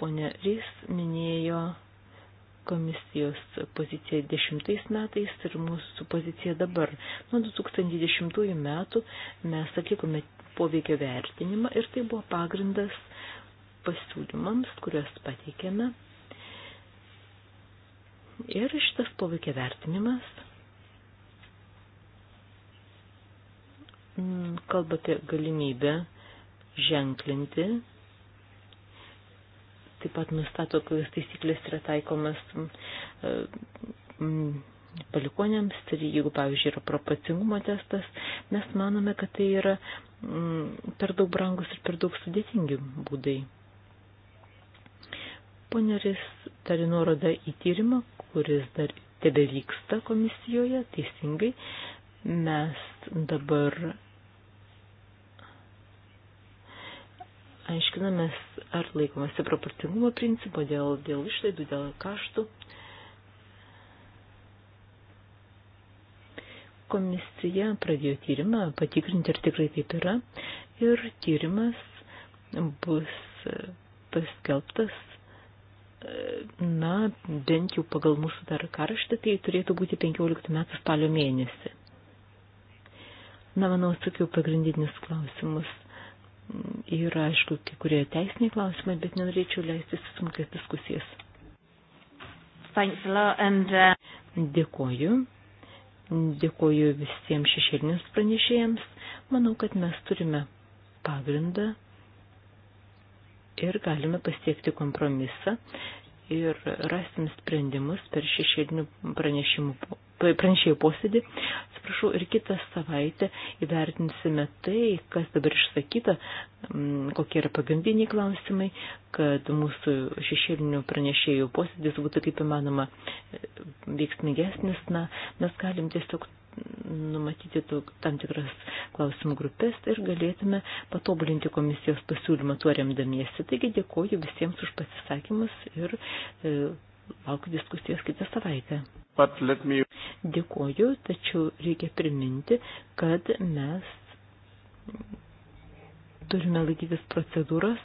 Pone Rys minėjo komisijos poziciją dešimtais metais ir mūsų poziciją dabar. Nuo 2010 metų mes atlikome poveikio vertinimą ir tai buvo pagrindas pasiūlymams, kuriuos pateikėme. Ir šitas poveikio vertinimas mm, kalba apie galimybę ženklinti taip pat nustato, kokios taisyklės yra taikomas e, palikonėms ir tai jeigu, pavyzdžiui, yra proporcingumo testas, mes manome, kad tai yra per daug brangus ir per daug sudėtingi būdai. Poneris tari nuorodą į tyrimą, kuris dar tebe vyksta komisijoje, teisingai. Mes dabar aiškinamės, ar laikomasi proporcingumo principo dėl, dėl išlaidų, dėl kaštų. Komisija pradėjo tyrimą, patikrinti, ar tikrai taip yra. Ir tyrimas bus paskelbtas, na, bent jau pagal mūsų dar karštą, tai turėtų būti 15 metų spalio mėnesį. Na, manau, atsakiau pagrindinius klausimus Yra, aišku, kai kurie teisiniai klausimai, bet nenorėčiau leisti susimkės diskusijas. And, uh... Dėkoju. Dėkoju visiems šešėlinėms pranešėjams. Manau, kad mes turime pagrindą ir galime pasiekti kompromisą ir rasim sprendimus per šešėlinių pranešimų pranešėjų posėdį, atsiprašau, ir kitą savaitę įvertinsime tai, kas dabar išsakyta, mm, kokie yra pagrindiniai klausimai, kad mūsų šešėlinių pranešėjų posėdis būtų kaip įmanoma e, veiksmingesnis. Na, mes galim tiesiog mm, numatyti tam tikras klausimų grupės ir galėtume patobulinti komisijos pasiūlymą tuo remdamiesi. Taigi dėkoju visiems už pasisakymus ir e, laukiu diskusijos kitą savaitę. Me... Dėkuoju, tačiau reikia priminti, kad mes turime laikytis procedūros,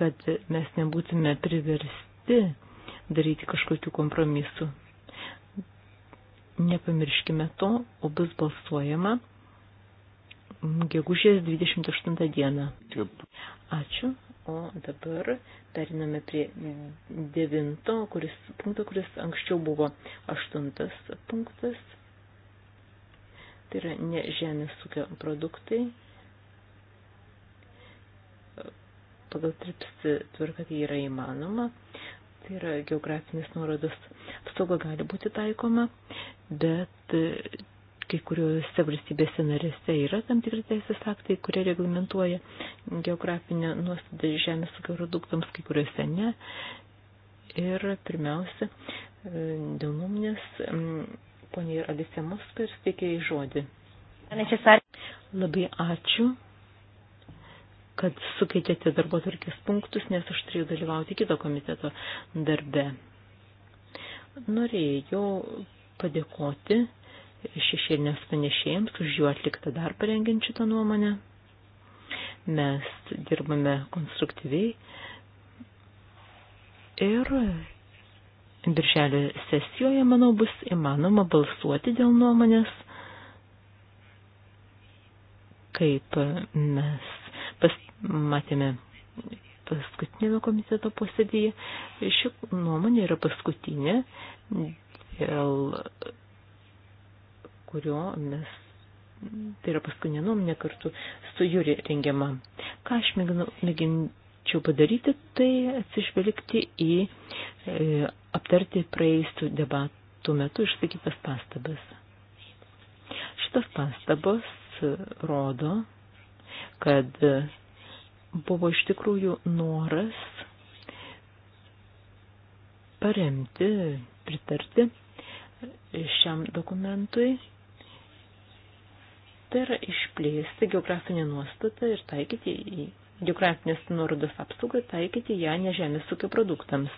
kad mes nebūtume priversti daryti kažkokių kompromisų. Nepamirškime to, o bus balsuojama gegužės 28 dieną. Ačiū. O dabar periname prie mm, devinto kuris, punkto, kuris anksčiau buvo aštuntas punktas. Tai yra ne žemės ūkio produktai. Pagal trips tvarka tai yra įmanoma. Tai yra geografinės nuorodos apsauga gali būti taikoma, bet kai kuriuose valstybėse narėse yra tam tikri teisės aktai, kurie reglamentuoja geografinę nuostatą žemės ūkio produktams, kai kuriuose ne. Ir pirmiausia, dėl nuomonės, poniai Radisė Moskva ir steikė į žodį. Labai ačiū kad sukeitėte darbo tvarkės punktus, nes aš turėjau dalyvauti kito komiteto darbe. Norėjau padėkoti šešėlinės panešėjams už jų atliktą darbą rengiant šitą nuomonę. Mes dirbame konstruktyviai ir birželio sesijoje, manau, bus įmanoma balsuoti dėl nuomonės, kaip mes pas, matėme paskutinėme komiteto posėdėje. Ši nuomonė yra paskutinė dėl kurio mes, tai yra paskutinė nuomonė kartu su Jūri rengiama. Ką aš mėginčiau padaryti, tai atsižvelgti į e, aptarti praeistų debatų metu išsakytas pastabas. Šitas pastabos rodo, kad buvo iš tikrųjų noras paremti, pritarti šiam dokumentui tai yra išplėsti geografinę nuostatą ir taikyti į geografinės nuorodos apsaugą, taikyti ją nežemės ūkio produktams.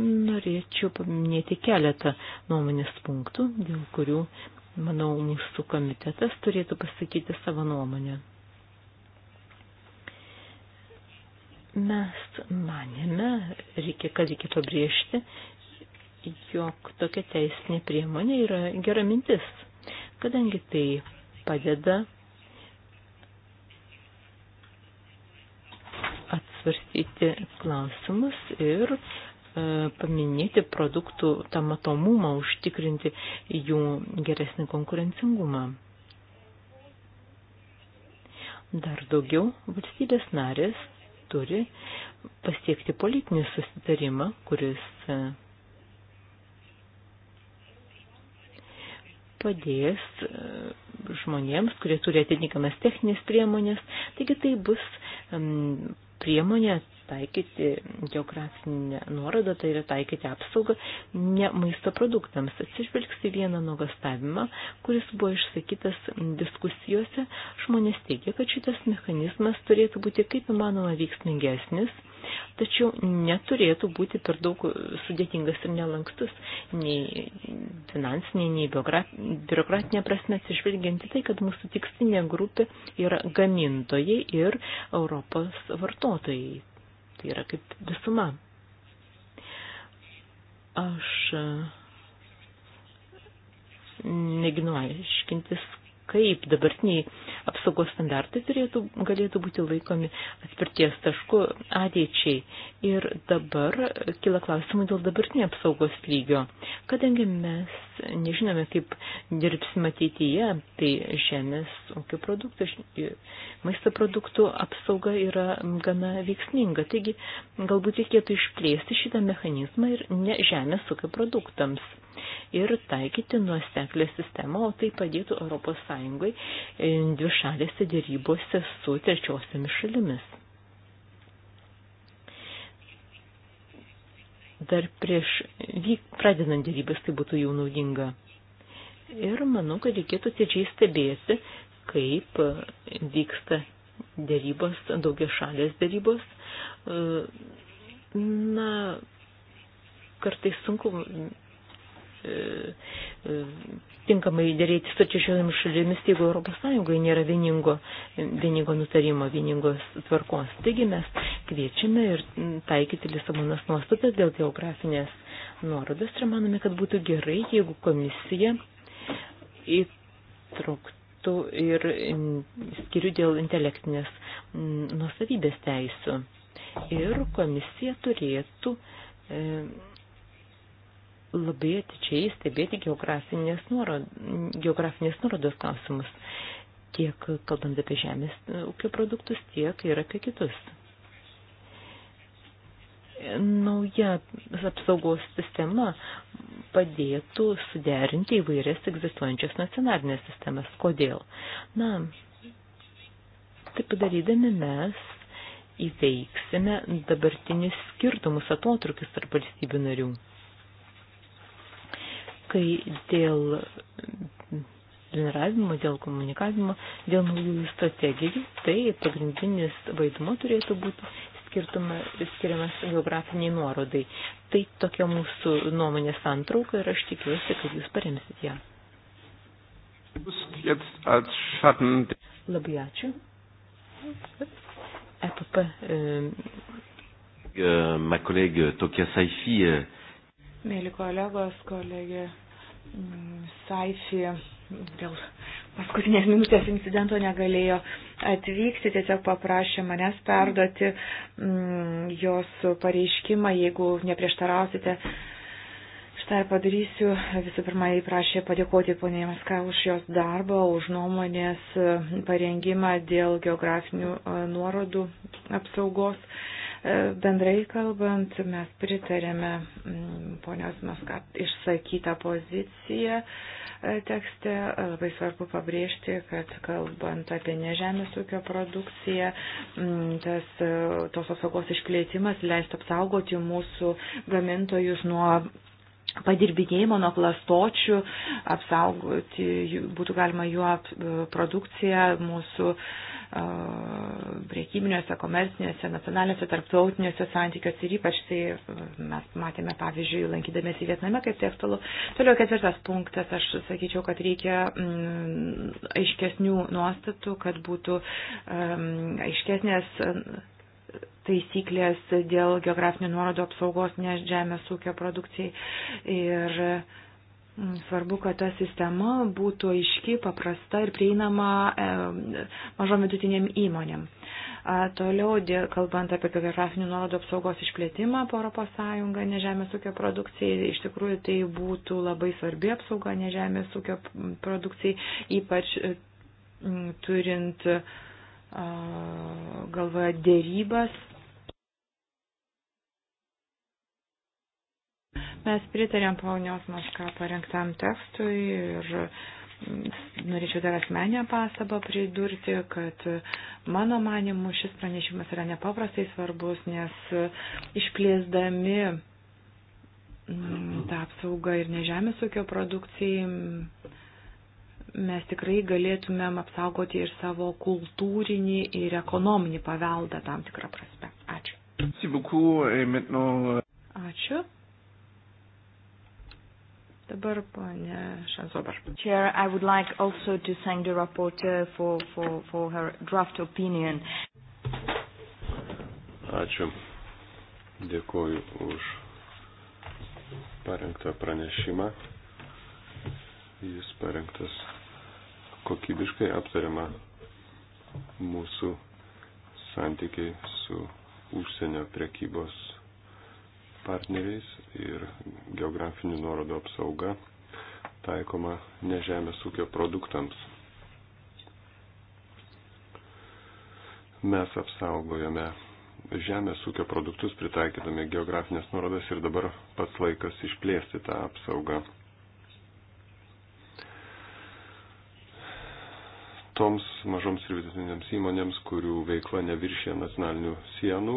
Norėčiau paminėti keletą nuomonės punktų, dėl kurių, manau, mūsų komitetas turėtų pasakyti savo nuomonę. Mes manėme, reikia, kad reikia pabrėžti, jog tokia teisinė priemonė yra gera mintis, kadangi tai padeda atsvarstyti klausimus ir e, paminėti produktų tą matomumą, užtikrinti jų geresnį konkurencingumą. Dar daugiau valstybės narės turi pasiekti politinį susitarimą, kuris e, padės e, žmonėms, kurie turi atitinkamas techninės priemonės. Taigi tai bus priemonė taikyti geografinę nuorodą, tai yra taikyti apsaugą ne maisto produktams. Atsižvelgsi vieną nuogastavimą, kuris buvo išsakytas diskusijose. Žmonės teigia, kad šitas mechanizmas turėtų būti kaip įmanoma veiksmingesnis tačiau neturėtų būti per daug sudėtingas ir nelankstus, nei finansinė, nei biurokratinė prasme, atsižvelgiant į tai, kad mūsų tikslinė grupė yra gamintojai ir Europos vartotojai. Tai yra kaip visuma. Aš mėginu aiškintis, kaip dabartiniai apsaugos standartai turėtų, galėtų būti laikomi atspirties tašku ateičiai. Ir dabar kila klausimų dėl dabartinio apsaugos lygio. Kadangi mes nežinome, kaip dirbsim ateityje, tai žemės ūkio produktų, maisto produktų apsauga yra gana veiksminga. Taigi galbūt reikėtų išplėsti šitą mechanizmą ir ne žemės ūkio produktams ir taikyti nuoseklę sistemą, o tai padėtų ES e, dvi šalėse dėrybose su trečiosiomis šalimis. Dar prieš vyk, pradedant dėrybės tai būtų jau naudinga. Ir manau, kad reikėtų tiečiai stebėti, kaip e, vyksta dėrybos, daugia šalės dėrybos. E, na, kartais sunku E, tinkamai dėrėti su šešiomis šalimis, jeigu Europos Sąjungoje nėra vieningo, vieningo nutarimo, vieningos tvarkos. Taigi mes kviečiame ir taikyti Lisabonas nuostatas dėl geografinės nuorodas ir manome, kad būtų gerai, jeigu komisija įtrauktų ir skirių dėl intelektinės mm, nuosavybės teisų. Ir komisija turėtų e, labai atičiai stebėti geografinės, nuorod, geografinės nuorodos klausimus, tiek kalbant apie žemės ūkio produktus, tiek ir apie kitus. Nauja apsaugos sistema padėtų suderinti įvairias egzistuojančias nacionalinės sistemas. Kodėl? Na, tai padarydami mes įveiksime dabartinius skirtumus atotrukius tarp valstybių narių kai dėl generavimo, dėl komunikavimo, dėl naujųjų strategijų, tai pagrindinis vaidmo turėtų būti skiriamas geografiniai nuorodai. Tai tokia mūsų nuomonės santrauka ir aš tikiuosi, kad jūs paremsit ją. Labai ačiū. EPP. E, e... Ma collègue Tokia Saifi e, Mėly kolegos, kolegė mm, Saifi dėl paskutinės minutės incidento negalėjo atvykti, tiesiog paprašė manęs perduoti mm, jos pareiškimą, jeigu neprieštarausite. Štai ir padarysiu. Visų pirma, jį prašė padėkoti ponė Maska už jos darbą, už nuomonės mm, parengimą dėl geografinių e, nuorodų apsaugos. E, bendrai kalbant, mes pritarėme mm, ponios Maskat išsakytą poziciją e, tekste. Labai svarbu pabrėžti, kad kalbant apie nežemės ūkio produkciją, mm, tas, e, tos apsaugos išplėtimas leistų apsaugoti mūsų gamintojus nuo padirbinėjimo nuo klastočių, apsaugoti būtų galima jų e, produkciją mūsų e, priekybiniuose, komerciniuose, nacionaliniuose, tarptautiniuose santykiuose ir ypač tai e, mes matėme, pavyzdžiui, lankydamėsi Vietname, kaip tai aktualu. Toliau ketvirtas punktas, aš sakyčiau, kad reikia mm, aiškesnių nuostatų, kad būtų aiškesnės taisyklės dėl geografinių nuorodų apsaugos ne žemės ūkio produkcijai. Ir mm, Svarbu, kad ta sistema būtų aiški, paprasta ir prieinama e, mažom vidutiniam įmonėm. A, toliau, dėl, kalbant apie geografinių nuorodų apsaugos išplėtimą po ES nežemės ūkio produkcijai, iš tikrųjų tai būtų labai svarbi apsauga nežemės ūkio produkcijai, ypač e, m, turint a, galvoje dėrybas Mes pritarėm paunios Mašką parengtam tekstui ir norėčiau dar asmenę pastabą pridurti, kad mano manimu šis pranešimas yra nepaprastai svarbus, nes išplėsdami tą apsaugą ir nežemės ūkio produkcijai mes tikrai galėtumėm apsaugoti ir savo kultūrinį ir ekonominį paveldą tam tikrą prasme. Ačiū. Euh, Ačiū. Dabar ponė Šansobar. Chair, I would like also to thank the rapporteur for, for, for her draft opinion. Ačiū. Dėkuoju už parengtą pranešimą. Jis parengtas kokybiškai aptariama mūsų santykiai su užsienio prekybos partneriais ir geografinių nuorodų apsauga taikoma nežemės ūkio produktams. Mes apsaugojame žemės ūkio produktus pritaikydami geografinės nuorodas ir dabar pats laikas išplėsti tą apsaugą. Toms mažoms ir vidutinėms įmonėms, kurių veikla neviršė nacionalinių sienų,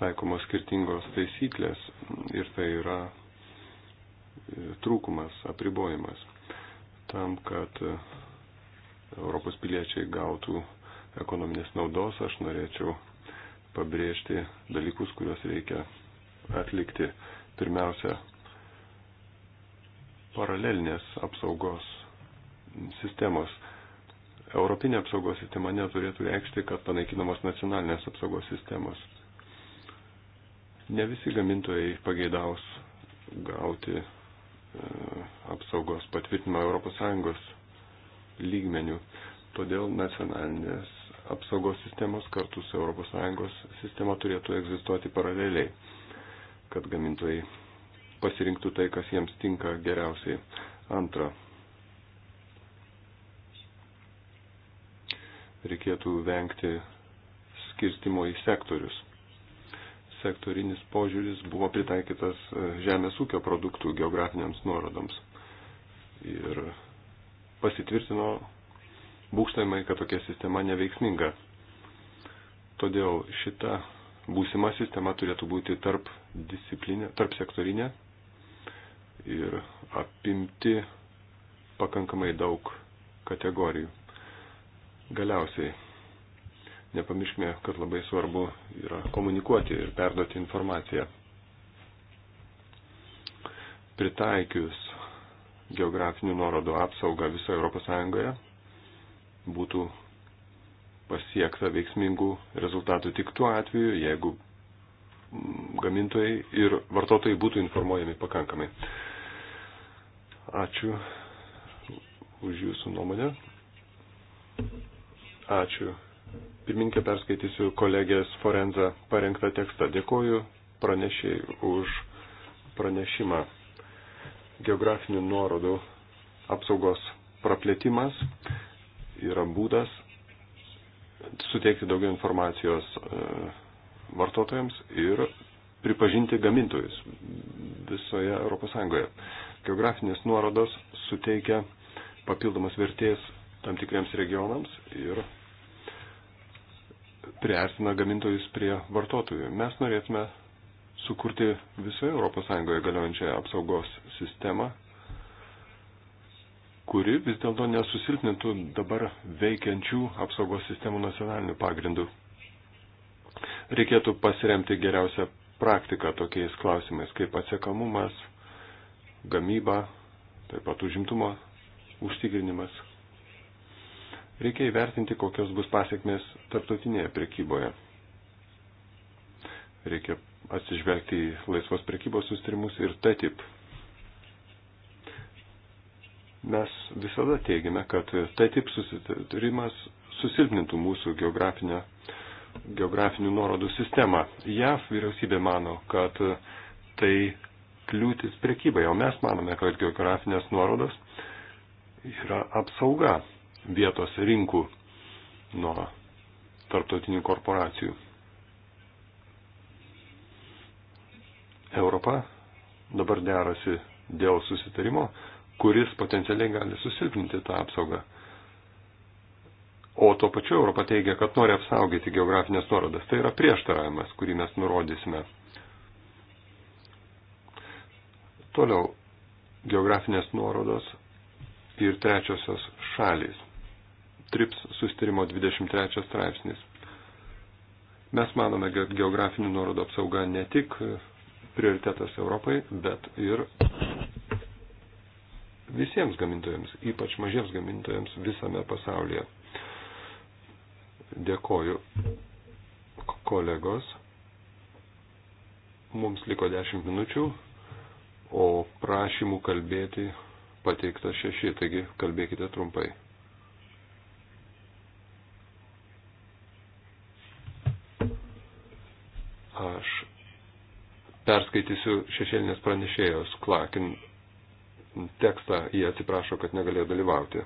taikomos skirtingos taisyklės ir tai yra e, trūkumas, apribojimas tam, kad e, Europos piliečiai gautų ekonominės naudos, aš norėčiau pabrėžti dalykus, kuriuos reikia atlikti. Pirmiausia, paralelinės apsaugos sistemos. Europinė apsaugos sistema neturėtų reikšti, kad panaikinamos nacionalinės apsaugos sistemos. Ne visi gamintojai pageidaus gauti e, apsaugos patvirtinimą ES lygmenių. Todėl nacionalinės apsaugos sistemos kartu su ES sistema turėtų egzistuoti paraleliai, kad gamintojai pasirinktų tai, kas jiems tinka geriausiai. Antra, reikėtų vengti skirstimo į sektorius sektorinis požiūris buvo pritaikytas e, žemės ūkio produktų geografiniams nuorodoms. Ir pasitvirtino būkštaimai, kad tokia sistema neveiksminga. Todėl šita būsima sistema turėtų būti tarp, tarp sektorinė ir apimti pakankamai daug kategorijų. Galiausiai Nepamirškime, kad labai svarbu yra komunikuoti ir perduoti informaciją. Pritaikius geografinių nuorodų apsaugą visoje ES būtų pasiekta veiksmingų rezultatų tik tuo atveju, jeigu gamintojai ir vartotojai būtų informuojami pakankamai. Ačiū už jūsų nuomonę. Ačiū Pirminkė perskaitysiu kolegės Forenza parengtą tekstą. Dėkoju pranešiai už pranešimą. Geografinių nuorodų apsaugos praplėtimas yra būdas suteikti daugiau informacijos e, vartotojams ir pripažinti gamintojus visoje ES. Geografinės nuorodos suteikia papildomas vertės tam tikriems regionams ir priartina gamintojus prie vartotojų. Mes norėtume sukurti visoje ES galiojančią apsaugos sistemą, kuri vis dėlto nesusilpnintų dabar veikiančių apsaugos sistemų nacionalinių pagrindų. Reikėtų pasiremti geriausią praktiką tokiais klausimais, kaip atsiekamumas, gamyba, taip pat užimtumo užtikrinimas. Reikia įvertinti, kokios bus pasiekmes tarptautinėje prekyboje. Reikia atsižvelgti į laisvos prekybos sustarimus ir TTIP. Mes visada teigiame, kad TTIP susitarimas susilpnintų mūsų geografinę geografinių nuorodų sistemą. JAV vyriausybė mano, kad tai kliūtis prekybai, o mes manome, kad geografinės nuorodos yra apsauga vietos rinkų nuo tarptautinių korporacijų. Europa dabar derasi dėl susitarimo, kuris potencialiai gali susilpninti tą apsaugą. O tuo pačiu Europa teigia, kad nori apsaugoti geografinės nuorodas. Tai yra prieštaravimas, kurį mes nurodysime. Toliau geografinės nuorodos ir trečiosios šalys. TRIPS sustarimo 23 straipsnis. Mes manome, kad geografinių nuorodų apsauga ne tik prioritetas Europai, bet ir visiems gamintojams, ypač mažiems gamintojams visame pasaulyje. Dėkoju kolegos. Mums liko 10 minučių, o prašymų kalbėti pateikta šeši, taigi kalbėkite trumpai. Aš perskaitysiu šešėlinės pranešėjos klakin tekstą, jie atsiprašo, kad negalėjo dalyvauti.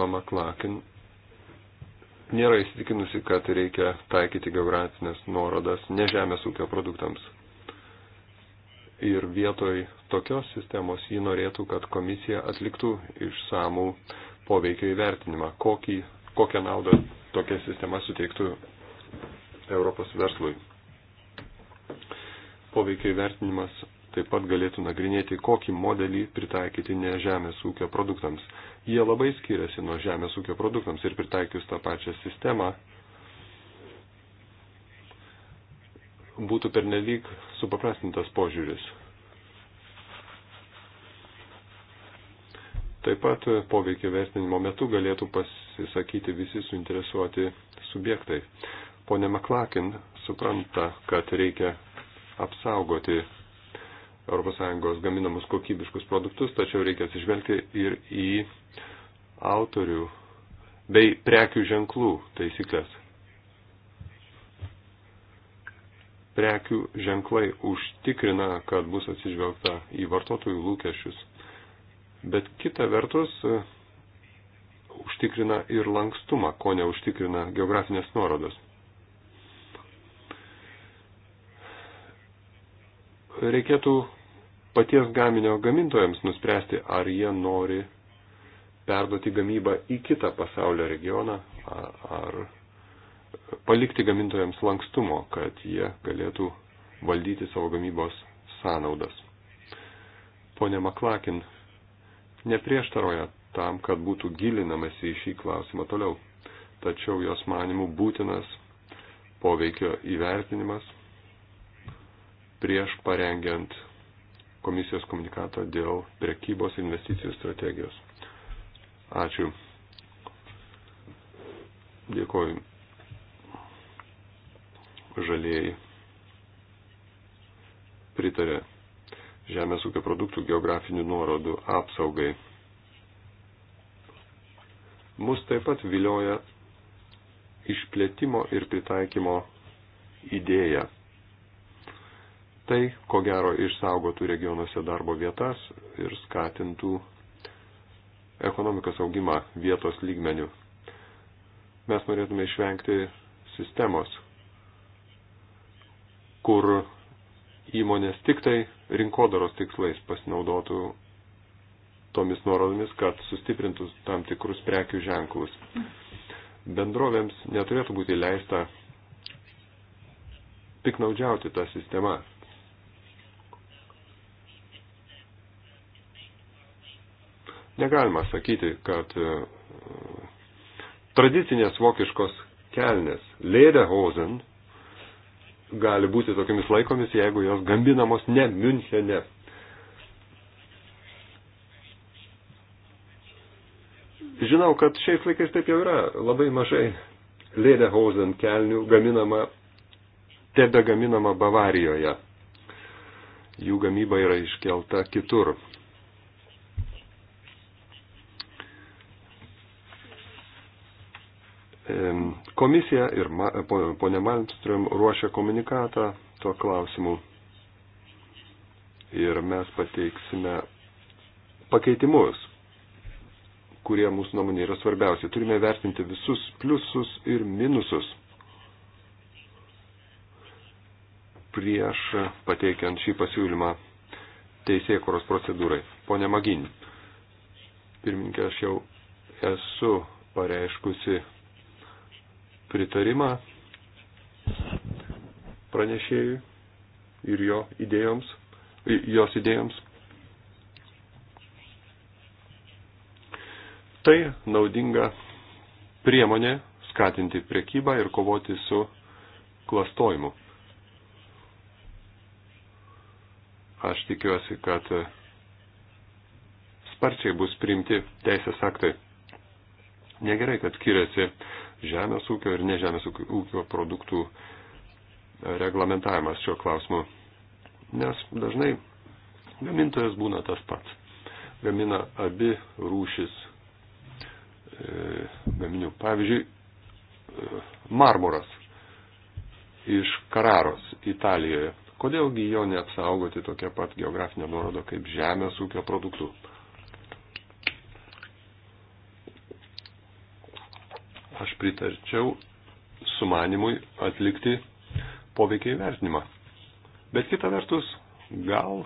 Mama Klakin nėra įsitikinusi, kad reikia taikyti geografinės nuorodas ne žemės ūkio produktams. Ir vietoj tokios sistemos ji norėtų, kad komisija atliktų išsamų poveikio įvertinimą, kokį, kokią naudą tokia sistema suteiktų Europos verslui. Poveikio įvertinimas taip pat galėtų nagrinėti, kokį modelį pritaikyti ne žemės ūkio produktams. Jie labai skiriasi nuo žemės ūkio produktams ir pritaikius tą pačią sistemą būtų pernelyg supaprastintas požiūris. Taip pat poveikio vertinimo metu galėtų pasisakyti visi suinteresuoti subjektai. Pone Maklakin supranta, kad reikia apsaugoti ES gaminamus kokybiškus produktus, tačiau reikia atsižvelgti ir į autorių bei prekių ženklų taisyklės. Prekių ženklai užtikrina, kad bus atsižvelgta į vartotojų lūkesčius bet kita vertus e, užtikrina ir lankstumą, ko neužtikrina geografinės nuorodos. Reikėtų paties gaminio gamintojams nuspręsti, ar jie nori perduoti gamybą į kitą pasaulio regioną, ar palikti gamintojams lankstumo, kad jie galėtų valdyti savo gamybos sąnaudas. Pone Maklakin neprieštaroja tam, kad būtų gilinamasi į šį klausimą toliau. Tačiau jos manimų būtinas poveikio įvertinimas prieš parengiant komisijos komunikatą dėl prekybos investicijų strategijos. Ačiū. Dėkoju. Žalieji pritarė žemės ūkio produktų geografinių nuorodų apsaugai. Mus taip pat vilioja išplėtimo ir pritaikymo idėja. Tai, ko gero, išsaugotų regionuose darbo vietas ir skatintų ekonomikos augimą vietos lygmenių. Mes norėtume išvengti sistemos, kur įmonės tik tai rinkodaros tikslais pasinaudotų tomis nuorodomis, kad sustiprintų tam tikrus prekių ženklus. Bendrovėms neturėtų būti leista piknaudžiauti tą sistemą. Negalima sakyti, kad e, tradicinės vokiškos kelnes Lederhosen gali būti tokiamis laikomis, jeigu jos gaminamos ne Münchene. Žinau, kad šiais laikais taip jau yra. Labai mažai Lederhosen kelnių gaminama, tebe gaminama Bavarijoje. Jų gamyba yra iškelta kitur. Komisija ir ponė Malmström ruošia komunikatą tuo klausimu ir mes pateiksime pakeitimus, kurie mūsų nuomonė yra svarbiausia. Turime vertinti visus pliusus ir minusus prieš pateikiant šį pasiūlymą teisėkoros procedūrai. Pone Magin, pirmininkė, aš jau esu pareiškusi pritarimą pranešėjui ir jo idėjoms, jos idėjoms. Tai naudinga priemonė skatinti priekybą ir kovoti su klastojimu. Aš tikiuosi, kad sparčiai bus priimti teisės aktai. Negerai, kad skiriasi žemės ūkio ir nežemės ūkio produktų reglamentavimas šio klausimu. Nes dažnai gamintojas būna tas pats. Gamina abi rūšis e, gaminių. Pavyzdžiui, e, marmuras iš Kararos, Italijoje. Kodėlgi jo neapsaugoti tokia pat geografinė nuoroda kaip žemės ūkio produktų? aš pritarčiau sumanimui atlikti poveikiai vertinimą. Bet kita vertus, gal,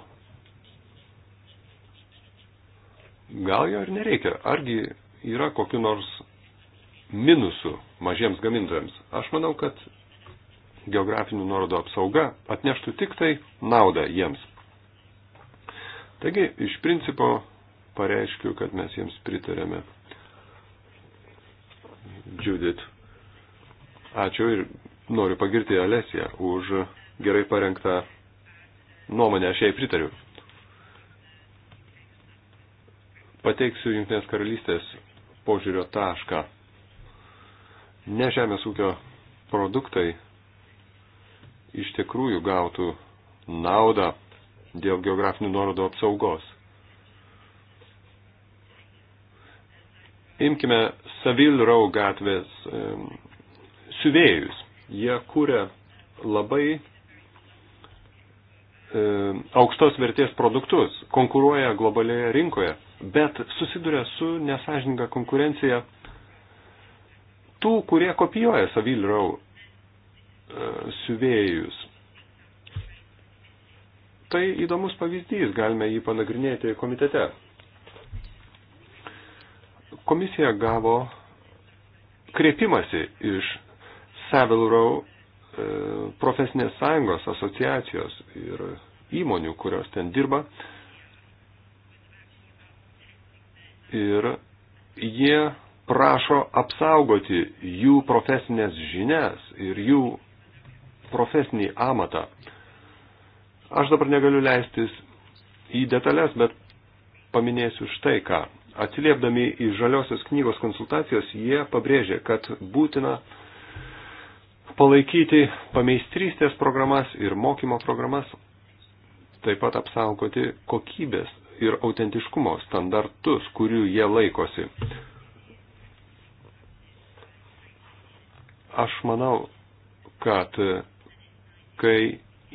gal jo ir nereikia. Argi yra kokiu nors minusų mažiems gamintojams. Aš manau, kad geografinių nuorodų apsauga atneštų tik tai naudą jiems. Taigi, iš principo pareiškiu, kad mes jiems pritarėme. Judith. Ačiū ir noriu pagirti Alesiją už gerai parengtą nuomonę, aš jai pritariu. Pateiksiu Junktinės karalystės požiūrio tašką. Ne žemės ūkio produktai iš tikrųjų gautų naudą dėl geografinių nuorodų apsaugos. Imkime Savilrau gatvės e, siuvėjus. Jie kūrė labai e, aukštos vertės produktus, konkuruoja globalioje rinkoje, bet susiduria su nesažininga konkurencija tų, kurie kopijuoja Savilrau e, siuvėjus tai įdomus pavyzdys, galime jį panagrinėti komitete. Komisija gavo kreipimasi iš Savile Row e, profesinės sąjungos, asociacijos ir įmonių, kurios ten dirba. Ir jie prašo apsaugoti jų profesinės žinias ir jų profesinį amatą. Aš dabar negaliu leistis į detalės, bet paminėsiu štai ką. Atsiliepdami į žaliosios knygos konsultacijos, jie pabrėžė, kad būtina palaikyti pameistrystės programas ir mokymo programas, taip pat apsaugoti kokybės ir autentiškumo standartus, kurių jie laikosi. Aš manau, kad kai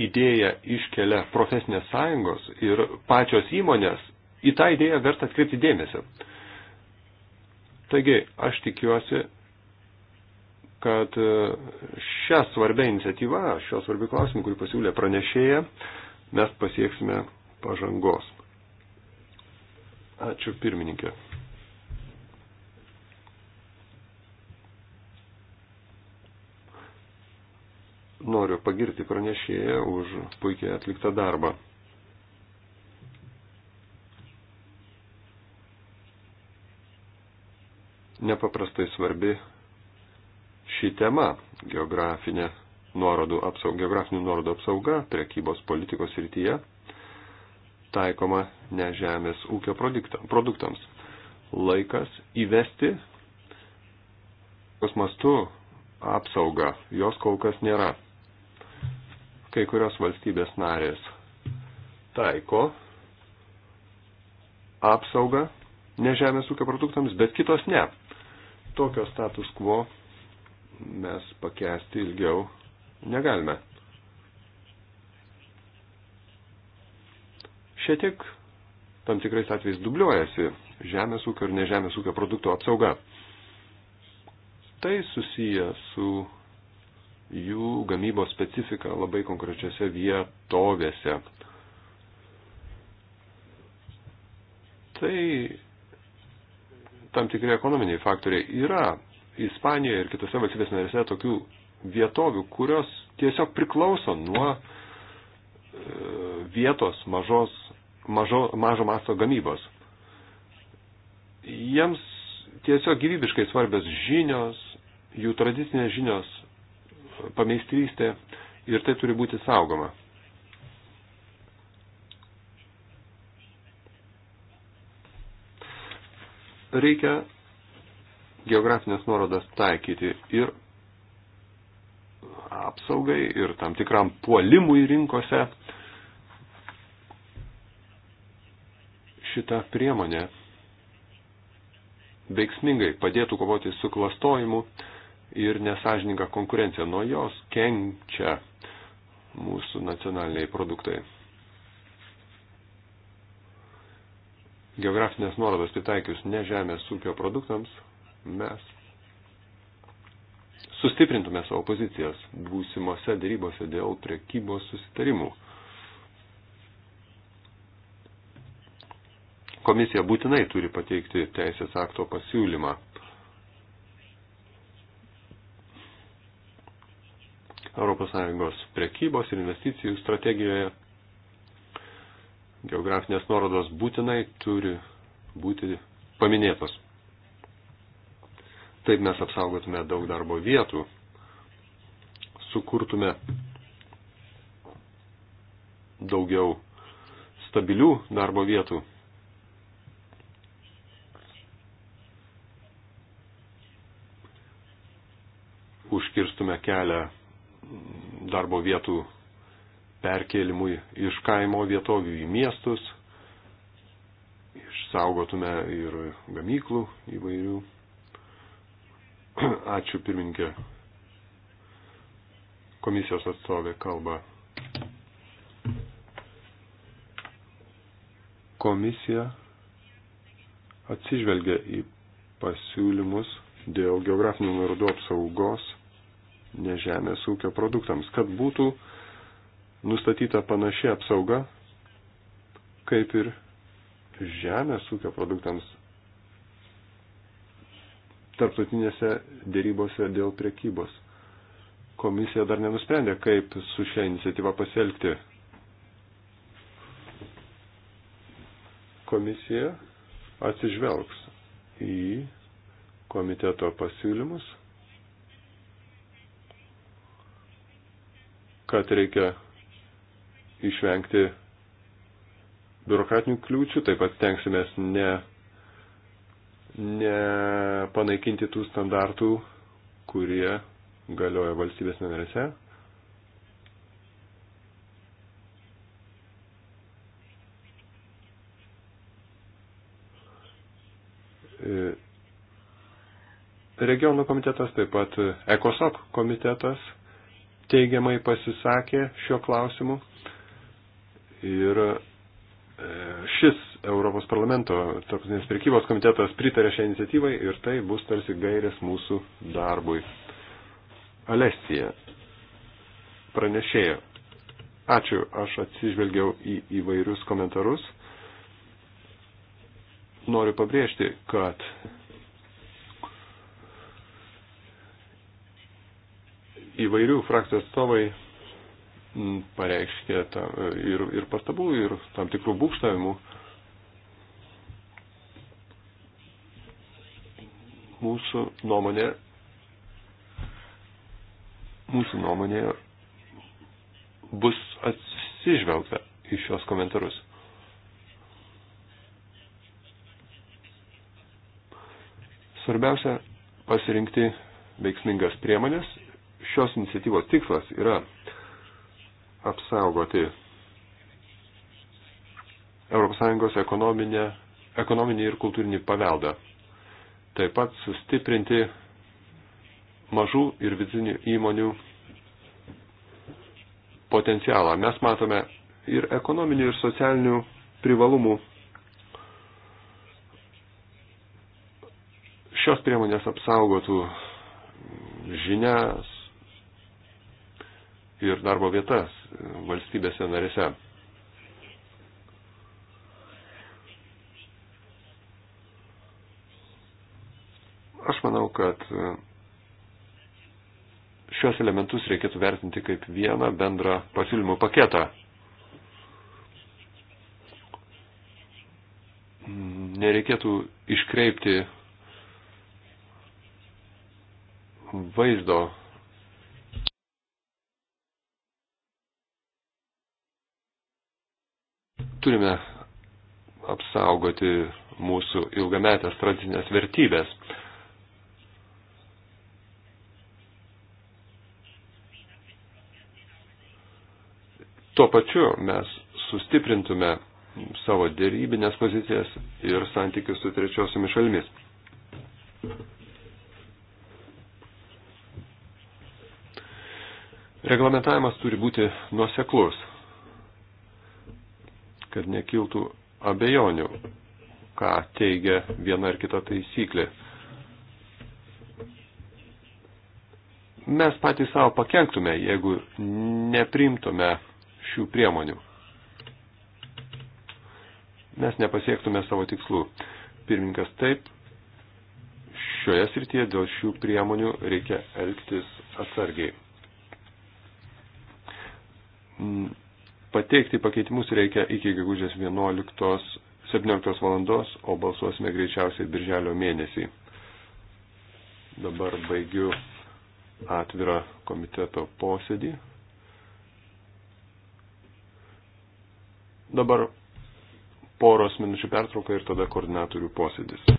idėja iškelia profesinės sąjungos ir pačios įmonės į tą idėją verta atkreipti dėmesio. Taigi, aš tikiuosi, kad e, šią svarbę iniciatyvą, šią svarbių klausimų, kurį pasiūlė pranešėja, mes pasieksime pažangos. Ačiū pirmininkė. Noriu pagirti pranešėją už puikiai atliktą darbą. nepaprastai svarbi šį temą - geografinė nuorodų apsauga, geografinių nuorodų apsauga prekybos politikos rytyje taikoma ne žemės ūkio produktams. Laikas įvesti kosmastu apsaugą, jos kol kas nėra. Kai kurios valstybės narės taiko apsaugą ne žemės ūkio produktams, bet kitos ne. Tokio status quo mes pakesti ilgiau negalime. Šiek tiek tam tikrais atvejais dubliuojasi žemės ūkio ir nežemės ūkio produktų apsauga. Tai susiję su jų gamybos specifika labai konkrečiose vietovėse. Tai tam tikri ekonominiai faktoriai. Yra Ispanijoje ir kitose valstybės narėse tokių vietovių, kurios tiesiog priklauso nuo e, vietos mažos, mažo, mažo masto gamybos. Jiems tiesiog gyvybiškai svarbios žinios, jų tradicinės žinios, pameistrystė ir tai turi būti saugoma. Reikia geografinės nuorodas taikyti ir apsaugai, ir tam tikram puolimui rinkose. Šita priemonė veiksmingai padėtų kovoti su klastojimu ir nesažininga konkurencija. Nuo jos kenčia mūsų nacionaliniai produktai. geografinės nuorodas pritaikius ne žemės ūkio produktams, mes sustiprintume savo pozicijas būsimose dėrybose dėl prekybos susitarimų. Komisija būtinai turi pateikti teisės akto pasiūlymą. ES prekybos ir investicijų strategijoje geografinės nuorodos būtinai turi būti paminėtos. Taip mes apsaugotume daug darbo vietų, sukurtume daugiau stabilių darbo vietų. Užkirstume kelią darbo vietų perkelimui iš kaimo vietovių į miestus, išsaugotume ir gamyklų įvairių. Ačiū pirmininkė. Komisijos atstovė kalba. Komisija atsižvelgia į pasiūlymus dėl geografinių nurodų apsaugos nežemės ūkio produktams, kad būtų uh, nustatyta panaši apsauga kaip ir žemės ūkio produktams tarptautinėse dėrybose dėl prekybos. Komisija dar nenusprendė, kaip su šia iniciatyva pasielgti. Komisija atsižvelgs į komiteto pasiūlymus, kad reikia išvengti biurokratinių kliūčių, taip pat tenksimės ne, ne panaikinti tų standartų, kurie galioja valstybės narėse. E, regionų komitetas, taip pat ECOSOC komitetas teigiamai pasisakė šiuo klausimu. Ir e, šis Europos parlamento tarptautinės prekybos komitetas pritarė šią iniciatyvai ir tai bus tarsi gairės mūsų darbui. Alestija pranešėjo. Ačiū, aš atsižvelgiau į įvairius komentarus. Noriu pabrėžti, kad įvairių frakcijų atstovai pareiškė tam, e, ir, ir pastabų, ir tam tikrų būkštavimų. Mūsų nuomonė, mūsų nuomonė bus atsižvelgta į šios komentarus. Svarbiausia pasirinkti veiksmingas priemonės. Šios iniciatyvos tikslas yra uh, apsaugoti ES ekonominį ir kultūrinį paveldą. Taip pat sustiprinti mažų ir vidinių įmonių potencialą. Mes matome ir ekonominių, ir socialinių privalumų šios priemonės apsaugotų žinias ir darbo vietas valstybėse narėse. Aš manau, kad e, šios elementus reikėtų vertinti kaip vieną bendrą pasiūlymų paketą. Nereikėtų iškreipti vaizdo Turime apsaugoti mūsų ilgametės tradicinės vertybės. Tuo pačiu mes sustiprintume savo dėrybinės pozicijas ir santykius su trečiosiomis šalimis. Reglamentavimas turi būti nuoseklus kad nekiltų abejonių, ką teigia viena ar kita taisyklė. Mes patys savo pakenktume, jeigu neprimtume šių priemonių. Mes nepasiektume savo tikslų. Pirmininkas taip, šioje srityje dėl šių priemonių reikia elgtis atsargiai. Pateikti pakeitimus reikia iki gegužės 11.17 valandos, o balsuosime greičiausiai birželio mėnesį. Dabar baigiu atvirą komiteto posėdį. Dabar poros minučių pertrauka ir tada koordinatorių posėdis.